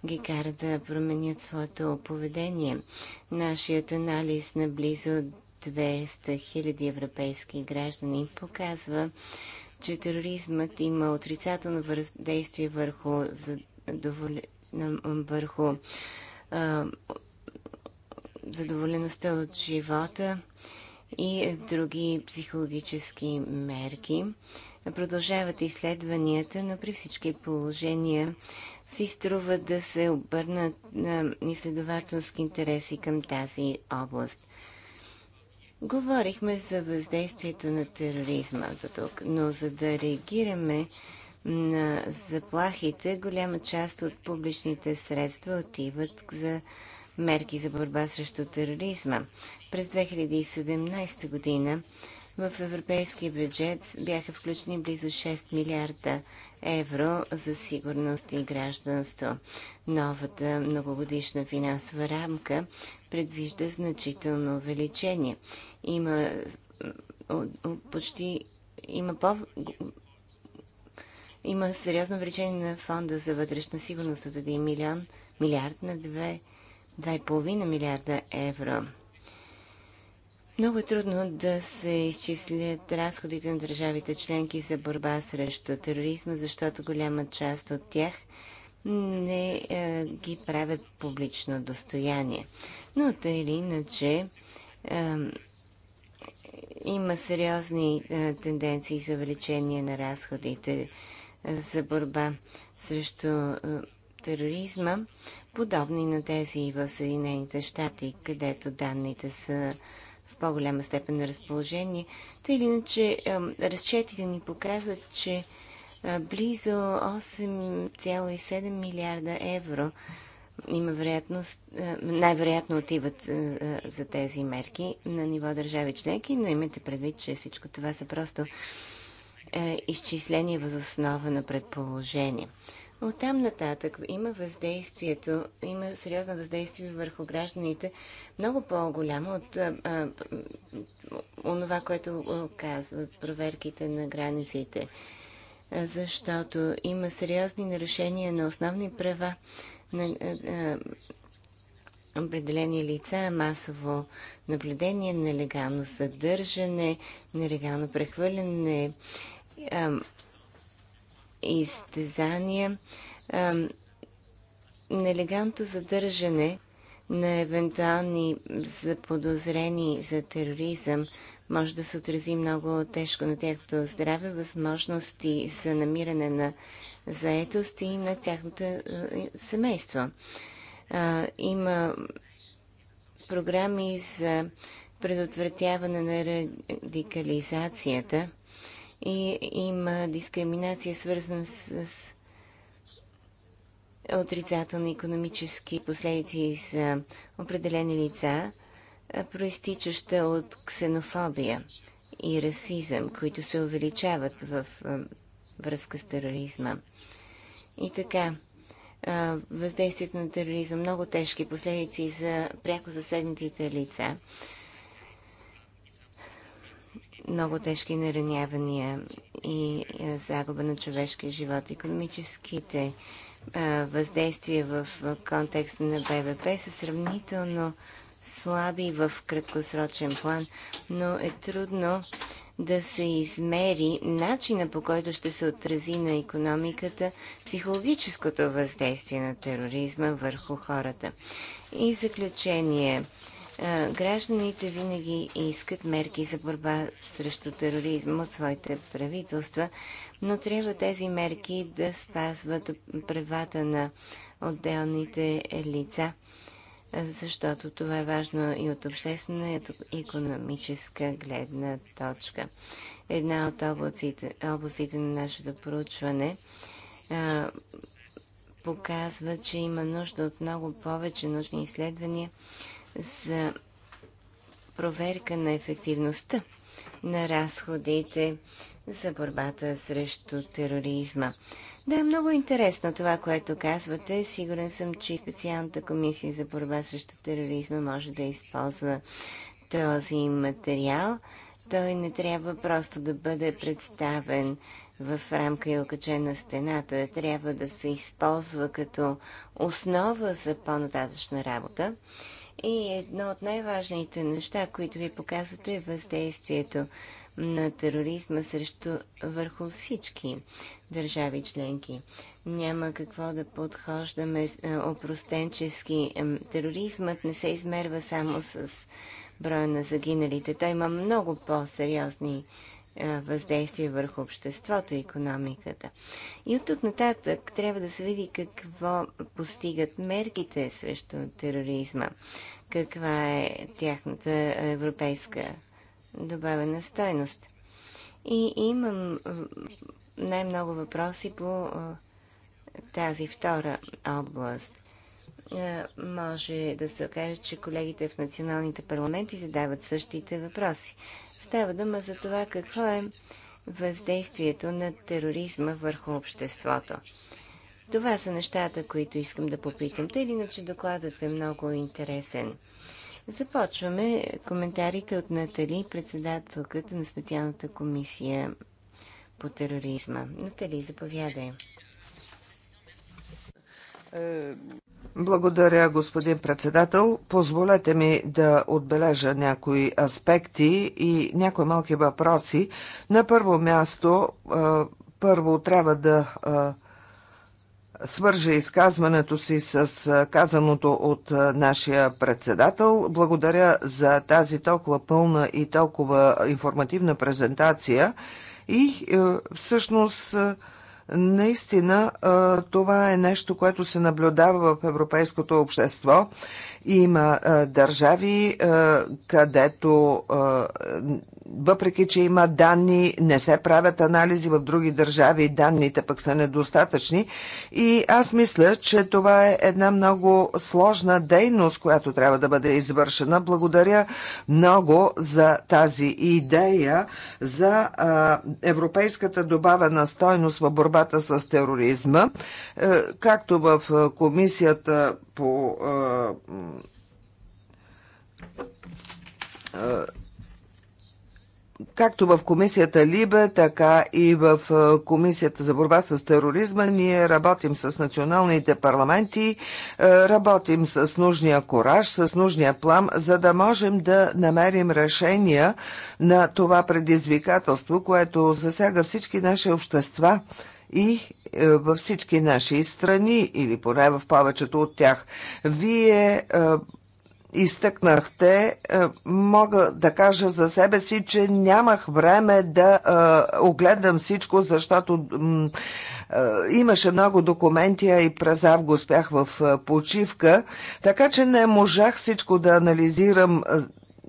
ги кара да променят своето поведение. Нашият анализ на близо 200 000 европейски граждани показва, че тероризмът има отрицателно въздействие върху задоволението върху задоволеността от живота и други психологически мерки. Продължават изследванията, но при всички положения си струва да се обърнат на изследователски интереси към тази област. Говорихме за въздействието на тероризма до тук, но за да реагираме на заплахите, голяма част от публичните средства отиват за мерки за борба срещу тероризма. През 2017 година в европейския бюджет бяха включени близо 6 милиарда евро за сигурност и гражданство. Новата многогодишна финансова рамка предвижда значително увеличение. Има почти има по има сериозно увеличение на фонда за вътрешна сигурност от 1 милион, милиард на 2, 2,5 милиарда евро. Много е трудно да се изчислят разходите на държавите членки за борба срещу тероризма, защото голяма част от тях не е, ги правят публично достояние. Но тъй или иначе е, има сериозни е, тенденции за увеличение на разходите за борба срещу е, тероризма, подобни на тези в Съединените щати, където данните са в по-голяма степен на разположение. Тъй или иначе, е, разчетите ни показват, че е, близо 8,7 милиарда евро има вероятност, най-вероятно отиват за тези мерки на ниво държави членки, но имате предвид, че всичко това са просто е, изчисление основа на предположение. От там нататък има въздействието, има сериозно въздействие върху гражданите, много по-голямо от това, онова, което казват проверките на границите. Защото има сериозни нарушения на основни права на определени лица, масово наблюдение, нелегално съдържане, нелегално прехвърляне, изтезания, нелегалното задържане на евентуални заподозрени за тероризъм може да се отрази много тежко на тяхното здраве, възможности за намиране на заетост и на тяхното семейство. Има програми за предотвратяване на радикализацията – и има дискриминация свързана с, с отрицателни економически последици за определени лица, проистичаща от ксенофобия и расизъм, които се увеличават в връзка с тероризма. И така, въздействието на тероризъм, много тежки последици за пряко засегнатите лица много тежки наранявания и е, загуба на човешкия живот. Економическите е, въздействия в контекста на БВП са сравнително слаби в краткосрочен план, но е трудно да се измери начина по който ще се отрази на економиката психологическото въздействие на тероризма върху хората. И в заключение, е, гражданите винаги искат мерки за борба срещу тероризма от своите правителства, но трябва тези мерки да спазват правата на отделните лица, защото това е важно и от обществена, и от економическа гледна точка. Една от областите, областите на нашето проучване е, показва, че има нужда от много повече научни изследвания, за проверка на ефективността на разходите за борбата срещу тероризма. Да, е много интересно това, което казвате. Сигурен съм, че специалната комисия за борба срещу тероризма може да използва този материал. Той не трябва просто да бъде представен в рамка и окачен на стената. Трябва да се използва като основа за по-нататъчна работа. И едно от най-важните неща, които ви показват е въздействието на тероризма срещу, върху всички държави членки. Няма какво да подхождаме е, опростенчески. Тероризмът не се измерва само с броя на загиналите. Той има много по-сериозни въздействие върху обществото и економиката. И от тук нататък трябва да се види какво постигат мерките срещу тероризма, каква е тяхната европейска добавена стойност. И имам най-много въпроси по тази втора област. Е, може да се окаже, че колегите в националните парламенти задават същите въпроси. Става дума за това какво е въздействието на тероризма върху обществото. Това са нещата, които искам да попитам. Тъй или иначе докладът е много интересен. Започваме коментарите от Натали, председателката на специалната комисия по тероризма. Натали, заповядай. Благодаря, господин председател. Позволете ми да отбележа някои аспекти и някои малки въпроси. На първо място, първо трябва да свържа изказването си с казаното от нашия председател. Благодаря за тази толкова пълна и толкова информативна презентация. И всъщност Наистина, това е нещо, което се наблюдава в европейското общество. Има държави, където въпреки че има данни, не се правят анализи в други държави, данните пък са недостатъчни. И аз мисля, че това е една много сложна дейност, която трябва да бъде извършена. Благодаря много за тази идея за а, европейската добавена стойност в борбата с тероризма, е, както в комисията по. Е, както в комисията Либе, така и в е, комисията за борба с тероризма, ние работим с националните парламенти, е, работим с нужния кораж, с нужния плам, за да можем да намерим решения на това предизвикателство, което засяга всички наши общества и е, във всички наши страни, или поне в повечето от тях. Вие изтъкнахте, е, мога да кажа за себе си, че нямах време да е, огледам всичко, защото е, имаше много документи, а и през август бях в почивка, така че не можах всичко да анализирам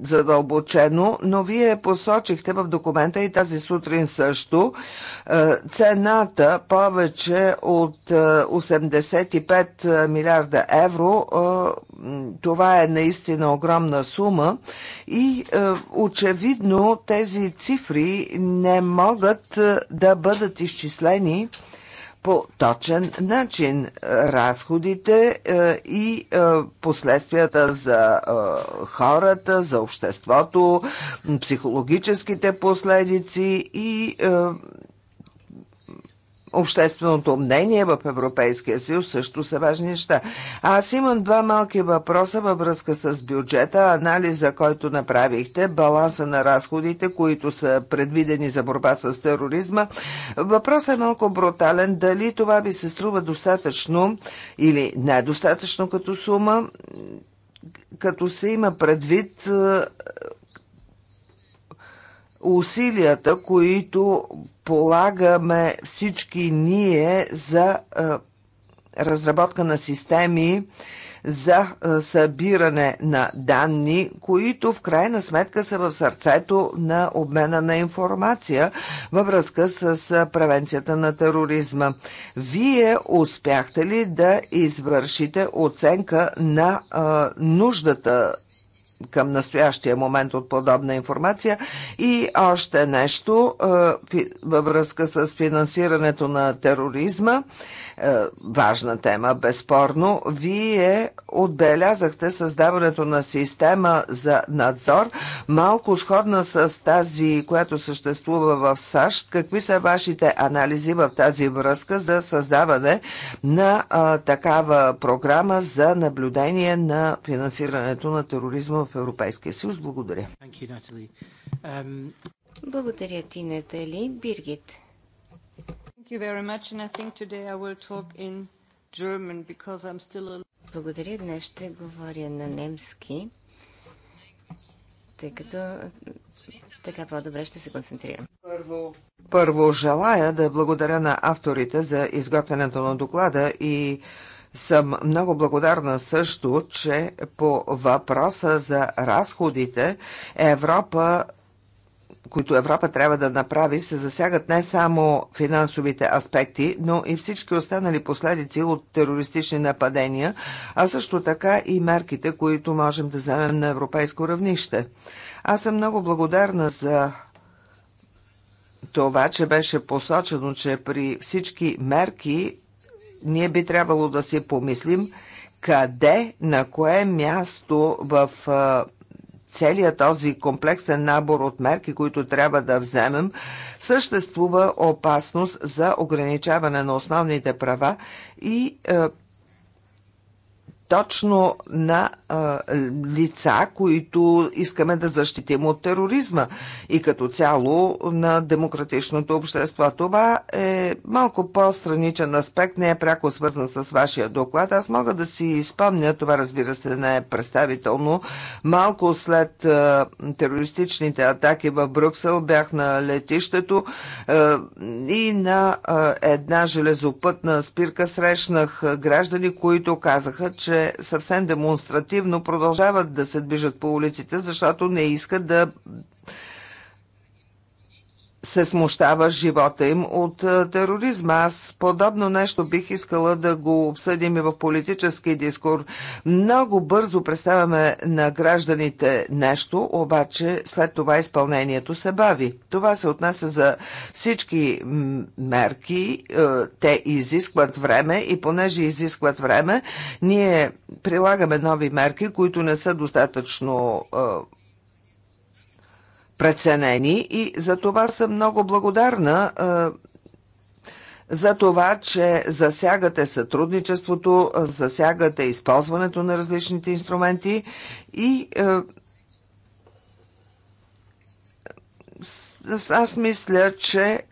задълбочено, но вие посочихте в документа и тази сутрин също е, цената повече от 85 е, милиарда евро. Е, това е наистина огромна сума и очевидно тези цифри не могат да бъдат изчислени по точен начин разходите е, и е, последствията за е, хората, за обществото, психологическите последици и общественото мнение в Европейския съюз също са важни неща. Аз имам два малки въпроса във връзка с бюджета, анализа, който направихте, баланса на разходите, които са предвидени за борба с тероризма. Въпросът е малко брутален. Дали това ви се струва достатъчно или недостатъчно като сума, като се има предвид усилията, които полагаме всички ние за разработка на системи за събиране на данни, които в крайна сметка са в сърцето на обмена на информация във връзка с превенцията на тероризма. Вие успяхте ли да извършите оценка на нуждата към настоящия момент от подобна информация. И още нещо във връзка с финансирането на тероризма. Е, важна тема, безспорно. Вие отбелязахте създаването на система за надзор, малко сходна с тази, която съществува в САЩ. Какви са вашите анализи в тази връзка за създаване на а, такава програма за наблюдение на финансирането на тероризма в Европейския съюз? Благодаря. Um, Благодаря ти, Натали. Биргит. Благодаря. Днес ще говоря на немски, тъй като така по-добре ще се концентрирам. Първо, първо желая да благодаря на авторите за изготвянето на доклада и съм много благодарна също, че по въпроса за разходите Европа които Европа трябва да направи, се засягат не само финансовите аспекти, но и всички останали последици от терористични нападения, а също така и мерките, които можем да вземем на европейско равнище. Аз съм много благодарна за това, че беше посочено, че при всички мерки ние би трябвало да си помислим къде, на кое място в целият този комплексен набор от мерки, които трябва да вземем, съществува опасност за ограничаване на основните права и е, точно на а, лица, които искаме да защитим от тероризма и като цяло на демократичното общество. Това е малко по-страничен аспект, не е пряко свързан с вашия доклад. Аз мога да си изпомня, това разбира се не е представително, малко след а, терористичните атаки в Брюксел бях на летището а, и на а, една железопътна спирка срещнах граждани, които казаха, че е съвсем демонстративно продължават да се движат по улиците, защото не искат да се смущава живота им от е, тероризма. Аз подобно нещо бих искала да го обсъдим и в политически дискур. Много бързо представяме на гражданите нещо, обаче след това изпълнението се бави. Това се отнася за всички мерки. Е, те изискват време и понеже изискват време, ние прилагаме нови мерки, които не са достатъчно е, преценени и за това съм много благодарна за това, че засягате сътрудничеството, засягате използването на различните инструменти и аз мисля, че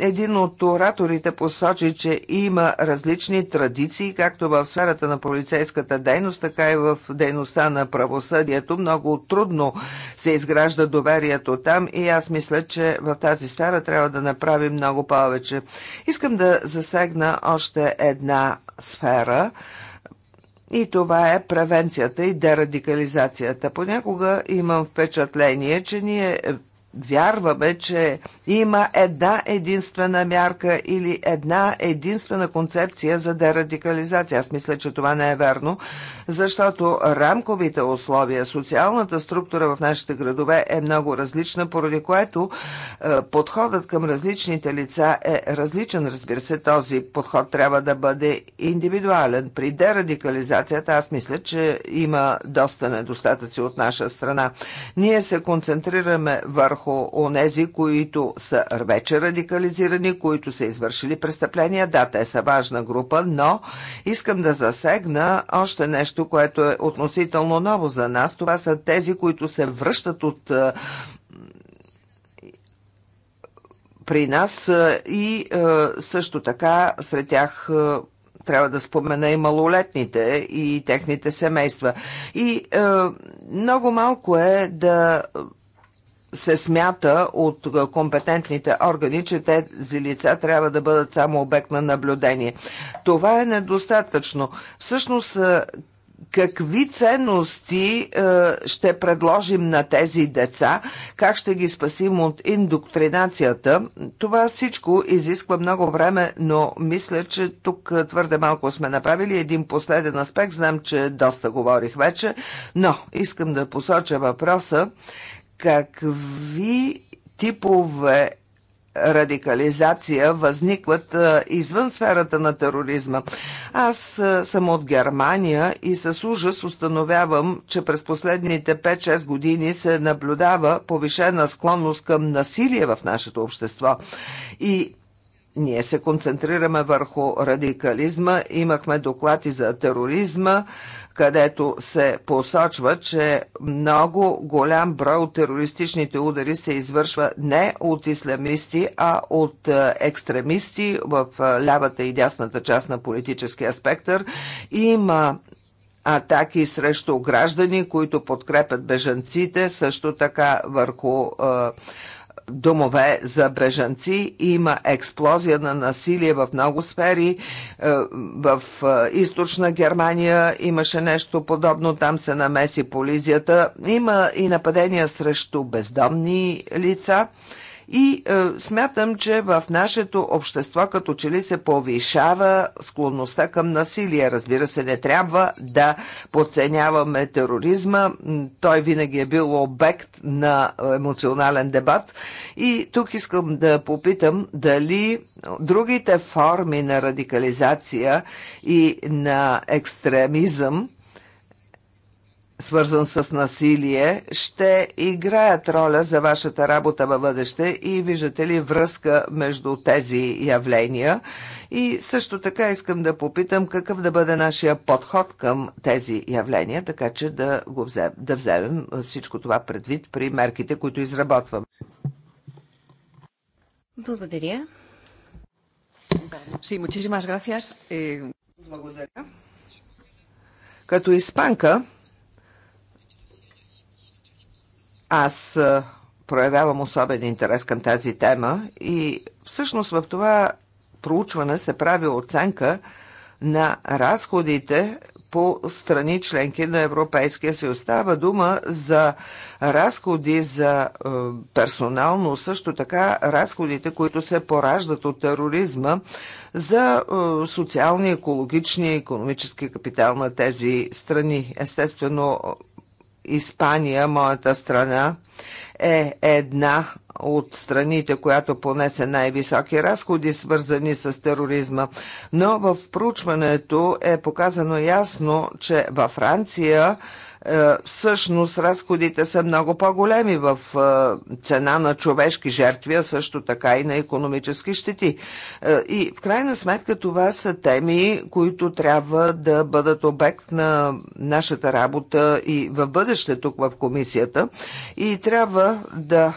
един от ораторите посочи, че има различни традиции, както в сферата на полицейската дейност, така и в дейността на правосъдието. Много трудно се изгражда доверието там и аз мисля, че в тази сфера трябва да направим много повече. Искам да засегна още една сфера. И това е превенцията и дерадикализацията. Понякога имам впечатление, че ние вярваме, че има една единствена мярка или една единствена концепция за дерадикализация. Аз мисля, че това не е верно, защото рамковите условия, социалната структура в нашите градове е много различна, поради което е, подходът към различните лица е различен. Разбира се, този подход трябва да бъде индивидуален. При дерадикализацията аз мисля, че има доста недостатъци от наша страна. Ние се концентрираме върху върху онези, които са вече радикализирани, които са извършили престъпления. Да, те са важна група, но искам да засегна още нещо, което е относително ново за нас. Това са тези, които се връщат от при нас и също така сред тях трябва да спомена и малолетните и техните семейства. И е, много малко е да се смята от компетентните органи, че тези лица трябва да бъдат само обект на наблюдение. Това е недостатъчно. Всъщност, какви ценности е, ще предложим на тези деца, как ще ги спасим от индоктринацията. Това всичко изисква много време, но мисля, че тук твърде малко сме направили. Един последен аспект, знам, че доста говорих вече, но искам да посоча въпроса какви типове радикализация възникват а, извън сферата на тероризма. Аз а, съм от Германия и с ужас установявам, че през последните 5-6 години се наблюдава повишена склонност към насилие в нашето общество. И ние се концентрираме върху радикализма, имахме доклади за тероризма, където се посочва, че много голям брой от терористичните удари се извършва не от исламисти, а от е, екстремисти в е, лявата и дясната част на политическия спектър. Има атаки срещу граждани, които подкрепят бежанците, също така върху е, домове за бежанци. Има експлозия на насилие в много сфери. Е, в е, източна Германия имаше нещо подобно. Там се намеси полизията. Има и нападения срещу бездомни лица. И е, смятам, че в нашето общество като че ли се повишава склонността към насилие. Разбира се, не трябва да подценяваме тероризма. Той винаги е бил обект на емоционален дебат. И тук искам да попитам дали другите форми на радикализация и на екстремизъм свързан с насилие, ще играят роля за вашата работа във бъдеще и виждате ли връзка между тези явления? И също така искам да попитам какъв да бъде нашия подход към тези явления, така че да, го взем, да вземем всичко това предвид при мерките, които изработвам. Благодаря. Sí, muchísimas gracias. Благодаря. Като испанка, Аз проявявам особен интерес към тази тема и всъщност в това проучване се прави оценка на разходите по страни членки на Европейския съюз. Става дума за разходи за персонално, също така разходите, които се пораждат от тероризма за социални, екологични, економически капитал на тези страни. Естествено, Испания, моята страна, е една от страните, която понесе най-високи разходи, свързани с тероризма. Но в проучването е показано ясно, че във Франция е, всъщност разходите са много по-големи в е, цена на човешки жертви, а също така и на економически щети. Е, и в крайна сметка това са теми, които трябва да бъдат обект на нашата работа и в бъдеще тук в комисията. И трябва да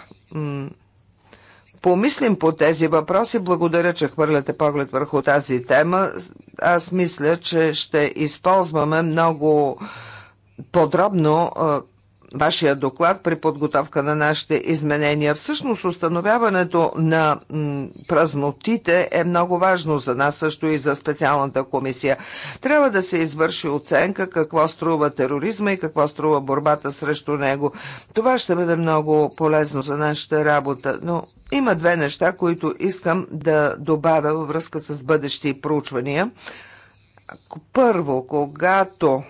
помислим по тези въпроси. Благодаря, че хвърляте поглед върху тази тема. Аз мисля, че ще използваме много подробно вашия доклад при подготовка на нашите изменения. Всъщност установяването на празнотите е много важно за нас, също и за специалната комисия. Трябва да се извърши оценка какво струва тероризма и какво струва борбата срещу него. Това ще бъде много полезно за нашата работа, но има две неща, които искам да добавя във връзка с бъдещи проучвания. Първо, когато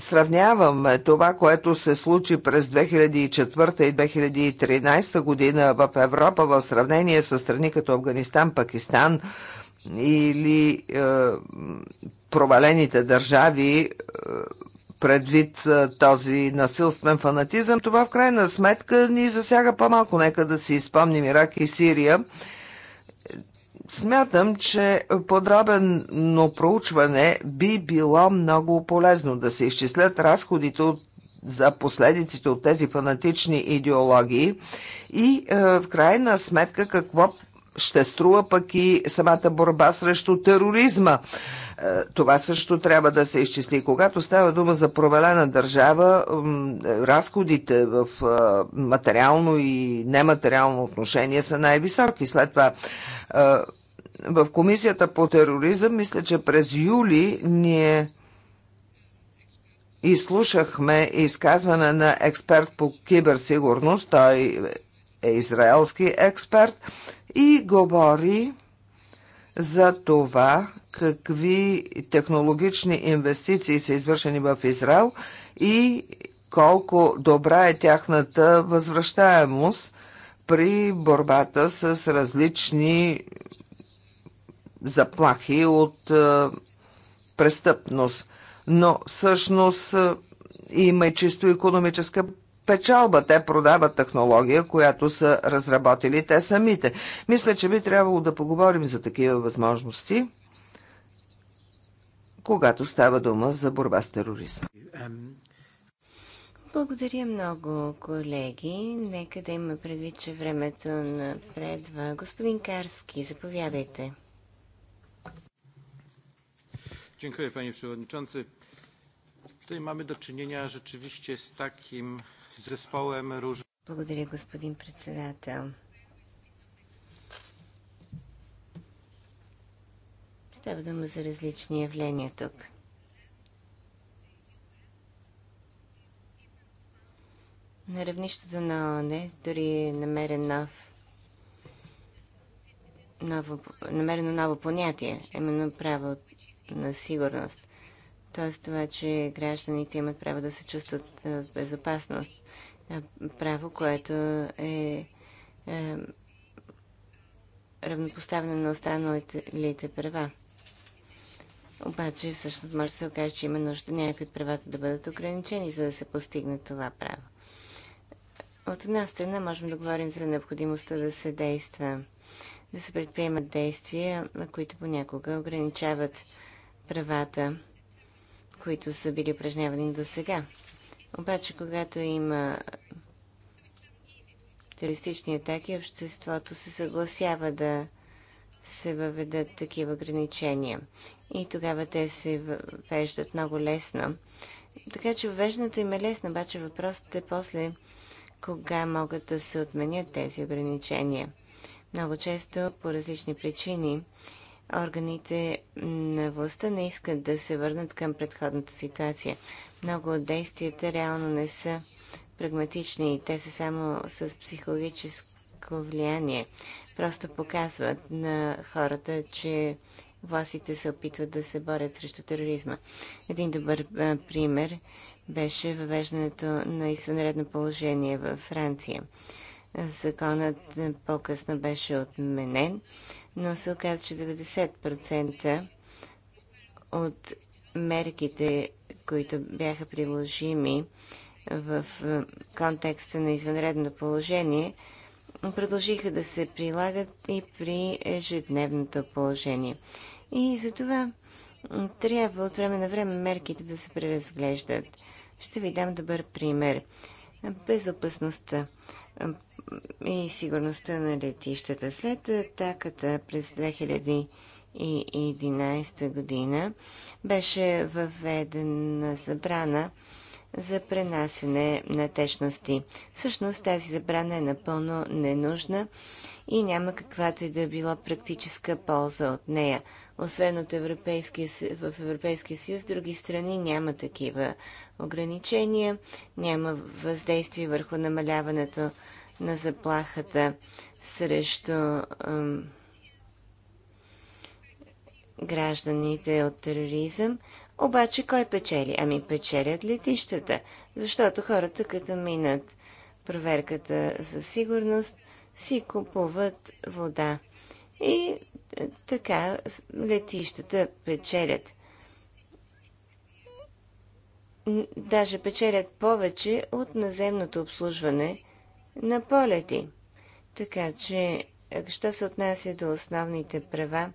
сравнявам е, това, което се случи през 2004 и 2013 година в Европа в сравнение с страни като Афганистан, Пакистан или е, провалените държави е, предвид е, този насилствен фанатизъм, това в крайна сметка ни засяга по-малко. Нека да си изпомним Ирак и Сирия. Смятам, че подробно проучване би било много полезно да се изчислят разходите от за последиците от тези фанатични идеологии и е, в крайна сметка какво ще струва пък и самата борба срещу тероризма. Е, това също трябва да се изчисли. Когато става дума за провалена държава, разходите в е, материално и нематериално отношение са най-високи. След това е, в Комисията по тероризъм, мисля, че през юли ние изслушахме изказване на експерт по киберсигурност. Той е израелски експерт и говори за това какви технологични инвестиции са извършени в Израел и колко добра е тяхната възвръщаемост при борбата с различни заплахи от е, престъпност. Но всъщност е, има и чисто економическа печалба. Те продават технология, която са разработили те самите. Мисля, че би трябвало да поговорим за такива възможности, когато става дума за борба с тероризма. Благодаря много, колеги. Нека да има предвид, че времето напредва. Господин Карски, заповядайте. Dziękuję panie przewodniczący. Tutaj mamy do czynienia rzeczywiście z takim zespołem różnych. Благодаря, господин председател. Става дума за различни явления тук. На равнището на ООН дори е намерен нов, ново, намерено ново понятие, именно право на сигурност. Тоест това, че гражданите имат право да се чувстват в безопасност. Право, което е, е равнопоставено на останалите права. Обаче всъщност може да се окаже, че има нужда някои от правата да бъдат ограничени, за да се постигне това право. От една страна можем да говорим за необходимостта да се действа, да се предприемат действия, които понякога ограничават правата, които са били упражнявани до сега. Обаче, когато има терористични атаки, обществото се съгласява да се въведат такива ограничения. И тогава те се въвеждат много лесно. Така че въвеждането им е лесно, обаче въпросът е после кога могат да се отменят тези ограничения. Много често по различни причини органите на властта не искат да се върнат към предходната ситуация. Много от действията реално не са прагматични и те са само с психологическо влияние. Просто показват на хората, че властите се опитват да се борят срещу тероризма. Един добър пример беше въвеждането на извънредно положение във Франция. Законът по-късно беше отменен, но се оказа, че 90% от мерките, които бяха приложими в е, контекста на извънредно положение, продължиха да се прилагат и при ежедневното положение. И за това трябва от време на време мерките да се преразглеждат. Ще ви дам добър пример. Безопасността и сигурността на летищата. След атаката през 2011 година беше въведена забрана за пренасене на течности. Всъщност тази забрана е напълно ненужна и няма каквато и да е била практическа полза от нея. Освен от Европейския, в Европейския съюз, други страни няма такива ограничения, няма въздействие върху намаляването на заплахата срещу ем, гражданите от тероризъм. Обаче кой печели? Ами печелят летищата, защото хората като минат проверката за сигурност, си купуват вода. И е, така летищата печелят. Даже печелят повече от наземното обслужване на полети. Така че, е, що се отнася до основните права,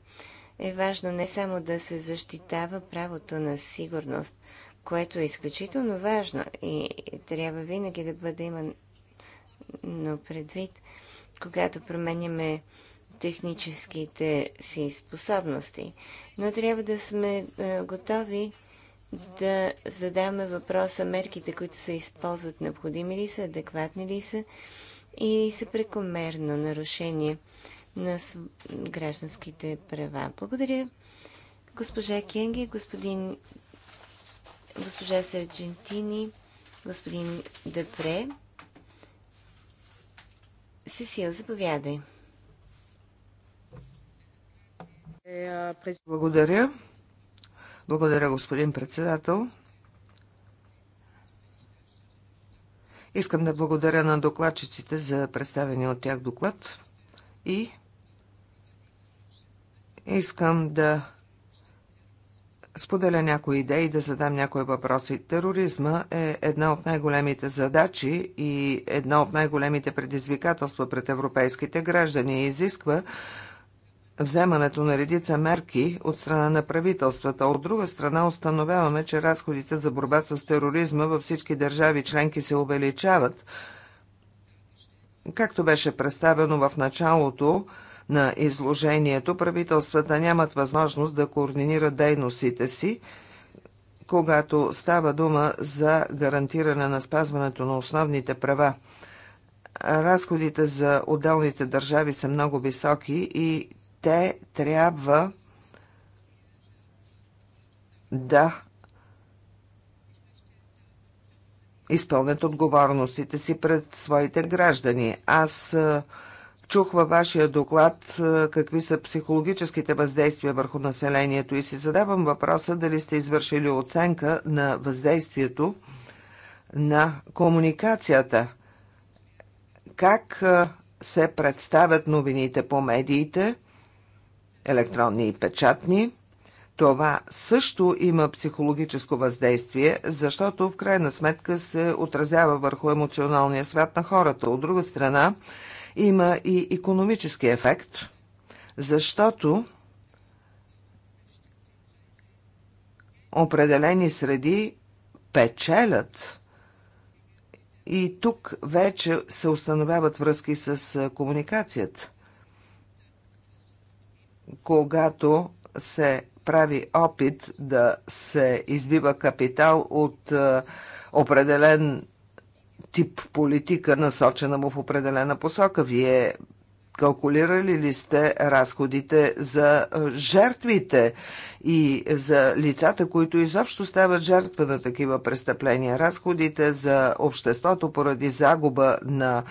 е важно не само да се защитава правото на сигурност, което е изключително важно и трябва винаги да бъде има но предвид, когато променяме техническите си способности. Но трябва да сме е, готови да задаме въпроса мерките, които се използват, необходими ли са, адекватни ли са и са прекомерно нарушение на гражданските права. Благодаря госпожа Кенги, господин, госпожа Сарджентини, господин Депре. Сесил, заповядай. Благодаря. Благодаря, господин председател. Искам да благодаря на докладчиците за представения от тях доклад и искам да споделя някои идеи, да задам някои въпроси. Тероризма е една от най-големите задачи и една от най-големите предизвикателства пред европейските граждани и изисква вземането на редица мерки от страна на правителствата. От друга страна установяваме, че разходите за борба с тероризма във всички държави членки се увеличават. Както беше представено в началото, на изложението, правителствата нямат възможност да координират дейностите си, когато става дума за гарантиране на спазването на основните права. Разходите за отделните държави са много високи и те трябва да изпълнят отговорностите си пред своите граждани. Аз Чух във вашия доклад е, какви са психологическите въздействия върху населението и си задавам въпроса дали сте извършили оценка на въздействието на комуникацията. Как е, се представят новините по медиите, електронни и печатни? Това също има психологическо въздействие, защото в крайна сметка се отразява върху емоционалния свят на хората. От друга страна, има и економически ефект, защото определени среди печелят и тук вече се установяват връзки с комуникацията. Когато се прави опит да се избива капитал от определен тип политика, насочена му в определена посока. Вие калкулирали ли сте разходите за е, жертвите и за лицата, които изобщо стават жертва на такива престъпления? Разходите за обществото поради загуба на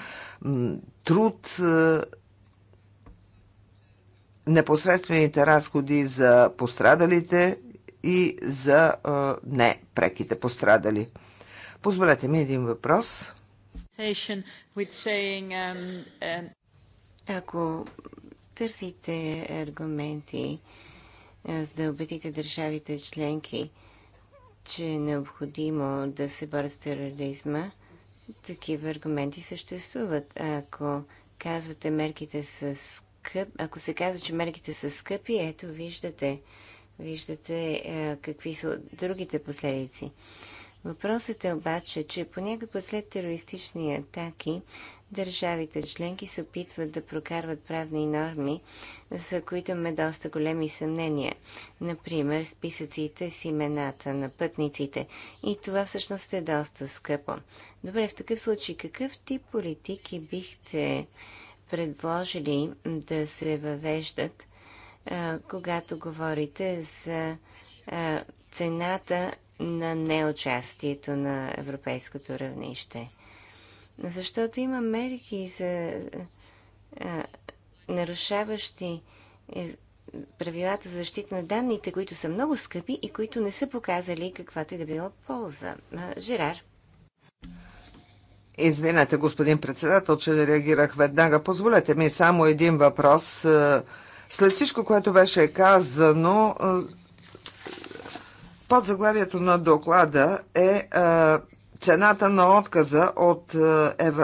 труд е, непосредствените разходи за пострадалите и за е, непреките пострадали. Позволете ми един въпрос. Um, um, ако търсите аргументи е, за да убедите държавите членки, че е необходимо да се борят с тероризма, такива аргументи съществуват. Ако казвате мерките са скъп, ако се казва, че мерките са скъпи, ето виждате, виждате е, какви са другите последици. Въпросът е обаче, че понякога след терористични атаки държавите членки се опитват да прокарват правни норми, за които имаме доста големи съмнения. Например, списъците с имената на пътниците. И това всъщност е доста скъпо. Добре, в такъв случай какъв тип политики бихте предложили да се въвеждат, когато говорите за цената на неучастието на европейското равнище. Защото има мерки за а, нарушаващи е, правилата за защита на данните, които са много скъпи и които не са показали каквато и да било полза. Жерар. Извинете, господин председател, че да реагирах веднага. Позволете ми само един въпрос. Е, след всичко, което беше казано, е, Подзаглавието на доклада е цената на отказа от, Ев...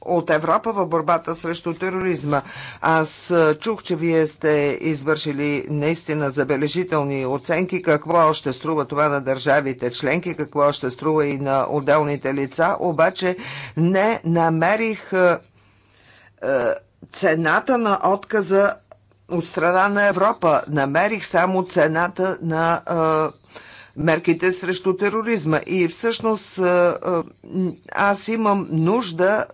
от Европа в борбата срещу тероризма. Аз чух, че вие сте извършили наистина забележителни оценки какво още струва това на държавите членки, какво още струва и на отделните лица, обаче не намерих цената на отказа от страна на Европа. Намерих само цената на мерките срещу тероризма. И всъщност аз имам нужда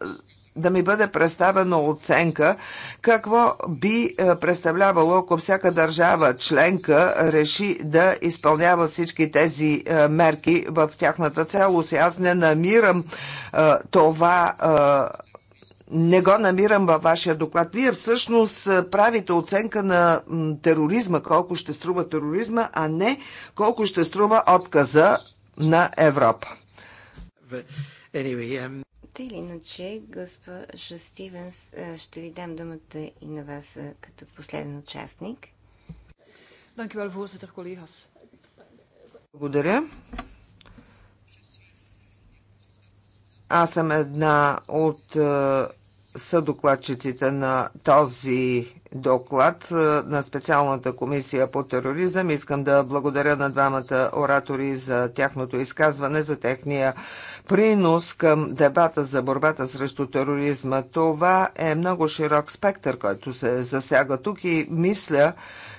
да ми бъде представена оценка какво би представлявало, ако всяка държава членка реши да изпълнява всички тези мерки в тяхната цялост. Аз не намирам това не го намирам във вашия доклад. Вие всъщност правите оценка на тероризма, колко ще струва тероризма, а не колко ще струва отказа на Европа. Um, Те или иначе, госпожа Стивенс, ще ви дам думата и на вас като последен участник. Благодаря. Аз съм една от е, съдокладчиците на този доклад е, на специалната комисия по тероризъм. Искам да благодаря на двамата оратори за тяхното изказване, за техния принос към дебата за борбата срещу тероризма. Това е много широк спектър, който се засяга тук и мисля,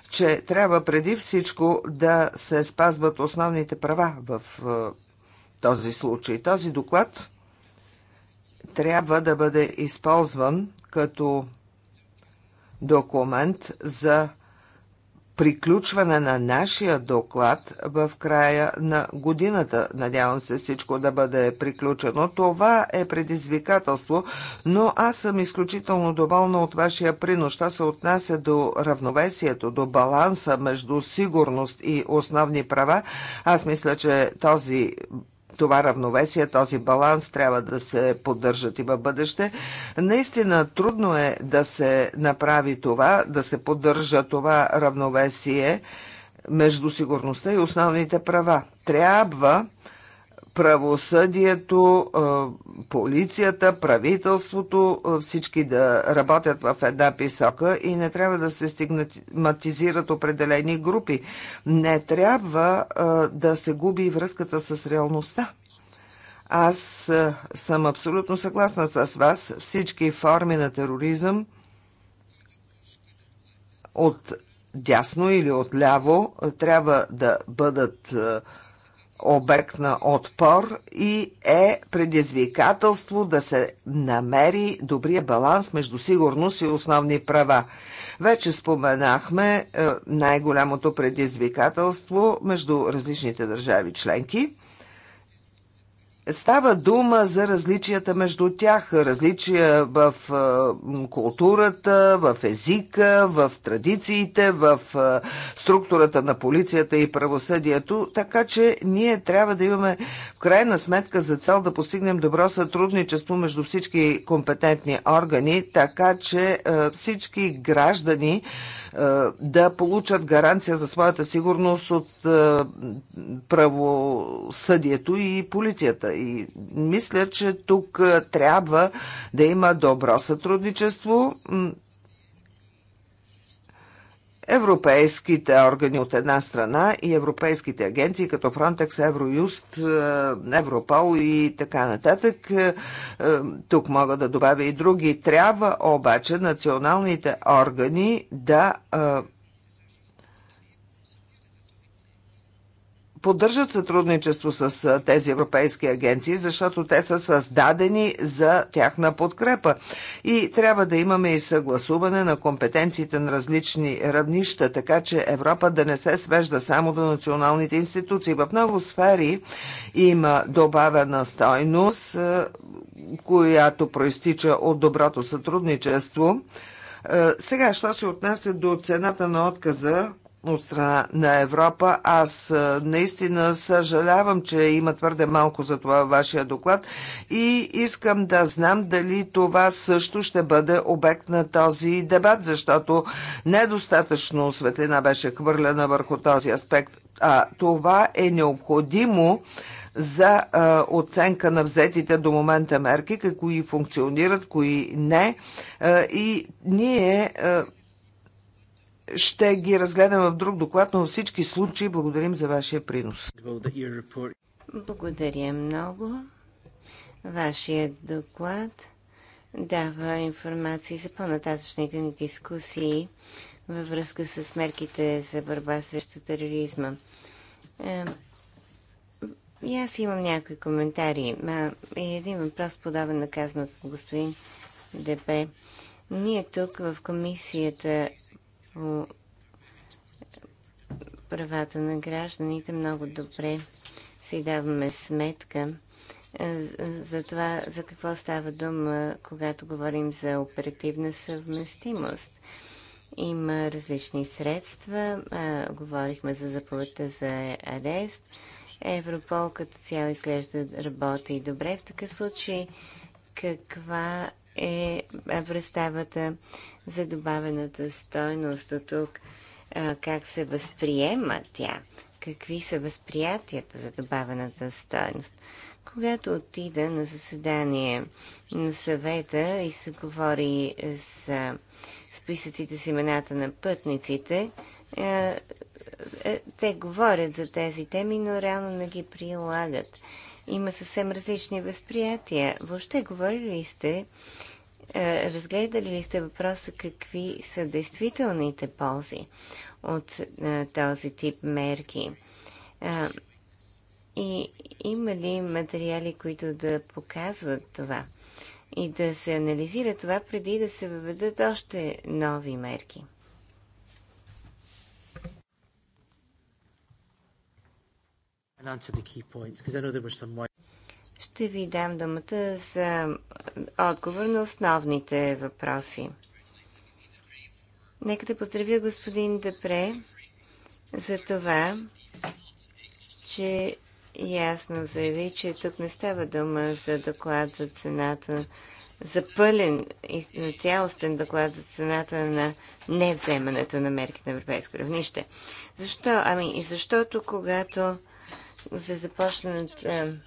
че трябва преди всичко да се спазват основните права в е, този случай. Този доклад трябва да бъде използван като документ за приключване на нашия доклад в края на годината. Надявам се всичко да бъде приключено. Това е предизвикателство, но аз съм изключително доволна от вашия принос. Това се отнася до равновесието, до баланса между сигурност и основни права, аз мисля, че този това равновесие, този баланс трябва да се поддържат и в бъдеще. Наистина трудно е да се направи това, да се поддържа това равновесие между сигурността и основните права. Трябва правосъдието, полицията, правителството, всички да работят в една писока и не трябва да се стигматизират определени групи. Не трябва да се губи връзката с реалността. Аз съм абсолютно съгласна с вас. Всички форми на тероризъм от дясно или от ляво трябва да бъдат обект на отпор и е предизвикателство да се намери добрия баланс между сигурност и основни права. Вече споменахме е, най-голямото предизвикателство между различните държави членки. Става дума за различията между тях, различия в културата, в езика, в традициите, в структурата на полицията и правосъдието, така че ние трябва да имаме в крайна сметка за цел да постигнем добро сътрудничество между всички компетентни органи, така че всички граждани е, да получат гаранция за своята сигурност от е, правосъдието и полицията. И мисля, че тук е, трябва да има добро сътрудничество европейските органи от една страна и европейските агенции като Frontex, Евроюст, е, Европол и така нататък. Е, е, тук мога да добавя и други. Трябва обаче националните органи да поддържат сътрудничество с тези европейски агенции, защото те са създадени за тяхна подкрепа. И трябва да имаме и съгласуване на компетенциите на различни равнища, така че Европа да не се свежда само до националните институции. В много сфери има добавена стойност, която проистича от доброто сътрудничество. Сега, що се отнася до цената на отказа, от страна на Европа. Аз е, наистина съжалявам, че има твърде малко за това вашия доклад и искам да знам дали това също ще бъде обект на този дебат, защото недостатъчно светлина беше хвърлена върху този аспект. А това е необходимо за а, е, оценка на взетите до момента мерки, кои функционират, кои не. А, е, и ние а, ще ги разгледам в друг доклад, но във всички случаи благодарим за вашия принос. Благодаря много. Вашия доклад дава информация за по-нататъчните ни дискусии във връзка с мерките за борба срещу тероризма. Е, и аз имам някои коментари. и един въпрос, подобен на казаното господин Депре. Ние тук в комисията правата на гражданите, много добре си даваме сметка за това, за какво става дума, когато говорим за оперативна съвместимост. Има различни средства. говорихме за заповедта за арест. Европол като цяло изглежда работи добре. В такъв случай, каква е, е представата за добавената стойност до тук, как се възприема тя, какви са възприятията за добавената стойност. Когато отида на заседание на съвета и се говори с списъците с имената на пътниците, е, те говорят за тези теми, но реално не ги прилагат. Има съвсем различни възприятия. Въобще говорили сте е, разгледали ли сте въпроса какви са действителните ползи от е, този тип мерки? Е, и има ли материали, които да показват това и да се анализира това преди да се въведат още нови мерки? and answer the key points because I know there were some ще ви дам думата за отговор на основните въпроси. Нека да поздравя господин Депре за това, че ясно заяви, че тук не става дума за доклад за цената, за пълен и на цялостен доклад за цената на невземането на мерки на европейско равнище. Защо? Ами и защото когато се започнат е,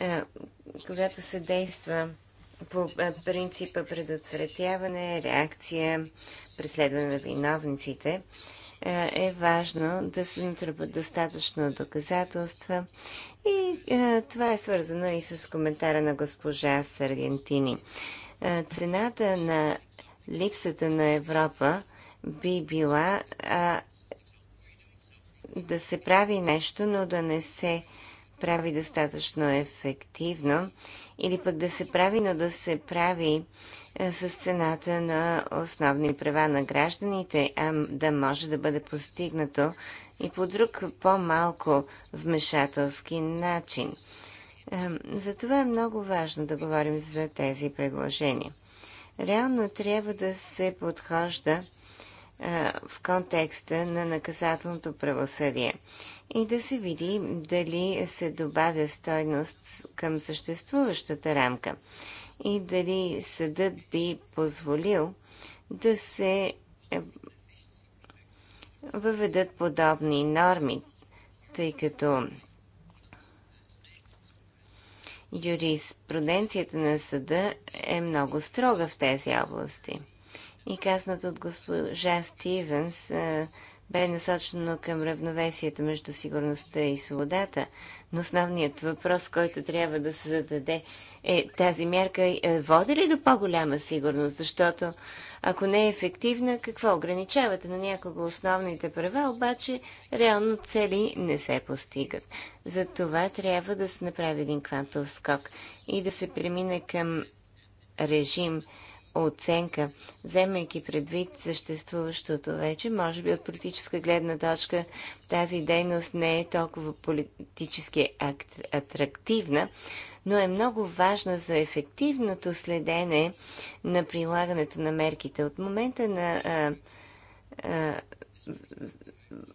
Е, когато се действа по е, принципа предотвратяване, реакция, преследване на виновниците, е, е важно да се натрупат достатъчно доказателства. И това е свързано и с коментара на госпожа Саргентини. цената на липсата на Европа би била да се прави нещо, но да не се прави достатъчно ефективно или пък да се прави, но да се прави е, с цената на основни права на гражданите, а да може да бъде постигнато и по друг по-малко вмешателски начин. Е, затова е много важно да говорим за тези предложения. Реално трябва да се подхожда е, в контекста на наказателното правосъдие и да се види дали се добавя стойност към съществуващата рамка и дали съдът би позволил да се е, въведат подобни норми, тъй като юриспруденцията на съда е много строга в тези области. И казнат от госпожа Стивенс, е, бе насочено към равновесието между сигурността и свободата, но основният въпрос, който трябва да се зададе е тази мярка е, води ли до по-голяма сигурност? Защото ако не е ефективна, какво ограничавате на някого основните права, обаче реално цели не се постигат. За това трябва да се направи един квантов скок и да се премине към режим – оценка, вземайки предвид съществуващото вече. Може би от политическа гледна точка тази дейност не е толкова политически атрактивна, но е много важна за ефективното следене на прилагането на мерките. От момента на а, а,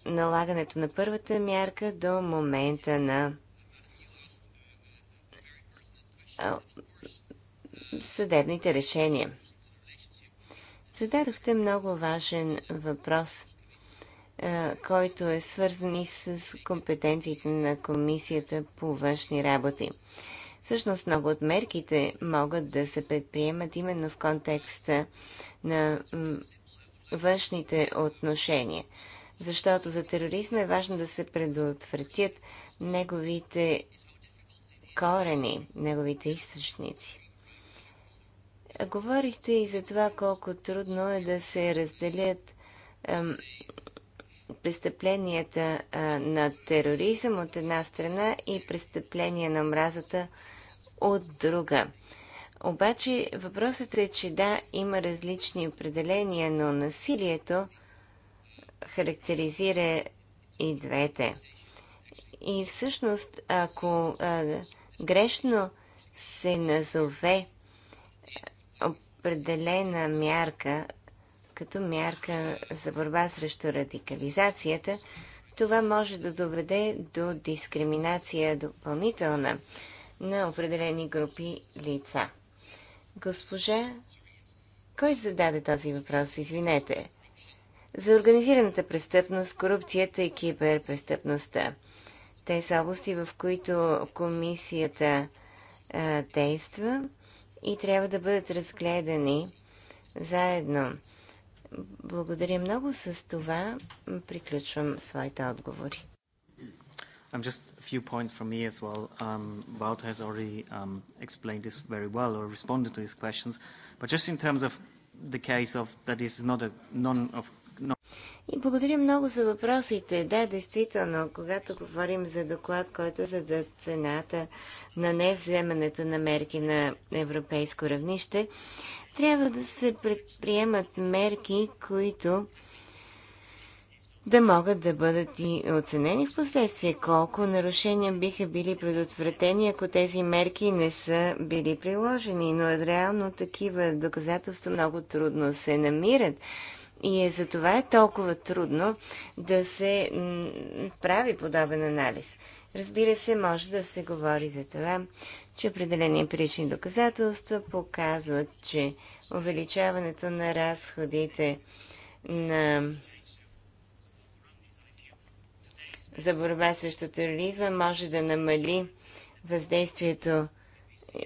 налагането на първата мярка до момента на съдебните решения. Зададохте много важен въпрос, който е свързан и с компетенциите на Комисията по външни работи. Всъщност много от мерките могат да се предприемат именно в контекста на външните отношения. Защото за тероризма е важно да се предотвратят неговите корени, неговите източници. Говорихте и за това колко трудно е да се разделят престъпленията е, на тероризъм от една страна и престъпления на мразата от друга. Обаче въпросът е, че да, има различни определения, но насилието характеризира и двете. И всъщност, ако грешно се назове определена мярка, като мярка за борба срещу радикализацията, това може да доведе до дискриминация допълнителна на определени групи лица. Госпожа, кой зададе този въпрос? Извинете. За организираната престъпност, корупцията и киберпрестъпността. Те са области, в които комисията а, действа и трябва да бъдат разгледани заедно. Благодаря много. С това приключвам своите отговори. Um, just a few points from me as well. Um, Wouter has already um, explained this very well or responded to his questions. But just in terms of the case of that this is not a none of и благодаря много за въпросите. Да, действително, когато говорим за доклад, който е за цената на невземането на мерки на европейско равнище, трябва да се предприемат мерки, които да могат да бъдат и оценени в последствие. Колко нарушения биха били предотвратени, ако тези мерки не са били приложени, но реално такива доказателства много трудно се намират. И е за това е толкова трудно да се прави подобен анализ. Разбира се, може да се говори за това, че определени емпирични доказателства показват, че увеличаването на разходите на за борба срещу тероризма може да намали въздействието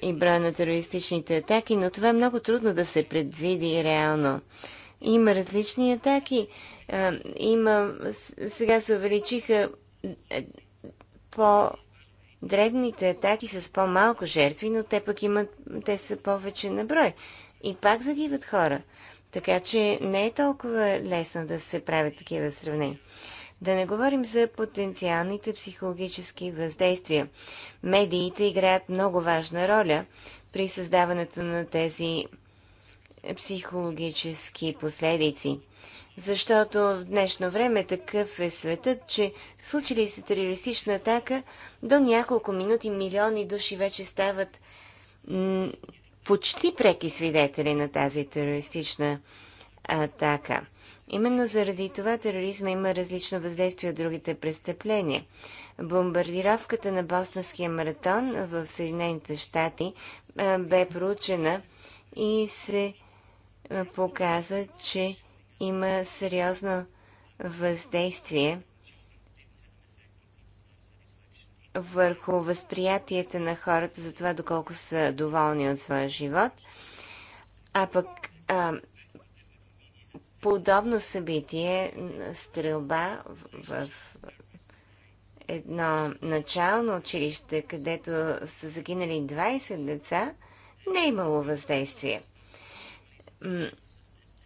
и броя на терористичните атаки, но това е много трудно да се предвиди реално. Има различни атаки. Има, сега се увеличиха е, по дребните атаки с по-малко жертви, но те пък имат, те са повече на брой. И пак загиват хора. Така че не е толкова лесно да се правят такива сравнения. Да не говорим за потенциалните психологически въздействия. Медиите играят много важна роля при създаването на тези психологически последици. Защото в днешно време такъв е светът, че случили се терористична атака, до няколко минути милиони души вече стават почти преки свидетели на тази терористична атака. Именно заради това тероризма има различно въздействие от другите престъпления. Бомбардировката на Бостонския маратон в Съединените щати бе проучена и се показа, че има сериозно въздействие върху възприятията на хората за това, доколко са доволни от своя живот. А пък а, подобно събитие, стрелба в, в едно начално училище, където са загинали 20 деца, не е имало въздействие.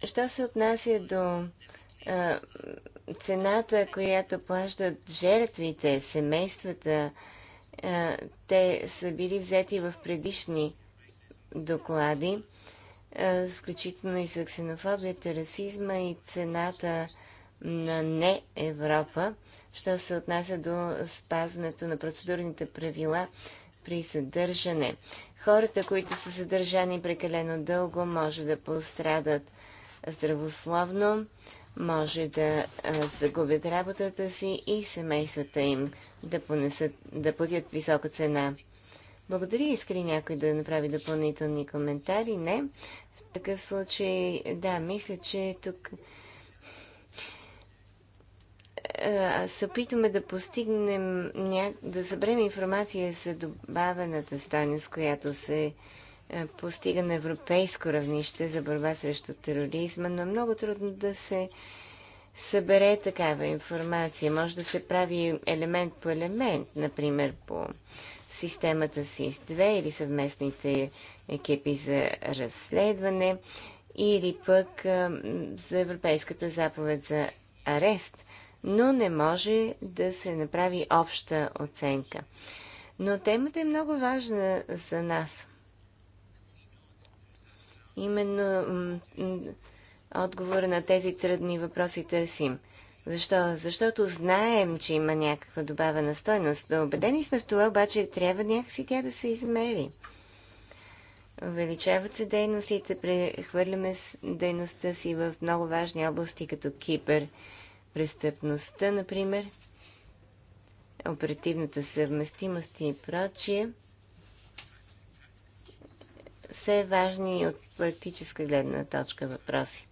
Що се отнася до а, цената, която плащат жертвите, семействата, а, те са били взети в предишни доклади, а, включително и за ксенофобията, расизма и цената на не Европа, що се отнася до спазването на процедурните правила при съдържане. Хората, които са задържани прекалено дълго, може да пострадат здравословно, може да загубят работата си и семействата им да, понесат, да платят висока цена. Благодаря. Иска ли някой да направи допълнителни коментари? Не. В такъв случай, да, мисля, че тук е, се опитваме да постигнем, да съберем информация за добавената стойност, която се е, постига на европейско равнище за борба срещу тероризма, но е много трудно да се събере такава информация. Може да се прави елемент по елемент, например по системата СИС-2 или съвместните екипи за разследване или пък за Европейската заповед за арест – но не може да се направи обща оценка. Но темата е много важна за нас. Именно отговора на тези трудни въпроси търсим. Защо? Защото знаем, че има някаква добавена стойност. Да убедени сме в това, обаче трябва някакси тя да се измери. Увеличават се дейностите, прехвърляме дейността си в много важни области, като Кипър престъпността, например, оперативната съвместимост и прочие, все важни от практическа гледна точка въпроси.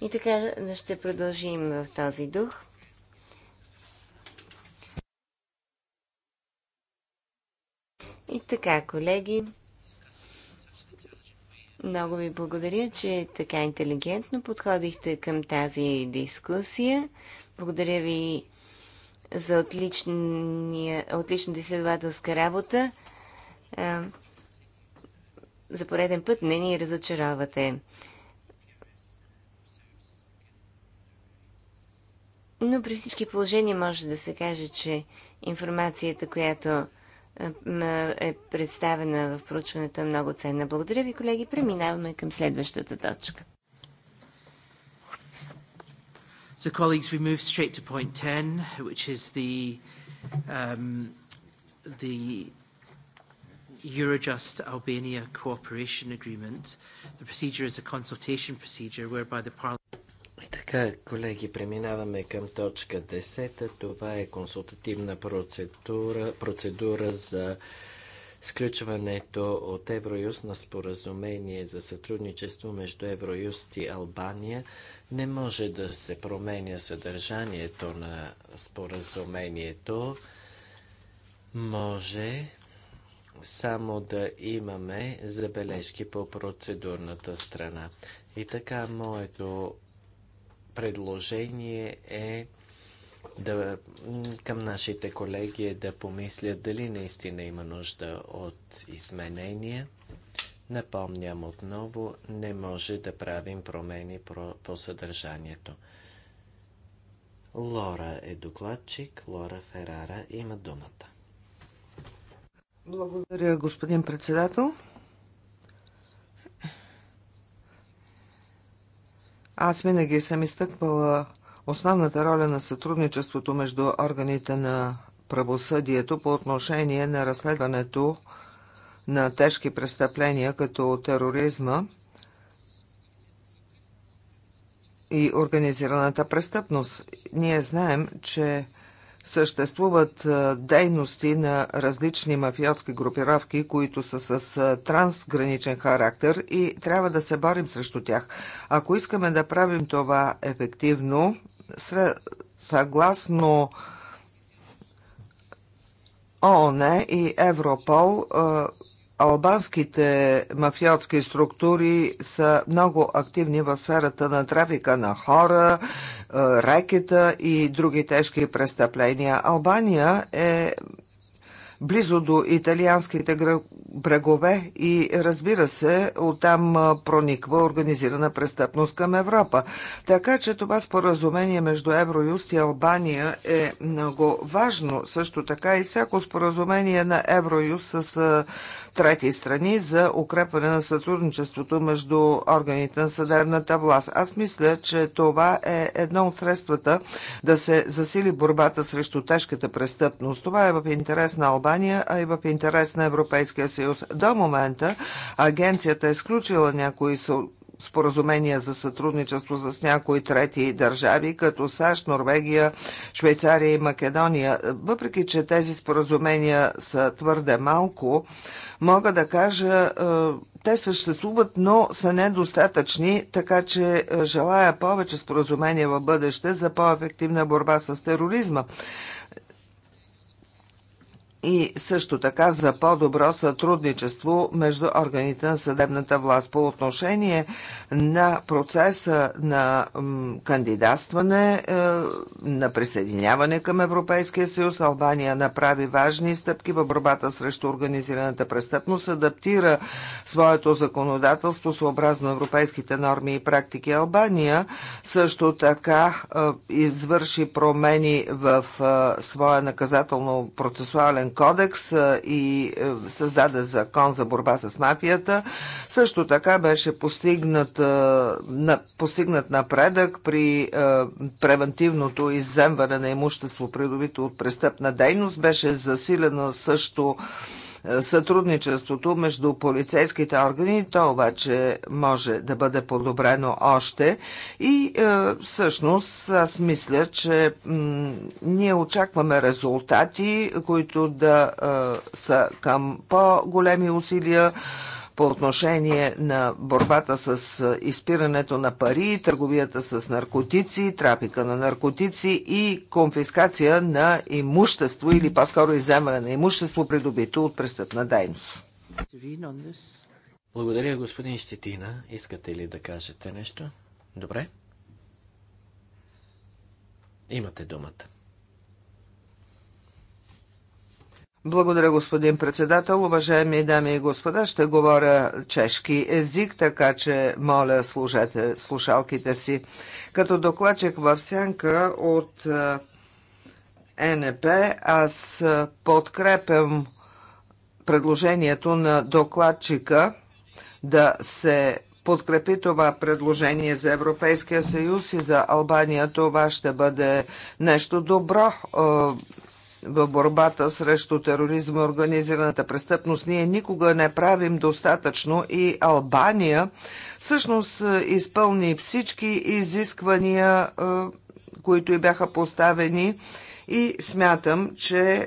И така ще продължим в този дух. И така, колеги, много ви благодаря, че така интелигентно подходихте към тази дискусия. Благодаря ви за отличния, отличната изследователска работа. За пореден път не ни разочаровате. Но при всички положения може да се каже, че информацията, която е представена в проучването е много ценна. Благодаря ви, колеги. Преминаваме към следващата точка. So, colleagues, we move straight to point 10, which is the, um, the Eurojust Albania Cooperation Agreement. The procedure is a consultation procedure whereby the Parliament. Така, колеги, преминаваме към точка 10. Това е консултативна процедура, процедура за сключването от Евроюст на споразумение за сътрудничество между Евроюст и Албания. Не може да се променя съдържанието на споразумението. Може само да имаме забележки по процедурната страна. И така, моето предложение е да, към нашите колеги е да помислят дали наистина има нужда от изменения. Напомням отново, не може да правим промени по, по съдържанието. Лора е докладчик, Лора Ферара има думата. Благодаря, господин председател. Аз винаги съм изтъквала основната роля на сътрудничеството между органите на правосъдието по отношение на разследването на тежки престъпления като тероризма и организираната престъпност. Ние знаем, че съществуват дейности на различни мафиотски групировки, които са с трансграничен характер и трябва да се борим срещу тях. Ако искаме да правим това ефективно, съгласно ООН и Европол, Албанските мафиотски структури са много активни в сферата на трафика на хора, е, рекета и други тежки престъпления. Албания е близо до италианските брегове и разбира се, оттам е, прониква организирана престъпност към Европа. Така че това споразумение между Евроюст и Албания е много важно. Също така и всяко споразумение на Евроюст с е, трети страни за укрепване на сътрудничеството между органите на съдебната власт. Аз мисля, че това е едно от средствата да се засили борбата срещу тежката престъпност. Това е в интерес на Албания, а и в интерес на Европейския съюз. До момента агенцията е сключила някои споразумения за сътрудничество с някои трети държави, като САЩ, Норвегия, Швейцария и Македония. Въпреки, че тези споразумения са твърде малко, мога да кажа, е, те съществуват, но са недостатъчни, така че е, желая повече споразумения в бъдеще за по-ефективна борба с тероризма и също така за по-добро сътрудничество между органите на съдебната власт. По отношение на процеса на кандидатстване, е, на присъединяване към Европейския съюз, Албания направи важни стъпки в борбата срещу организираната престъпност, адаптира своето законодателство съобразно европейските норми и практики. Албания също така е, извърши промени в е, своя наказателно процесуален кодекс и е, създаде закон за борба с мафията. Също така беше постигнат, постигнат напредък при превентивното изземване на имущество, придобито от престъпна дейност. Беше засилена също сътрудничеството между полицейските органи. То обаче може да бъде подобрено още и е, всъщност аз мисля, че ние очакваме резултати, които да е, са към по-големи усилия по отношение на борбата с е, изпирането на пари, търговията с наркотици, трафика на наркотици и конфискация на имущество или по-скоро иземане на имущество, придобито от престъпна дейност. Благодаря, господин Щетина. Искате ли да кажете нещо? Добре. Имате думата. Благодаря, господин председател. Уважаеми дами и господа, ще говоря чешки език, така че моля служете слушалките си. Като докладчик в сянка от е, НП, аз подкрепям предложението на докладчика да се подкрепи това предложение за Европейския съюз и за Албания. Това ще бъде нещо добро е, в борбата срещу тероризма и организираната престъпност, ние никога не правим достатъчно и Албания всъщност е, изпълни всички изисквания, е, които и бяха поставени и смятам, че е,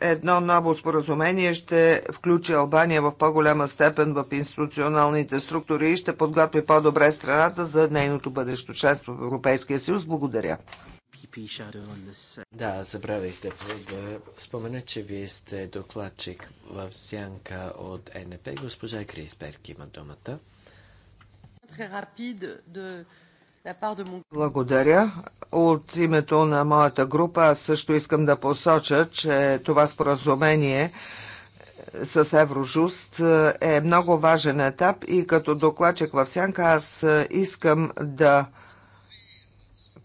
едно ново споразумение ще включи Албания в по-голяма степен в институционалните структури и ще подготви по-добре страната за нейното бъдещо членство в Европейския съюз. Благодаря. Да, забравих да, да спомена, че вие сте докладчик в сянка от НП. Госпожа Крисберг има думата. Благодаря. От името на моята група аз също искам да посоча, че това споразумение с Еврожуст е много важен етап и като докладчик в сянка аз искам да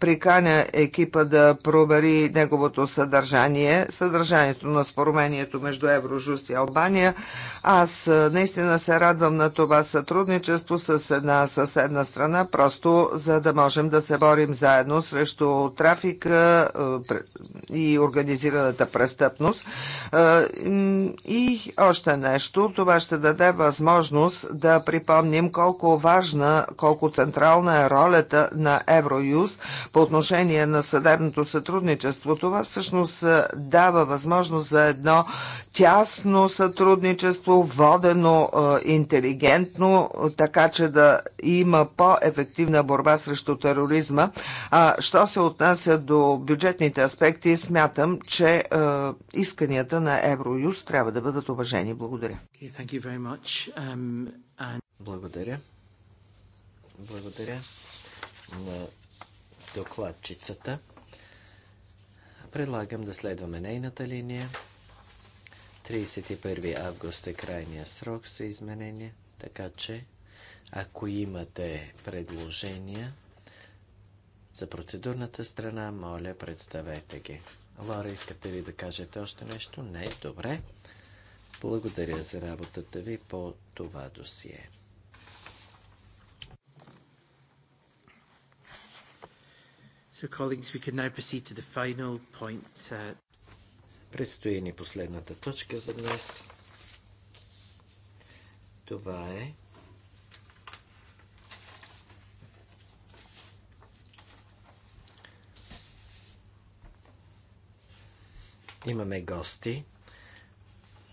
приканя екипа да провери неговото съдържание, съдържанието на споромението между Еврожуст и Албания. Аз наистина се радвам на това сътрудничество с една съседна страна, просто за да можем да се борим заедно срещу трафика и организираната престъпност. И още нещо, това ще даде възможност да припомним колко важна, колко централна е ролята на Евроюз по отношение на съдебното сътрудничество. Това всъщност дава възможност за едно тясно сътрудничество, водено интелигентно, така че да има по-ефективна борба срещу тероризма. А що се отнася до бюджетните аспекти, смятам, че исканията на Евроюз трябва да бъдат уважени. Благодаря. Um, Благодаря. Благодаря на докладчицата. Предлагам да следваме нейната линия. 31 август е крайния срок за изменение, така че ако имате предложения за процедурната страна, моля, представете ги. Лора, искате ли да кажете още нещо? Не, добре. Благодаря за работата ви по това досие. So, colleagues, we can now proceed to the final point. Uh, Предстои ни последната точка за днес. Това е Имаме гости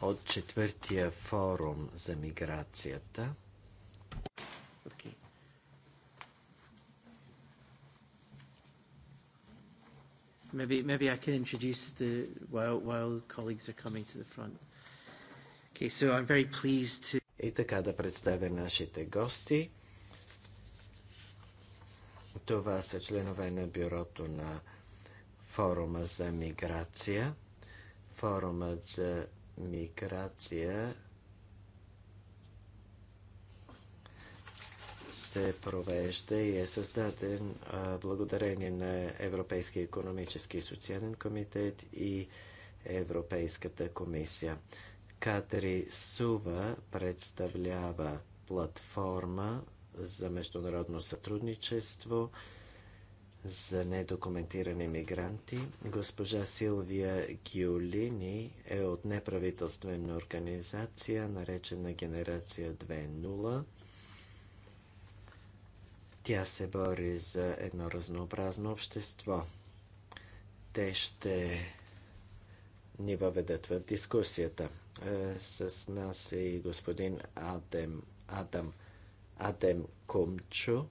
от четвъртия форум за миграцията. Okay. Maybe, maybe I can introduce the while, while colleagues are coming to the front. Okay, so I'm very pleased to... И така да представя нашите гости. Това са членове на бюрото на форума за миграция. Форумът за миграция се провежда и е създаден благодарение на Европейския економически и социален комитет и Европейската комисия. Катри Сува представлява платформа за международно сътрудничество за недокументирани мигранти. Госпожа Силвия Гиолини е от неправителствена организация, наречена Генерация 2.0. Тя се бори за едно разнообразно общество. Те ще ни въведат в дискусията. Е, с нас е и господин Адем, Адам, Адем Кумчо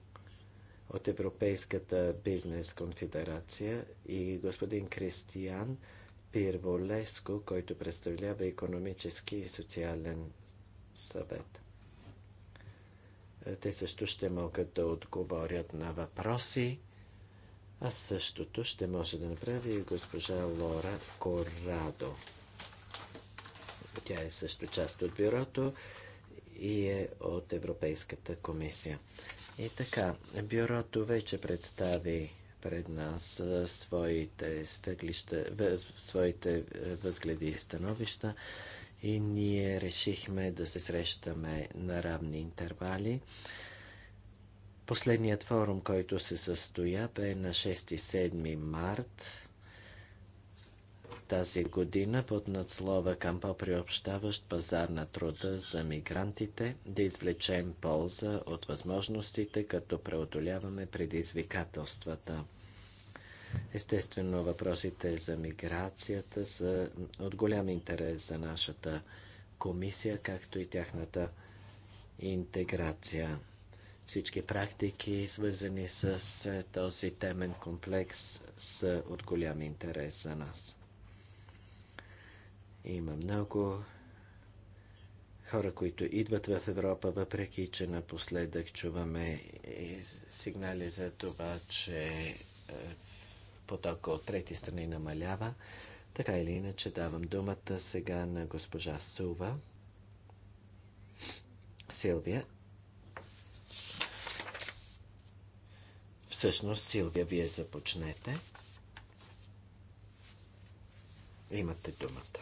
от Европейската бизнес конфедерация и господин Кристиян Пирволеско, който представлява економически и социален съвет. Е, те също ще могат да отговорят на въпроси. А същото ще може да направи и госпожа Лора Корадо. Тя е също част от бюрото и е от Европейската комисия. И така, бюрото вече представи пред нас своите, своите възгледи и становища и ние решихме да се срещаме на равни интервали. Последният форум, който се състоя, бе на 6-7 март тази година под надслова Кампо приобщаващ пазар на труда за мигрантите да извлечем полза от възможностите, като преодоляваме предизвикателствата. Естествено, въпросите за миграцията са от голям интерес за нашата комисия, както и тяхната интеграция. Всички практики, свързани с е, този темен комплекс, са от голям интерес за нас. Има много хора, които идват в Европа, въпреки че напоследък чуваме сигнали за това, че е, потока от трети страни намалява. Така или иначе давам думата сега на госпожа Сува. Силвия. Всъщност, Силвия, вие започнете. Имате думата.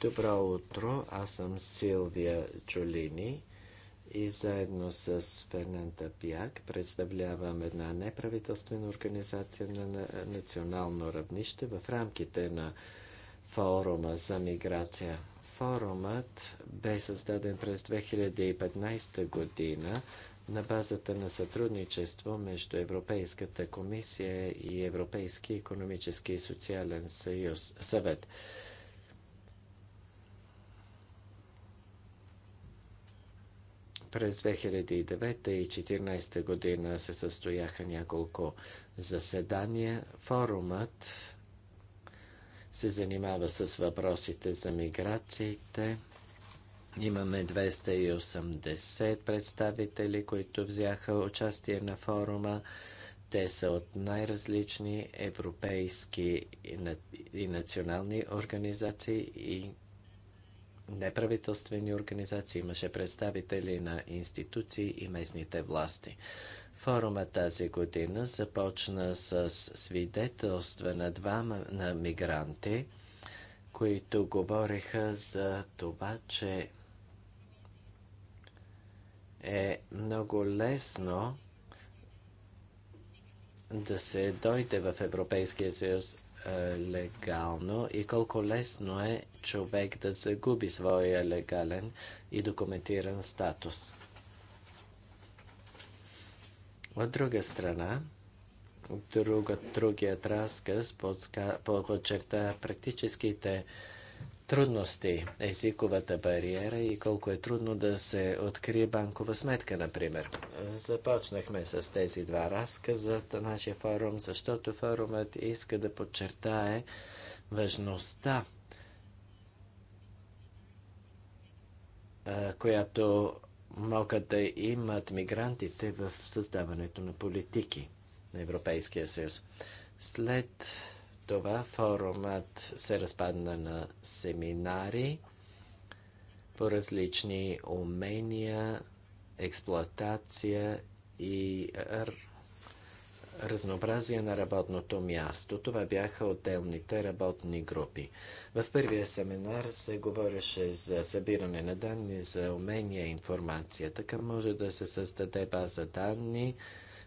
Добро утро, аз съм Силвия Джолини и заедно с Фернанда Пияк представлявам една неправителствена организация на национално равнище в рамките на форума за миграция. Форумът бе създаден през 2015 година на базата на сътрудничество между Европейската комисия и Европейски економически и социален съюз, съвет. През 2009 и 2014 година се състояха няколко заседания. Форумът се занимава с въпросите за миграциите. Имаме 280 представители, които взяха участие на форума. Те са от най-различни европейски и национални организации и неправителствени организации, имаше представители на институции и местните власти. Форума тази година започна с свидетелства на двама на мигранти, които говориха за това, че е много лесно да се дойде в Европейския съюз легално и колко лесно е човек да загуби своя легален и документиран статус. От друга страна, друга, другият разказ подчерта практическите трудности, езиковата бариера и колко е трудно да се открие банкова сметка, например. Започнахме с тези два разказа на нашия форум, защото форумът иска да подчертае важността която могат да имат мигрантите в създаването на политики на Европейския съюз. След това форумът се разпадна на семинари по различни умения, експлоатация и разнообразие на работното място. Това бяха отделните работни групи. В първия семинар се говореше за събиране на данни, за умения и информация. Така може да се създаде база данни,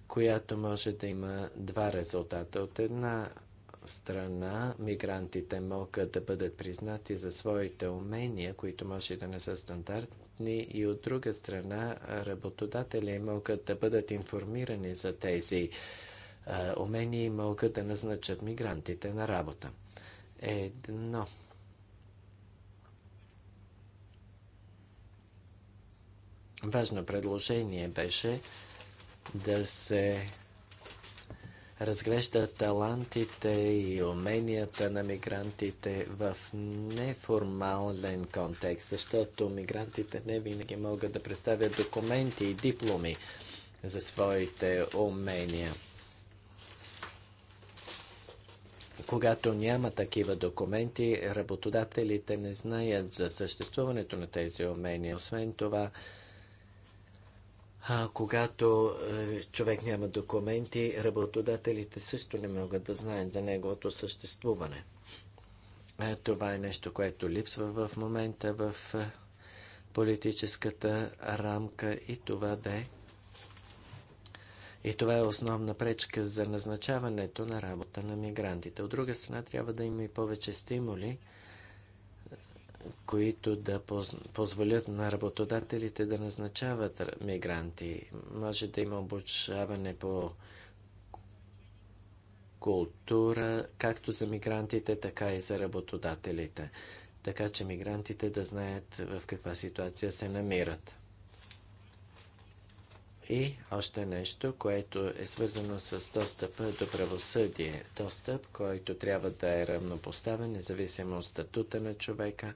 която може да има два резултата. От една страна мигрантите могат да бъдат признати за своите умения, които може да не са стандартни, и от друга страна работодатели могат да бъдат информирани за тези е, умения и могат да назначат мигрантите на работа. Едно. Важно предложение беше да се разглежда талантите и уменията на мигрантите в неформален контекст, защото мигрантите не винаги могат да представят документи и дипломи за своите умения. когато няма такива документи, работодателите не знаят за съществуването на тези умения. Освен това, а, когато е, човек няма документи, работодателите също не могат да знаят за неговото съществуване. Е, това е нещо, което липсва в момента в е, политическата рамка и това бе и това е основна пречка за назначаването на работа на мигрантите. От друга страна, трябва да има и повече стимули, които да позволят на работодателите да назначават мигранти. Може да има обучаване по култура, както за мигрантите, така и за работодателите. Така че мигрантите да знаят в каква ситуация се намират. И още нещо, което е свързано с достъпа до правосъдие. Достъп, който трябва да е равнопоставен, независимо от статута на човека.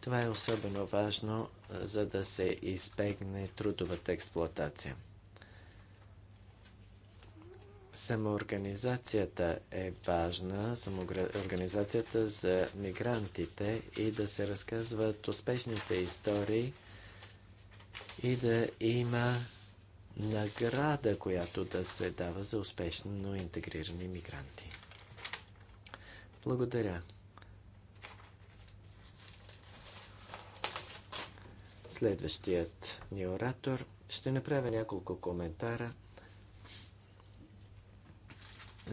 Това е особено важно, за да се избегне трудовата експлоатация. Самоорганизацията е важна, самоорганизацията за мигрантите и да се разказват успешните истории и да има награда, която да се дава за успешно интегрирани мигранти. Благодаря. Следващият ни оратор ще направя няколко коментара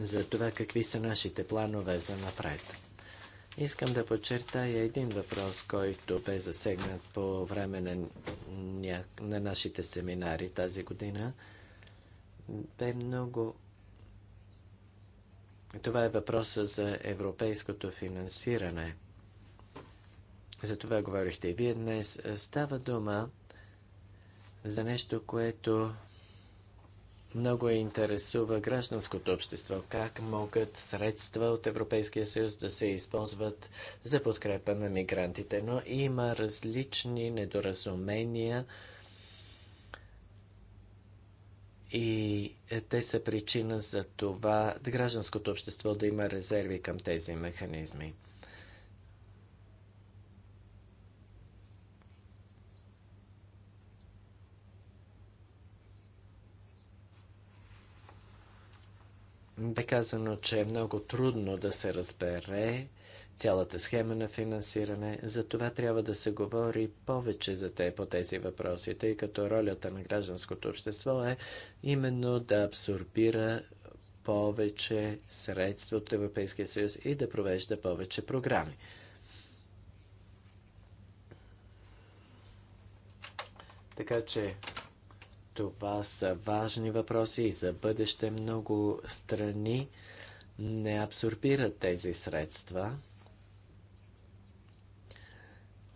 за това какви са нашите планове за напред. Искам да подчертая един въпрос, който бе засегнат по време на, ня... на нашите семинари тази година. Бе много. Това е въпроса за европейското финансиране. За това говорихте и вие днес. Става дума за нещо, което много е интересува гражданското общество, как могат средства от Европейския съюз да се използват за подкрепа на мигрантите, но има различни недоразумения и те са причина за това гражданското общество да има резерви към тези механизми. Бе казано, че е много трудно да се разбере цялата схема на финансиране, за това трябва да се говори повече за те по тези въпроси, тъй като ролята на гражданското общество е именно да абсорбира повече средства от Европейския съюз и да провежда повече програми. Така че това са важни въпроси и за бъдеще много страни не абсорбират тези средства.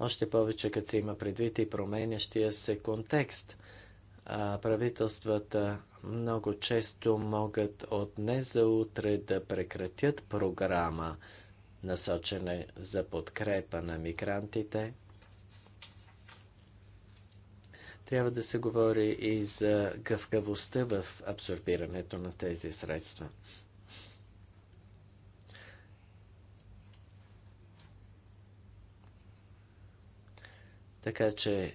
Още повече, като се има предвид и променящия се контекст. правителствата много често могат от днес за утре да прекратят програма, насочена за подкрепа на мигрантите – трябва да се говори и за гъвкавостта в абсорбирането на тези средства. Така че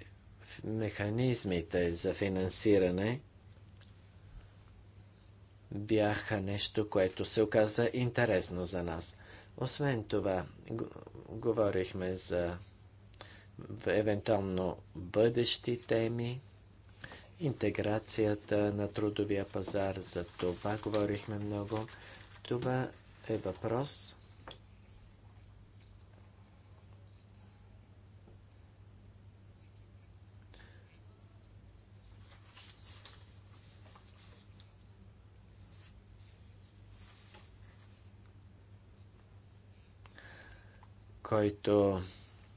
механизмите за финансиране бяха нещо, което се оказа интересно за нас. Освен това, говорихме за в евентуално бъдещи теми, интеграцията на трудовия пазар, за това говорихме много. Това е въпрос, който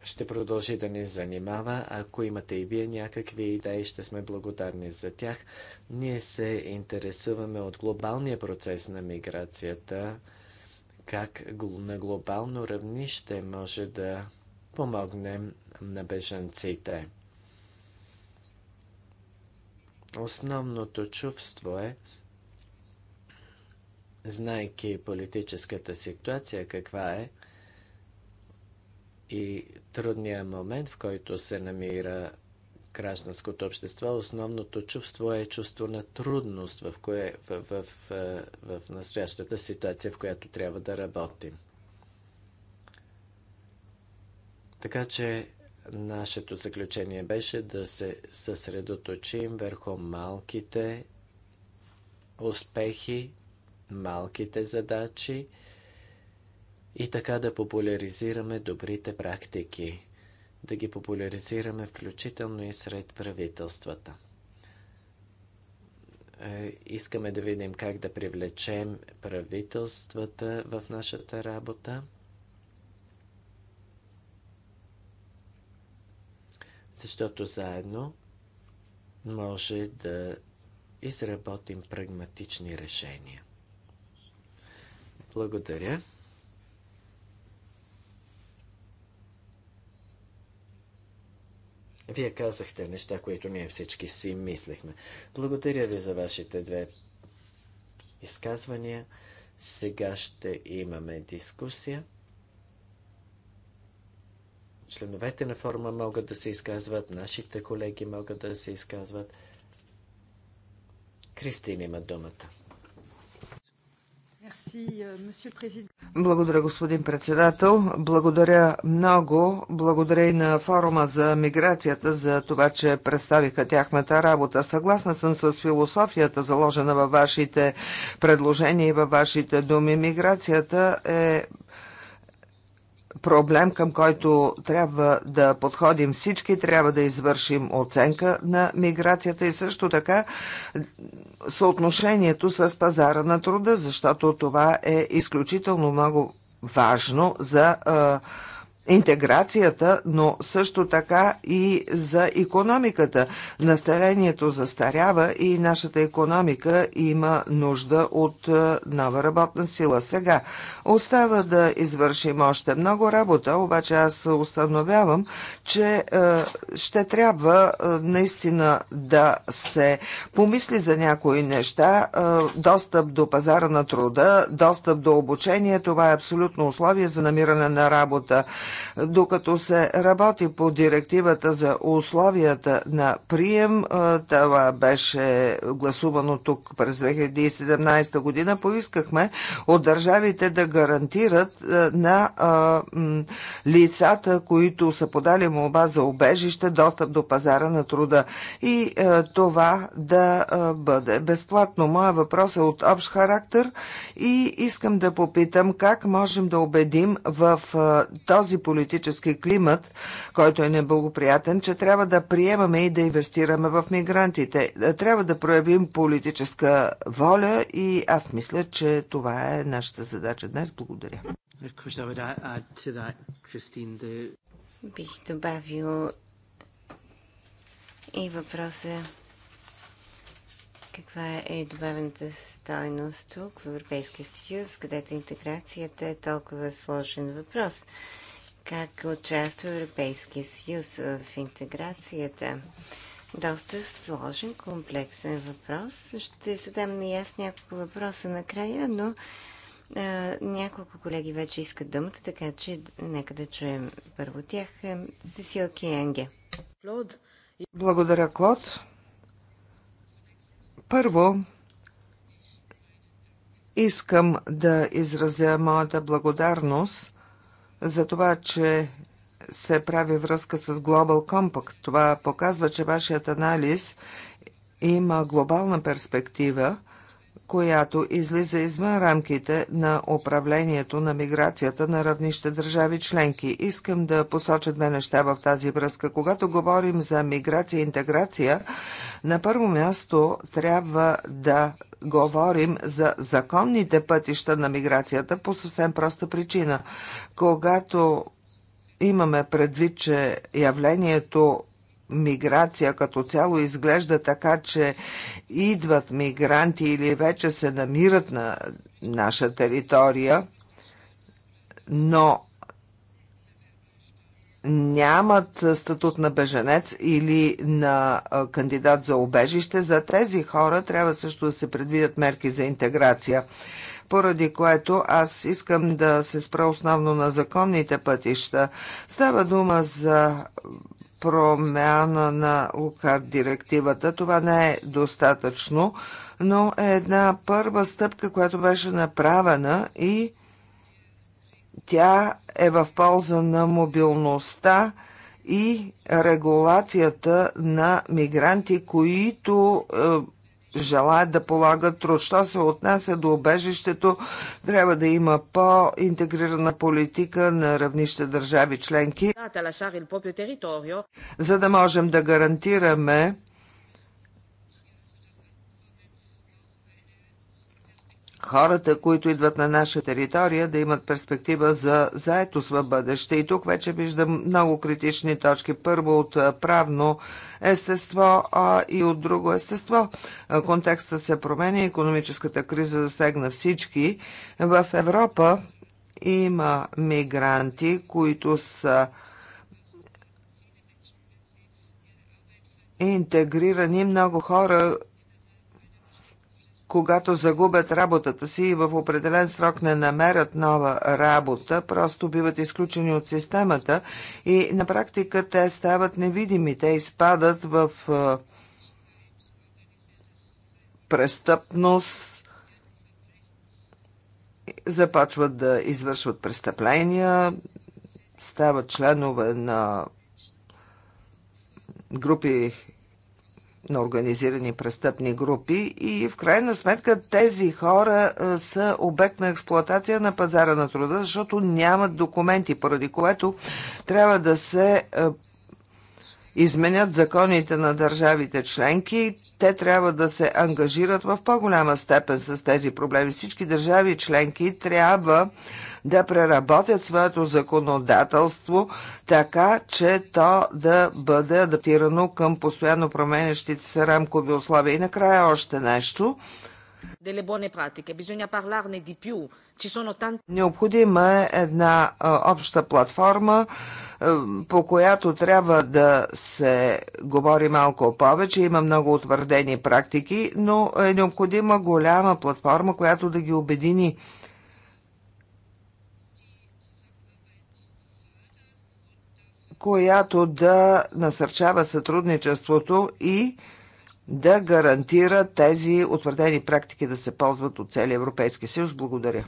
ще продължи да ни занимава. Ако имате и вие някакви идеи, ще сме благодарни за тях. Ние се интересуваме от глобалния процес на миграцията, как на глобално равнище може да помогнем на бежанците. Основното чувство е, знайки политическата ситуация каква е, и трудния момент, в който се намира гражданското общество, основното чувство е чувство на трудност в, кое, в, в, в, в настоящата ситуация, в която трябва да работим. Така че нашето заключение беше да се съсредоточим върху малките успехи, малките задачи – и така да популяризираме добрите практики, да ги популяризираме включително и сред правителствата. Е, искаме да видим как да привлечем правителствата в нашата работа. Защото заедно може да изработим прагматични решения. Благодаря. Вие казахте неща, които ние всички си мислехме. Благодаря ви за вашите две изказвания. Сега ще имаме дискусия. Членовете на форума могат да се изказват, нашите колеги могат да се изказват. Кристин има думата. Euh, Благодаря, господин председател. Благодаря много. Благодаря и на форума за миграцията за това, че представиха тяхната работа. Съгласна съм с философията, заложена във вашите предложения и във вашите думи. Миграцията е проблем, към който трябва да подходим всички, трябва да извършим оценка на миграцията и също така съотношението с пазара на труда, защото това е изключително много важно за а, интеграцията, но също така и за економиката. Настарението застарява и нашата економика има нужда от е, нова работна сила. Сега остава да извършим още много работа, обаче аз установявам, че е, ще трябва е, наистина да се помисли за някои неща. Е, достъп до пазара на труда, достъп до обучение, това е абсолютно условие за намиране на работа докато се работи по директивата за условията на прием, това беше гласувано тук през 2017 година, поискахме от държавите да гарантират на лицата, които са подали молба за обежище, достъп до пазара на труда и това да бъде безплатно. Моя въпрос е от общ характер и искам да попитам как можем да убедим в този политически климат, който е неблагоприятен, че трябва да приемаме и да инвестираме в мигрантите. Трябва да проявим политическа воля и аз мисля, че това е нашата задача днес. Благодаря. Бих добавил и въпроса каква е добавената стойност тук в Европейския съюз, където интеграцията е толкова сложен въпрос как участва Европейския съюз в интеграцията. Доста сложен, комплексен въпрос. Ще задам и аз няколко въпроса накрая, но а, няколко колеги вече искат думата, така че нека да чуем първо тях. Е, Сесил Киенге. Благодаря, Клод. Първо, искам да изразя моята благодарност за това, че се прави връзка с Global Compact. Това показва, че вашият анализ има глобална перспектива която излиза извън рамките на управлението на миграцията на равнище държави членки. Искам да посоча две неща в тази връзка. Когато говорим за миграция и интеграция, на първо място трябва да говорим за законните пътища на миграцията по съвсем проста причина. Когато имаме предвид, че явлението миграция като цяло изглежда така, че идват мигранти или вече се намират на наша територия, но нямат статут на беженец или на кандидат за обежище, за тези хора трябва също да се предвидят мерки за интеграция. Поради което аз искам да се спра основно на законните пътища. Става дума за промяна на УКАР директивата. Това не е достатъчно, но е една първа стъпка, която беше направена и тя е в полза на мобилността и регулацията на мигранти, които е, желаят да полагат труд. Що се отнася до обежището, трябва да има по-интегрирана политика на равнище държави членки, за да можем да гарантираме хората, които идват на наша територия, да имат перспектива за заетост в бъдеще. И тук вече виждам много критични точки. Първо от правно естество, а и от друго естество. Контекстът се променя, економическата криза засегна всички. В Европа има мигранти, които са интегрирани много хора, когато загубят работата си и в определен срок не намерят нова работа, просто биват изключени от системата и на практика те стават невидими, те изпадат в престъпност, започват да извършват престъпления, стават членове на групи на организирани престъпни групи и в крайна сметка тези хора са обект на експлоатация на пазара на труда, защото нямат документи, поради което трябва да се изменят законите на държавите членки, те трябва да се ангажират в по-голяма степен с тези проблеми. Всички държави членки трябва да преработят своето законодателство така, че то да бъде адаптирано към постоянно променящите се рамкови условия. И накрая още нещо. Необходима е една обща платформа, по която трябва да се говори малко повече. Има много утвърдени практики, но е необходима голяма платформа, която да ги обедини. която да насърчава сътрудничеството и да гарантира тези утвърдени практики да се ползват от целия Европейски съюз. Благодаря.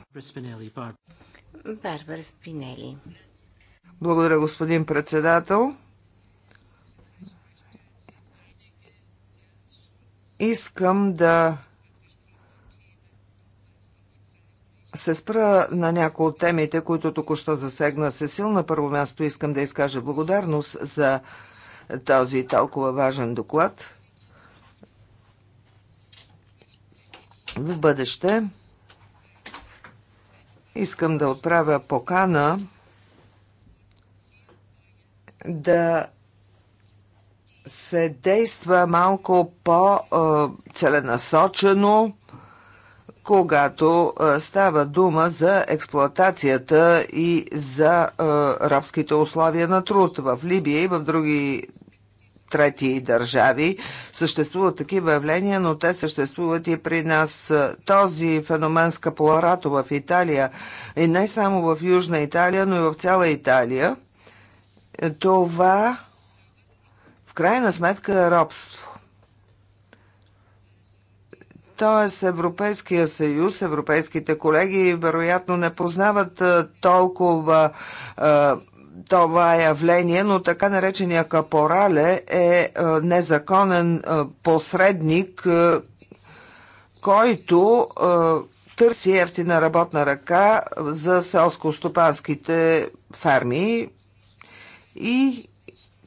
Барбара Спинели. Благодаря, господин председател. Искам да се спра на някои от темите, които току-що засегна Сесил. На първо място искам да изкажа благодарност за този толкова важен доклад. В бъдеще искам да отправя покана да се действа малко по-целенасочено когато става дума за експлоатацията и за рабските условия на труд в Либия и в други трети държави. Съществуват такива явления, но те съществуват и при нас. Този феномен с капуларато в Италия и не само в Южна Италия, но и в цяла Италия, това в крайна сметка е робство. Тоест Европейския съюз, европейските колеги вероятно не познават толкова това явление, но така наречения капорале е незаконен посредник, който търси ефтина работна ръка за селско-стопанските ферми и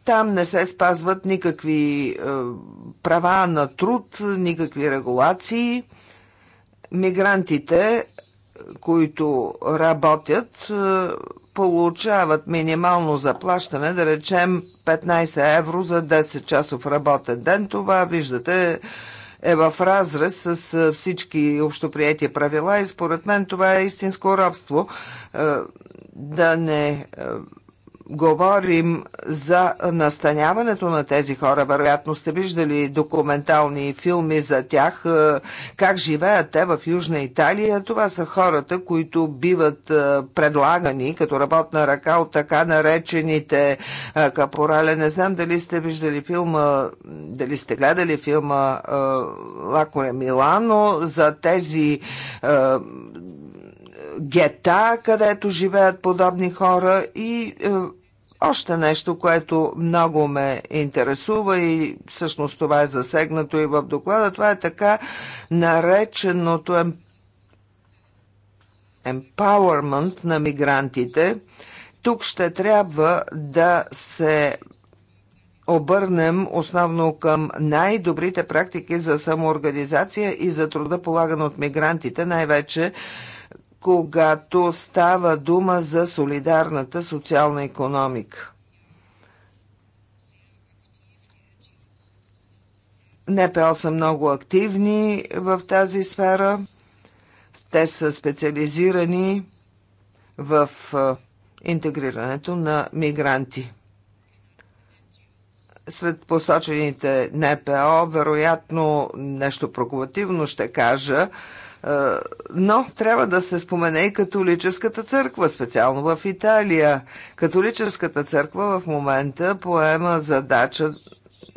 там не се спазват никакви е, права на труд, никакви регулации. Мигрантите, които работят, е, получават минимално заплащане, да речем 15 евро за 10 часов работен ден. Това, виждате, е в разрез с е, всички общоприети правила и според мен това е истинско рабство. Е, да не е, говорим за настаняването на тези хора. Вероятно сте виждали документални филми за тях, е, как живеят те в Южна Италия. Това са хората, които биват е, предлагани като работна ръка от така наречените е, капорали. Не знам дали сте виждали филма, дали сте гледали филма Лакоре Милано за тези гета, където живеят подобни хора и още нещо, което много ме интересува и всъщност това е засегнато и в доклада, това е така нареченото empowerment на мигрантите. Тук ще трябва да се обърнем основно към най-добрите практики за самоорганизация и за труда полаган от мигрантите, най-вече когато става дума за солидарната социална економика. НПО са много активни в тази сфера. Те са специализирани в интегрирането на мигранти. Сред посочените НПО, вероятно нещо проковативно ще кажа, е, но трябва да се спомене и католическата църква, специално в Италия. Католическата църква в момента поема задача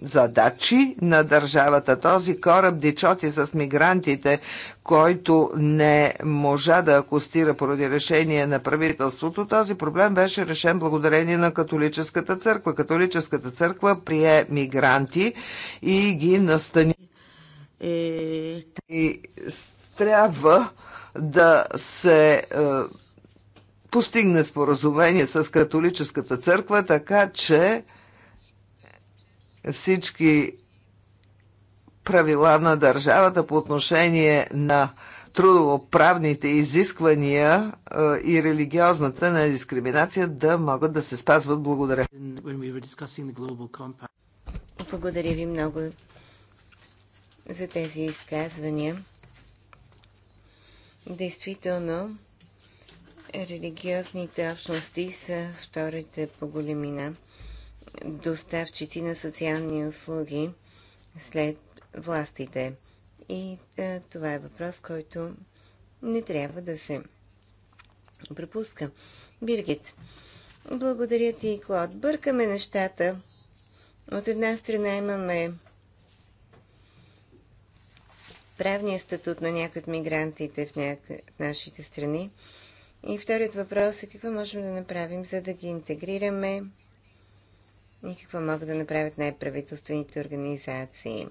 задачи на държавата. Този кораб дичоти с мигрантите, който не можа да акустира поради решение на правителството, този проблем беше решен благодарение на католическата църква. Католическата църква прие мигранти и ги настани. Е, и трябва да се е, постигне споразумение с католическата църква, така че всички правила на държавата по отношение на трудовоправните изисквания е, и религиозната на дискриминация да могат да се спазват. Благодаря. Благодаря ви много за тези изказвания. Действително, религиозните общности са вторите по големина доставчици на социални услуги след властите. И а, е, това е въпрос, който не трябва да се пропуска. Биргит, благодаря ти, Клод. Бъркаме нещата. От една страна имаме правния статут на някои от мигрантите в, няко... в нашите страни? И вторият въпрос е какво можем да направим, за да ги интегрираме и какво могат да направят най-правителствените организации.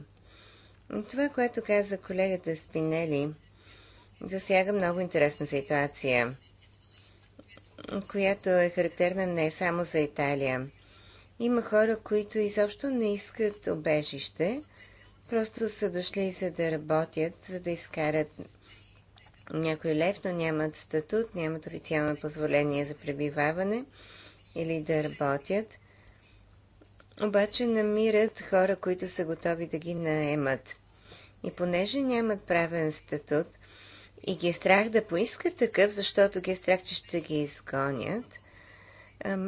Това, което каза колегата Спинели, засяга много интересна ситуация, която е характерна не само за Италия. Има хора, които изобщо не искат обежище, Просто са дошли за да работят, за да изкарат някой лев, но нямат статут, нямат официално позволение за пребиваване или да работят. Обаче намират хора, които са готови да ги наемат. И понеже нямат правен статут и ги е страх да поискат такъв, защото ги е страх, че ще ги изгонят,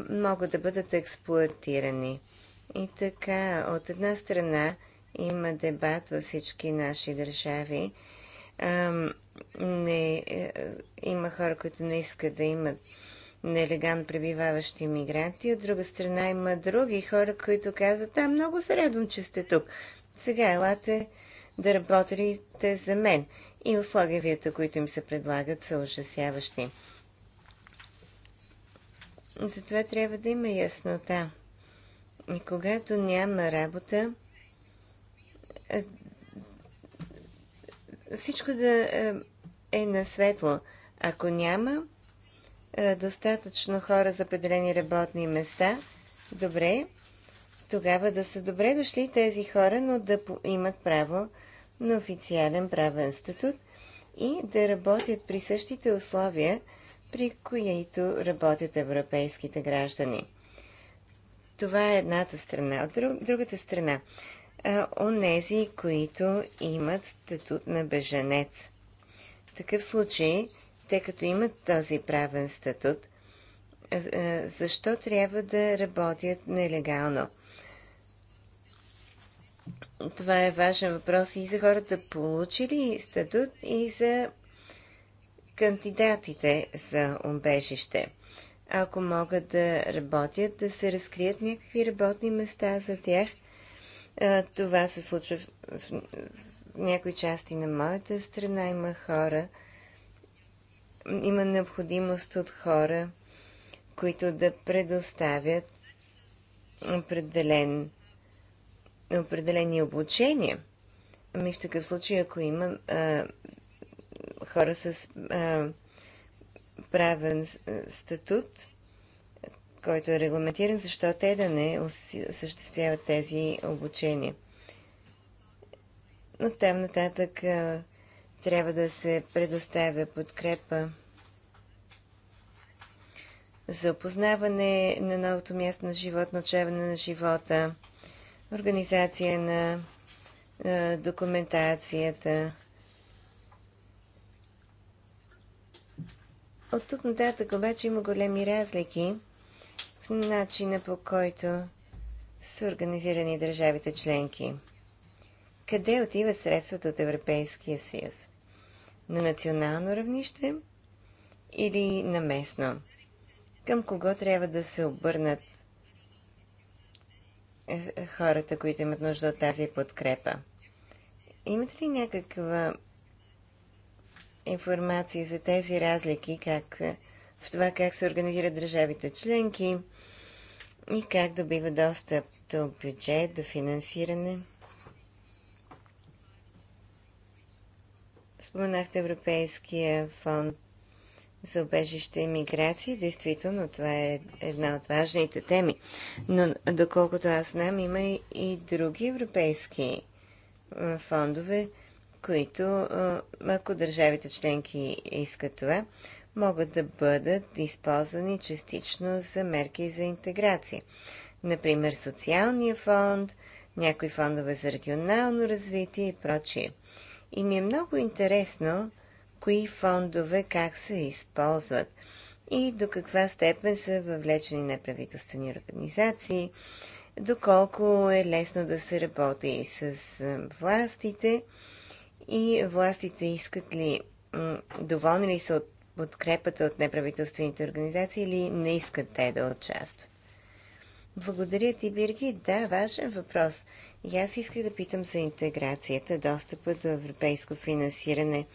могат да бъдат експлуатирани. И така, от една страна, има дебат във всички наши държави. Не, е, има хора, които не искат да имат нелеган пребиваващи мигранти. От друга страна има други хора, които казват, а много се радвам, че сте тук. Сега елате да работите за мен. И условията, които им се предлагат, са ужасяващи. Затова трябва да има яснота. И когато няма работа, е, всичко да е, е на светло. Ако няма е, достатъчно хора за определени работни места, добре, тогава да са добре дошли тези хора, но да имат право на официален правен статут и да работят при същите условия, при които работят европейските граждани. Това е едната страна. От другата страна, е, онези, които имат статут на беженец. В такъв случай, тъй като имат този правен статут, е, е, защо трябва да работят нелегално? Това е важен въпрос и за хората получили статут, и за кандидатите за убежище. Ако могат да работят, да се разкрият някакви работни места за тях – е, това се случва в, в, в някои части на моята страна. Има хора, има необходимост от хора, които да предоставят определен, определени обучения. Ами в такъв случай, ако има а, хора с а, правен статут, който е регламентиран, защо те да не осъществяват тези обучения. От там нататък трябва да се предоставя подкрепа за опознаване на новото място на живот, начаване на живота, организация на документацията. От тук нататък обаче има големи разлики – начина по който са организирани държавите членки. Къде отиват средствата от Европейския съюз? На национално равнище или на местно? Към кого трябва да се обърнат е, е, хората, които имат нужда от тази подкрепа? Имате ли някаква информация за тези разлики, как, е, в това как се организират държавите членки? и как добива достъп до бюджет, до финансиране. Споменахте Европейския фонд за обежище и миграции. Действително, това е една от важните теми. Но, доколкото аз знам, има и други европейски фондове, които, ако държавите членки искат това, могат да бъдат използвани частично за мерки за интеграция. Например, социалния фонд, някои фондове за регионално развитие и прочие. И ми е много интересно кои фондове как се използват и до каква степен са въвлечени неправителствени организации, доколко е лесно да се работи и с властите и властите искат ли, доволни ли са от подкрепата от неправителствените организации или не искат те да участват? Благодаря ти, Бирги. Да, важен въпрос. И аз исках да питам за интеграцията, достъпа до европейско финансиране.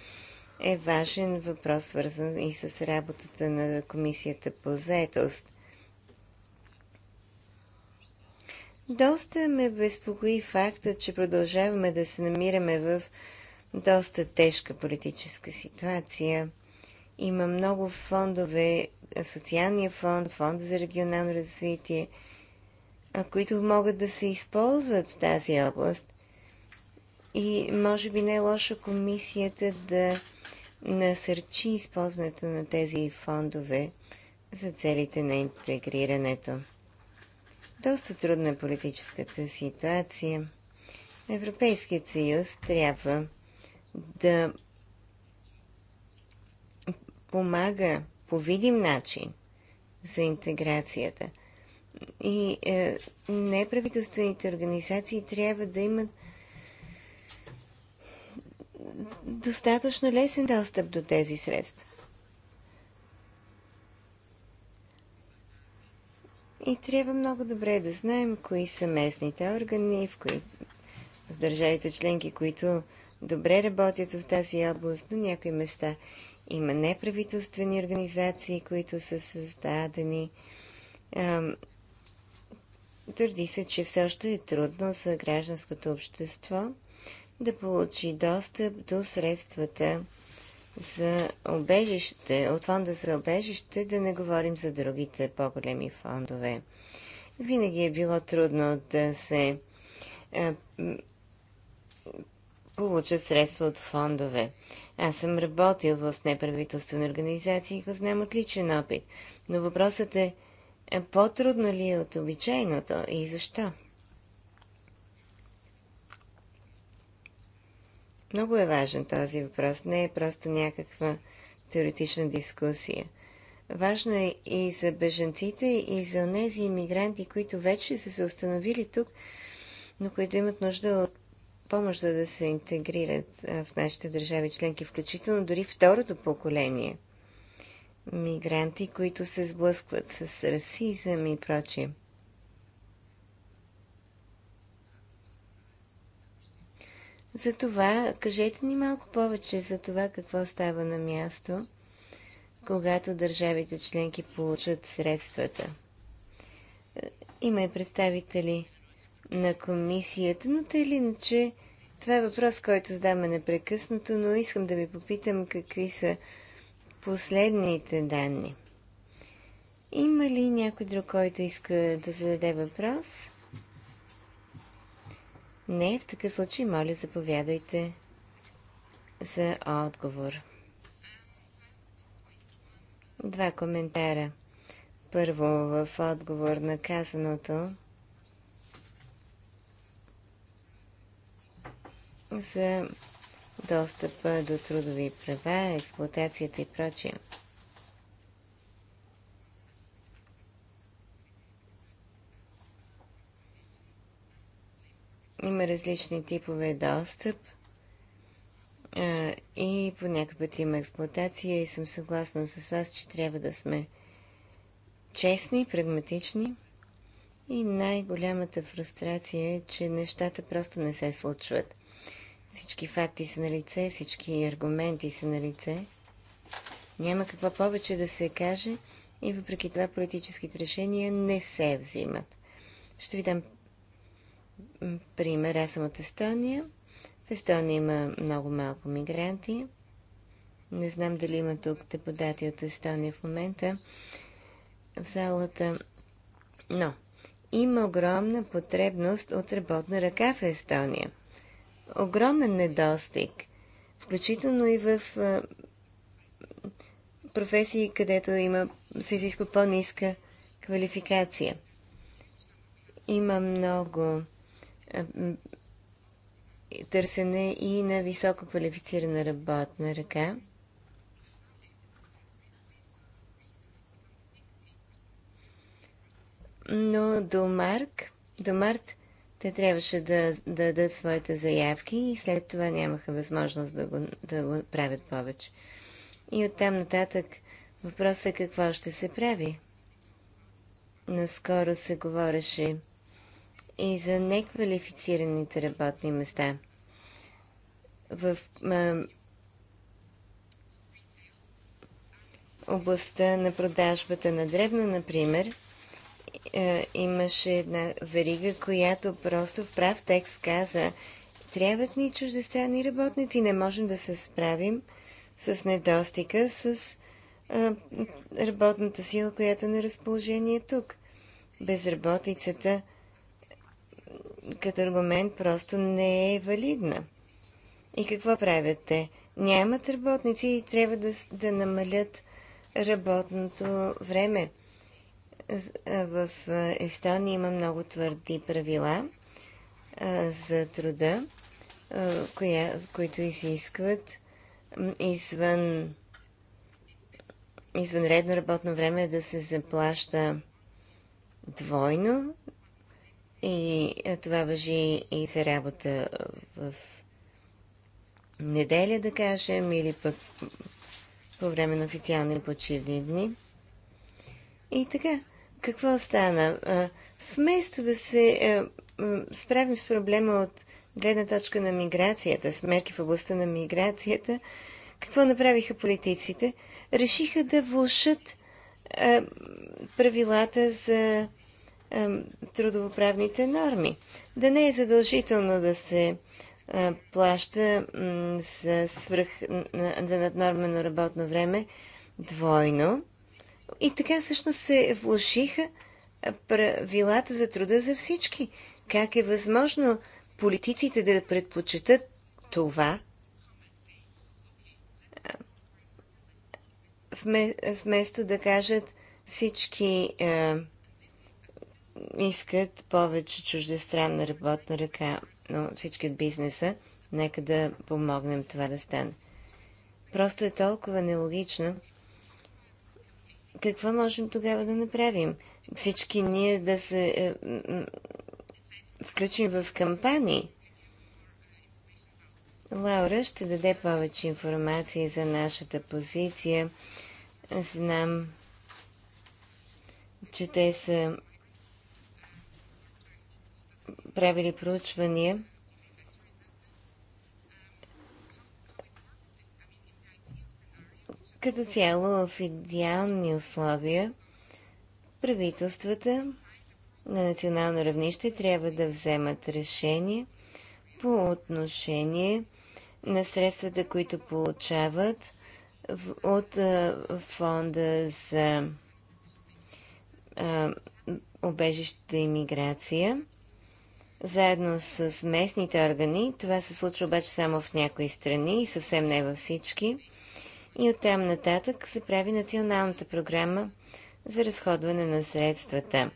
Е важен въпрос, свързан и с работата на Комисията по заетост. Доста ме безпокои факта, че продължаваме да се намираме в доста тежка политическа ситуация има много фондове, социалния фонд, фонда за регионално развитие, които могат да се използват в тази област. И може би не е лошо комисията да насърчи използването на тези фондове за целите на интегрирането. Доста трудна е политическата ситуация. Европейският съюз трябва да помага по видим начин за интеграцията. И е, неправителствените организации трябва да имат достатъчно лесен достъп до тези средства. И трябва много добре да знаем кои са местните органи, в, кои, в държавите членки, които добре работят в тази област, на някои места има неправителствени организации, които са създадени. Твърди се, че все още е трудно за гражданското общество да получи достъп до средствата за обежище, от фонда за обежище, да не говорим за другите по-големи фондове. Винаги е било трудно да се получат средства от фондове. Аз съм работил в неправителствени организации и го знам от личен опит. Но въпросът е, е по-трудно ли е от обичайното и защо? Много е важен този въпрос. Не е просто някаква теоретична дискусия. Важно е и за беженците, и за тези иммигранти, които вече са се установили тук, но които имат нужда от помощ, за да се интегрират в нашите държави членки, включително дори второто поколение мигранти, които се сблъскват с расизъм и прочие. За това, кажете ни малко повече за това какво става на място, когато държавите членки получат средствата. Има и представители на комисията, но тъй или иначе това е въпрос, който задаваме непрекъснато, но искам да ви попитам какви са последните данни. Има ли някой друг, който иска да зададе въпрос? Не, в такъв случай, моля, заповядайте за отговор. Два коментара. Първо, в отговор на казаното, за достъпа до трудови права, експлуатацията и прочие. Има различни типове достъп и по някакъв път има експлуатация и съм съгласна с вас, че трябва да сме честни, прагматични и най-голямата фрустрация е, че нещата просто не се случват всички факти са на лице, всички аргументи са на лице. Няма какво повече да се каже и въпреки това политическите решения не се взимат. Ще ви дам пример. Аз съм от Естония. В Естония има много малко мигранти. Не знам дали има тук депутати от Естония в момента в залата. Но има огромна потребност от работна ръка в Естония огромен недостиг, включително и в професии, където има, се изисква по-ниска квалификация. Има много търсене и на високо квалифицирана работна ръка. Но до, марк, до март те трябваше да, да дадат своите заявки и след това нямаха възможност да го, да го правят повече. И оттам нататък въпросът е какво ще се прави. Наскоро се говореше и за неквалифицираните работни места. В а, областта на продажбата на дребно, например, е, имаше една верига, която просто в прав текст каза трябват ни чуждестранни работници, не можем да се справим с недостига, с е, работната сила, която е на разположение тук. Безработицата като аргумент просто не е валидна. И какво правят те? Нямат работници и трябва да, да намалят работното време в е, Естония има много твърди правила е, за труда, е, коя, които изискват извън извънредно работно време да се заплаща двойно и това въжи и за работа в неделя, да кажем, или пък по време на официални почивни дни. И така, какво стана? Вместо да се справим с проблема от гледна точка на миграцията, с мерки в областта на миграцията, какво направиха политиците? Решиха да влушат правилата за трудовоправните норми. Да не е задължително да се плаща за свръх, да наднормено работно време двойно, и така всъщност се влушиха правилата за труда за всички. Как е възможно политиците да предпочитат това, вместо да кажат всички е, искат повече чуждестранна работна ръка, но всички от бизнеса, нека да помогнем това да стане. Просто е толкова нелогично какво можем тогава да направим? Всички ние да се е, включим в кампании. Лаура ще даде повече информация за нашата позиция. Знам, че те са правили проучвания Като цяло в идеални условия правителствата на национално равнище трябва да вземат решение по отношение на средствата, които получават от фонда за обежище и миграция, заедно с местните органи. Това се случва обаче само в някои страни и съвсем не във всички и оттам нататък се прави националната програма за разходване на средствата.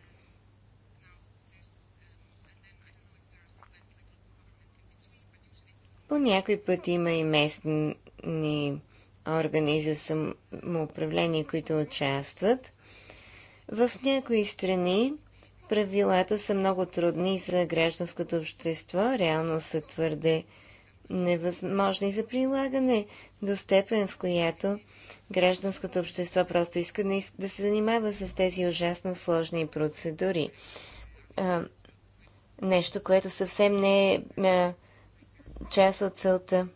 По някой път има и местни органи за самоуправление, които участват. В някои страни правилата са много трудни за гражданското общество, реално са твърде невъзможни за прилагане до степен, в която гражданското общество просто иска да се занимава с тези ужасно сложни процедури. нещо, което съвсем не е част от целта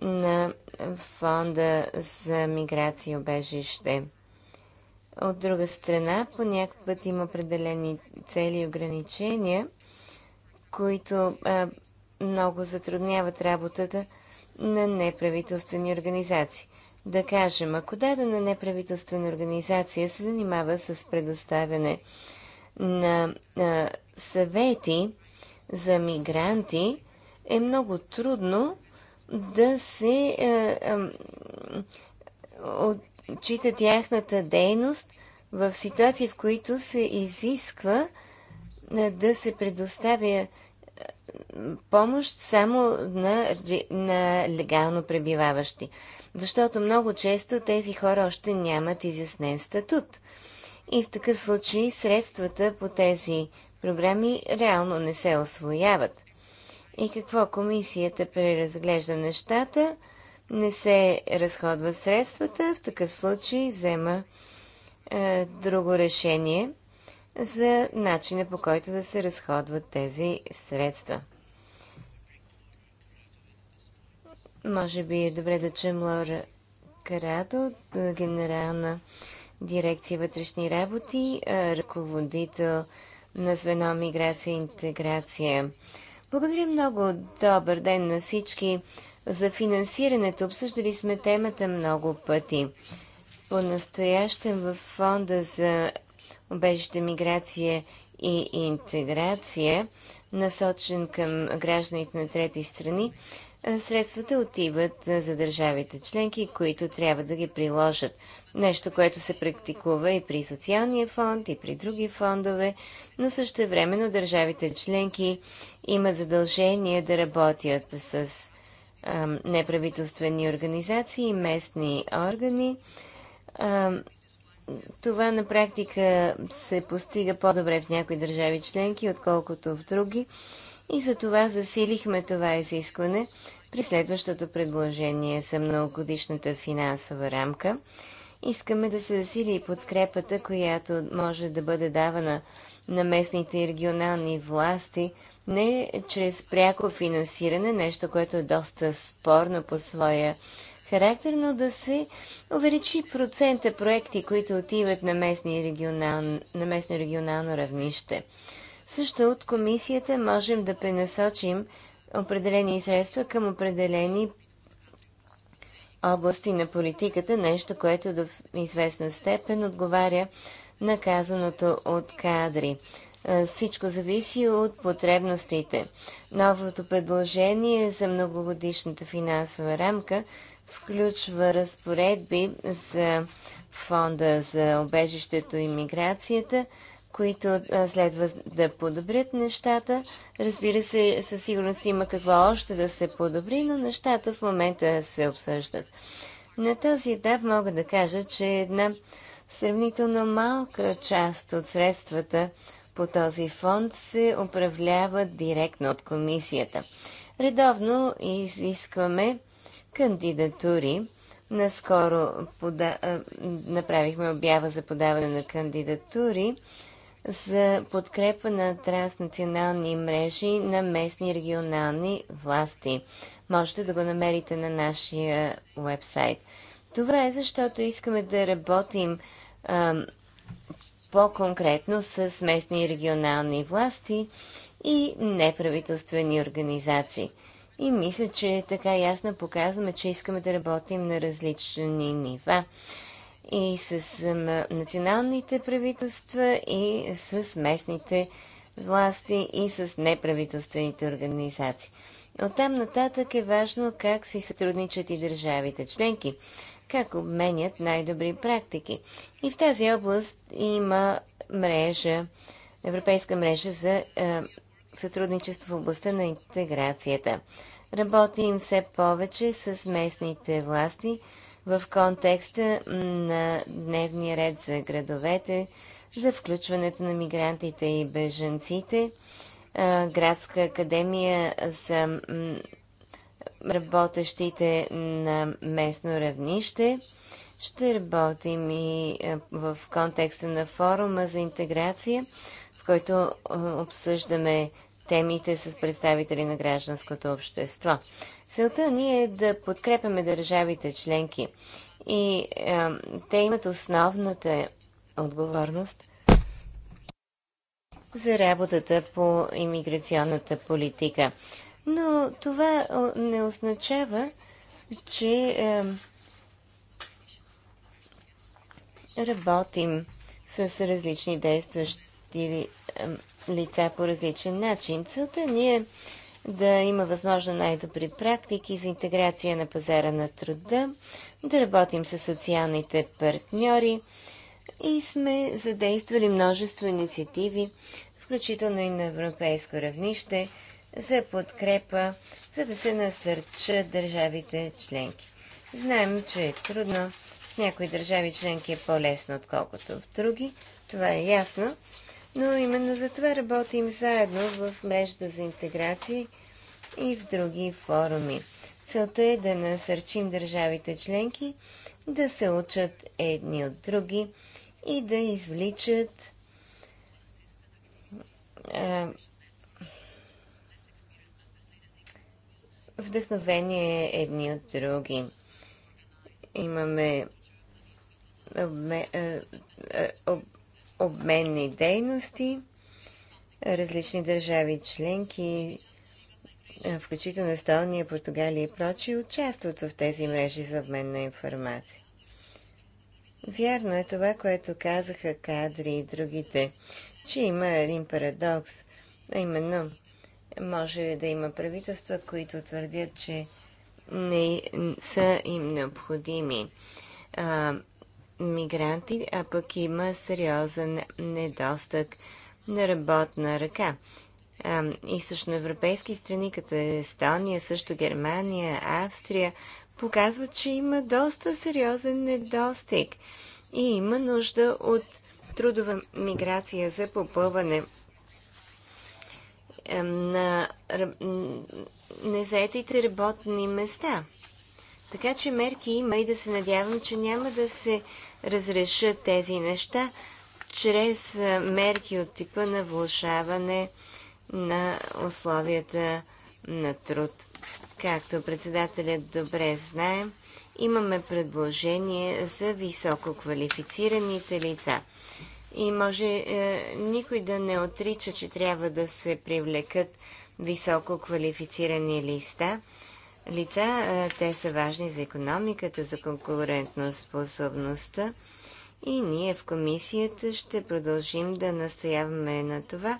на фонда за миграция и обежище. От друга страна, по някакъв път има определени цели и ограничения, които а, много затрудняват работата на неправителствени организации. Да кажем, ако дадена неправителствена организация се занимава с предоставяне на, на съвети за мигранти, е много трудно да се е, е, отчита тяхната дейност в ситуации, в които се изисква да се предоставя помощ само на, на легално пребиваващи. Защото много често тези хора още нямат изяснен статут. И в такъв случай средствата по тези програми реално не се освояват. И какво комисията преразглежда нещата? Не се разходват средствата, в такъв случай взема е, друго решение – за начина по който да се разходват тези средства. Може би е добре да чуем Лора Карадо от Генерална дирекция вътрешни работи, ръководител на звено Миграция и интеграция. Благодаря много. Добър ден на всички. За финансирането обсъждали сме темата много пъти. По-настоящем в фонда за обежище, миграция и интеграция, насочен към гражданите на трети страни, средствата отиват за държавите членки, които трябва да ги приложат. Нещо, което се практикува и при социалния фонд, и при други фондове, но също времено държавите членки имат задължение да работят с неправителствени организации и местни органи, това на практика се постига по-добре в някои държави членки, отколкото в други. И за това засилихме това изискване при следващото предложение за многогодишната финансова рамка. Искаме да се засили и подкрепата, която може да бъде давана на местните и регионални власти, не чрез пряко финансиране, нещо, което е доста спорно по своя характер, но да се увеличи процента проекти, които отиват на местно и регионално, на местно регионално равнище. Също от комисията можем да пренасочим определени средства към определени области на политиката, нещо, което до известна степен отговаря на казаното от кадри. Всичко зависи от потребностите. Новото предложение за многогодишната финансова рамка включва разпоредби за фонда за обежището и миграцията, които следва да подобрят нещата. Разбира се, със сигурност има какво още да се подобри, но нещата в момента се обсъждат. На този етап мога да кажа, че една сравнително малка част от средствата по този фонд се управляват директно от комисията. Редовно изискваме кандидатури. Наскоро пода... направихме обява за подаване на кандидатури за подкрепа на транснационални мрежи на местни и регионални власти. Можете да го намерите на нашия вебсайт. Това е защото искаме да работим по-конкретно с местни и регионални власти и неправителствени организации. И мисля, че така ясно показваме, че искаме да работим на различни нива. И с националните правителства, и с местните власти, и с неправителствените организации. От там нататък е важно как си сътрудничат и държавите членки, как обменят най-добри практики. И в тази област има мрежа, европейска мрежа за сътрудничество в областта на интеграцията. Работим все повече с местните власти в контекста на дневния ред за градовете, за включването на мигрантите и беженците, Градска академия за работещите на местно равнище. Ще работим и в контекста на форума за интеграция който обсъждаме темите с представители на гражданското общество. Целта ни е да подкрепяме държавите членки и е, те имат основната отговорност за работата по иммиграционната политика. Но това не означава, че е, работим с различни действащи или лица по различен начин. Целта ни е да има възможно най-добри практики за интеграция на пазара на труда, да работим с социалните партньори и сме задействали множество инициативи, включително и на европейско равнище, за подкрепа, за да се насърчат държавите членки. Знаем, че е трудно. В някои държави членки е по-лесно, отколкото в други. Това е ясно но именно за това работим заедно в мрежда за интеграции и в други форуми. Целта е да насърчим държавите членки да се учат едни от други и да извличат а, вдъхновение едни от други. Имаме обме, а, а, об, обменни дейности. Различни държави членки, е, включително Естония, Португалия и прочие, участват в тези мрежи за обмен на информация. Вярно е това, което казаха кадри и другите, че има един парадокс, а именно може да има правителства, които твърдят, че не са им необходими а, мигранти, а пък има сериозен недостъг на работна ръка. Източноевропейски страни, като Естония, също Германия, Австрия, показват, че има доста сериозен недостиг и има нужда от трудова миграция за попълване е, на незаетите работни места. Така че мерки има и да се надявам, че няма да се разрешат тези неща чрез мерки от типа на влушаване на условията на труд. Както председателят добре знае, имаме предложение за високо квалифицираните лица. И може е, никой да не отрича, че трябва да се привлекат високо квалифицирани листа, лица. Те са важни за економиката, за конкурентна способността и ние в комисията ще продължим да настояваме на това,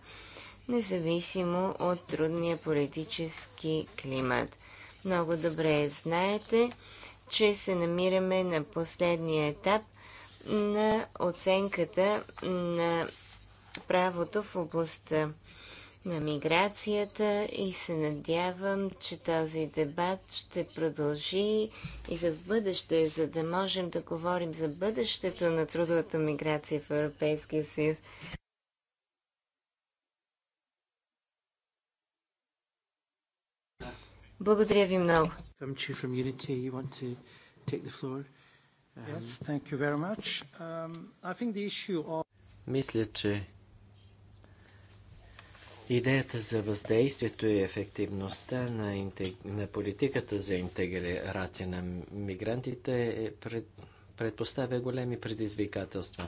независимо от трудния политически климат. Много добре знаете, че се намираме на последния етап на оценката на правото в областта на миграцията и се надявам, че този дебат ще продължи и за в бъдеще, за да можем да говорим за бъдещето на трудовата миграция в Европейския съюз. Благодаря ви много. Um, Мисля, че Идеята за въздействието и ефективността на, интег... на политиката за интеграция на мигрантите е пред... предпоставя големи предизвикателства.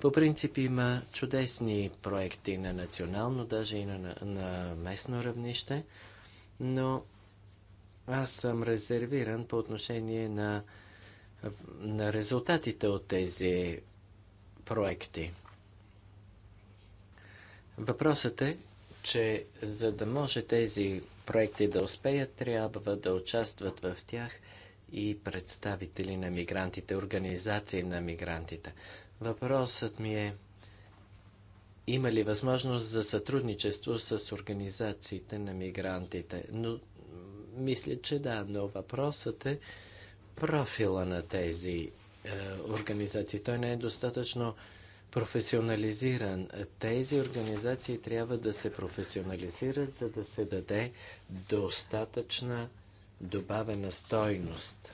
По принцип има чудесни проекти на национално, даже и на, на местно равнище, но аз съм резервиран по отношение на, на резултатите от тези проекти. Въпросът е че за да може тези проекти да успеят, трябва да участват в тях и представители на мигрантите, организации на мигрантите. Въпросът ми е, има ли възможност за сътрудничество с организациите на мигрантите? Но, мисля, че да, но въпросът е профила на тези е, организации. Той не е достатъчно е, професионализиран. Тези организации трябва да се професионализират, за да се даде достатъчна добавена стойност.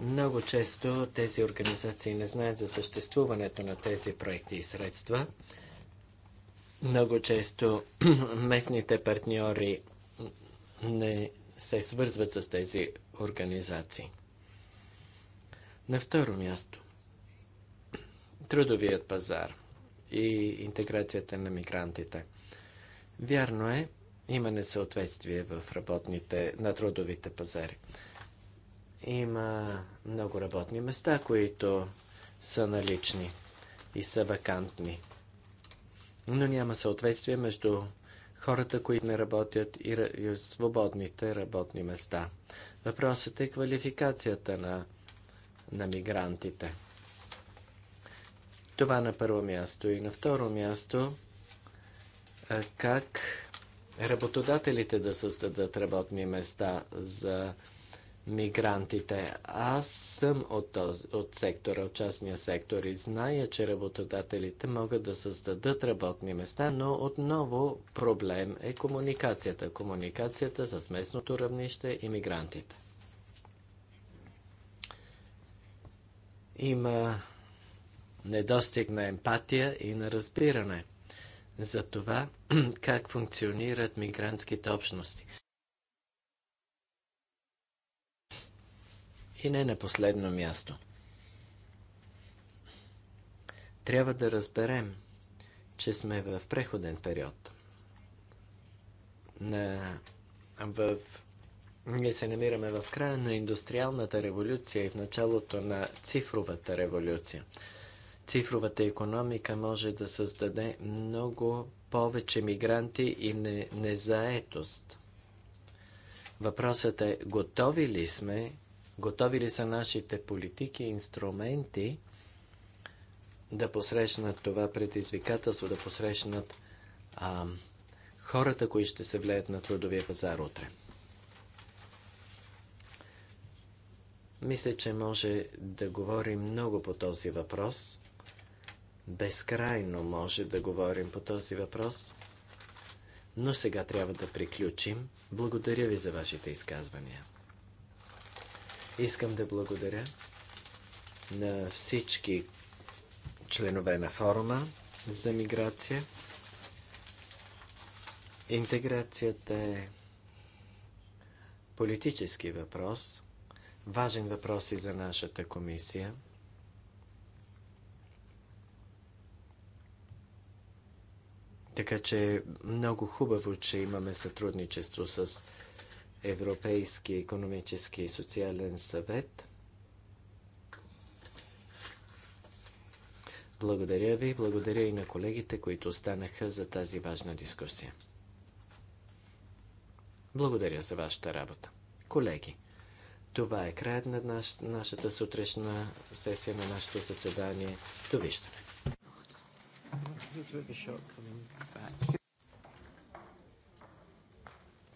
Много често тези организации не знаят за съществуването на тези проекти и средства. Много често [clears throat] местните партньори не се свързват с тези организации. На второ място, трудовият пазар и интеграцията на мигрантите. Вярно е, има несъответствие в работните, на трудовите пазари. Има много работни места, които са налични и са вакантни. Но няма съответствие между хората, които не работят и свободните работни места. Въпросът е квалификацията на на мигрантите. Това на първо място. И на второ място, как работодателите да създадат работни места за мигрантите. Аз съм от, този, от сектора, от частния сектор и зная, че работодателите могат да създадат работни места, но отново проблем е комуникацията. Комуникацията с местното равнище и мигрантите. Има недостиг на емпатия и на разбиране за това [clears throat] как функционират мигрантските общности. И не на последно място. Трябва да разберем, че сме в преходен период. На, в ние се намираме в края на индустриалната революция и в началото на цифровата революция. Цифровата економика може да създаде много повече мигранти и не, незаетост. Въпросът е, готови ли сме, готови ли са нашите политики и инструменти да посрещнат това предизвикателство, да посрещнат а, хората, които ще се влеят на трудовия пазар утре. Мисля, че може да говорим много по този въпрос. Безкрайно може да говорим по този въпрос. Но сега трябва да приключим. Благодаря ви за вашите изказвания. Искам да благодаря на всички членове на форума за миграция. Интеграцията е политически въпрос – важен въпрос и за нашата комисия. Така че е много хубаво, че имаме сътрудничество с Европейски економически и социален съвет. Благодаря ви, благодаря и на колегите, които останаха за тази важна дискусия. Благодаря за вашата работа. Колеги, това е краят на наш, нашата сутрешна сесия, на нашето заседание. Довиждане!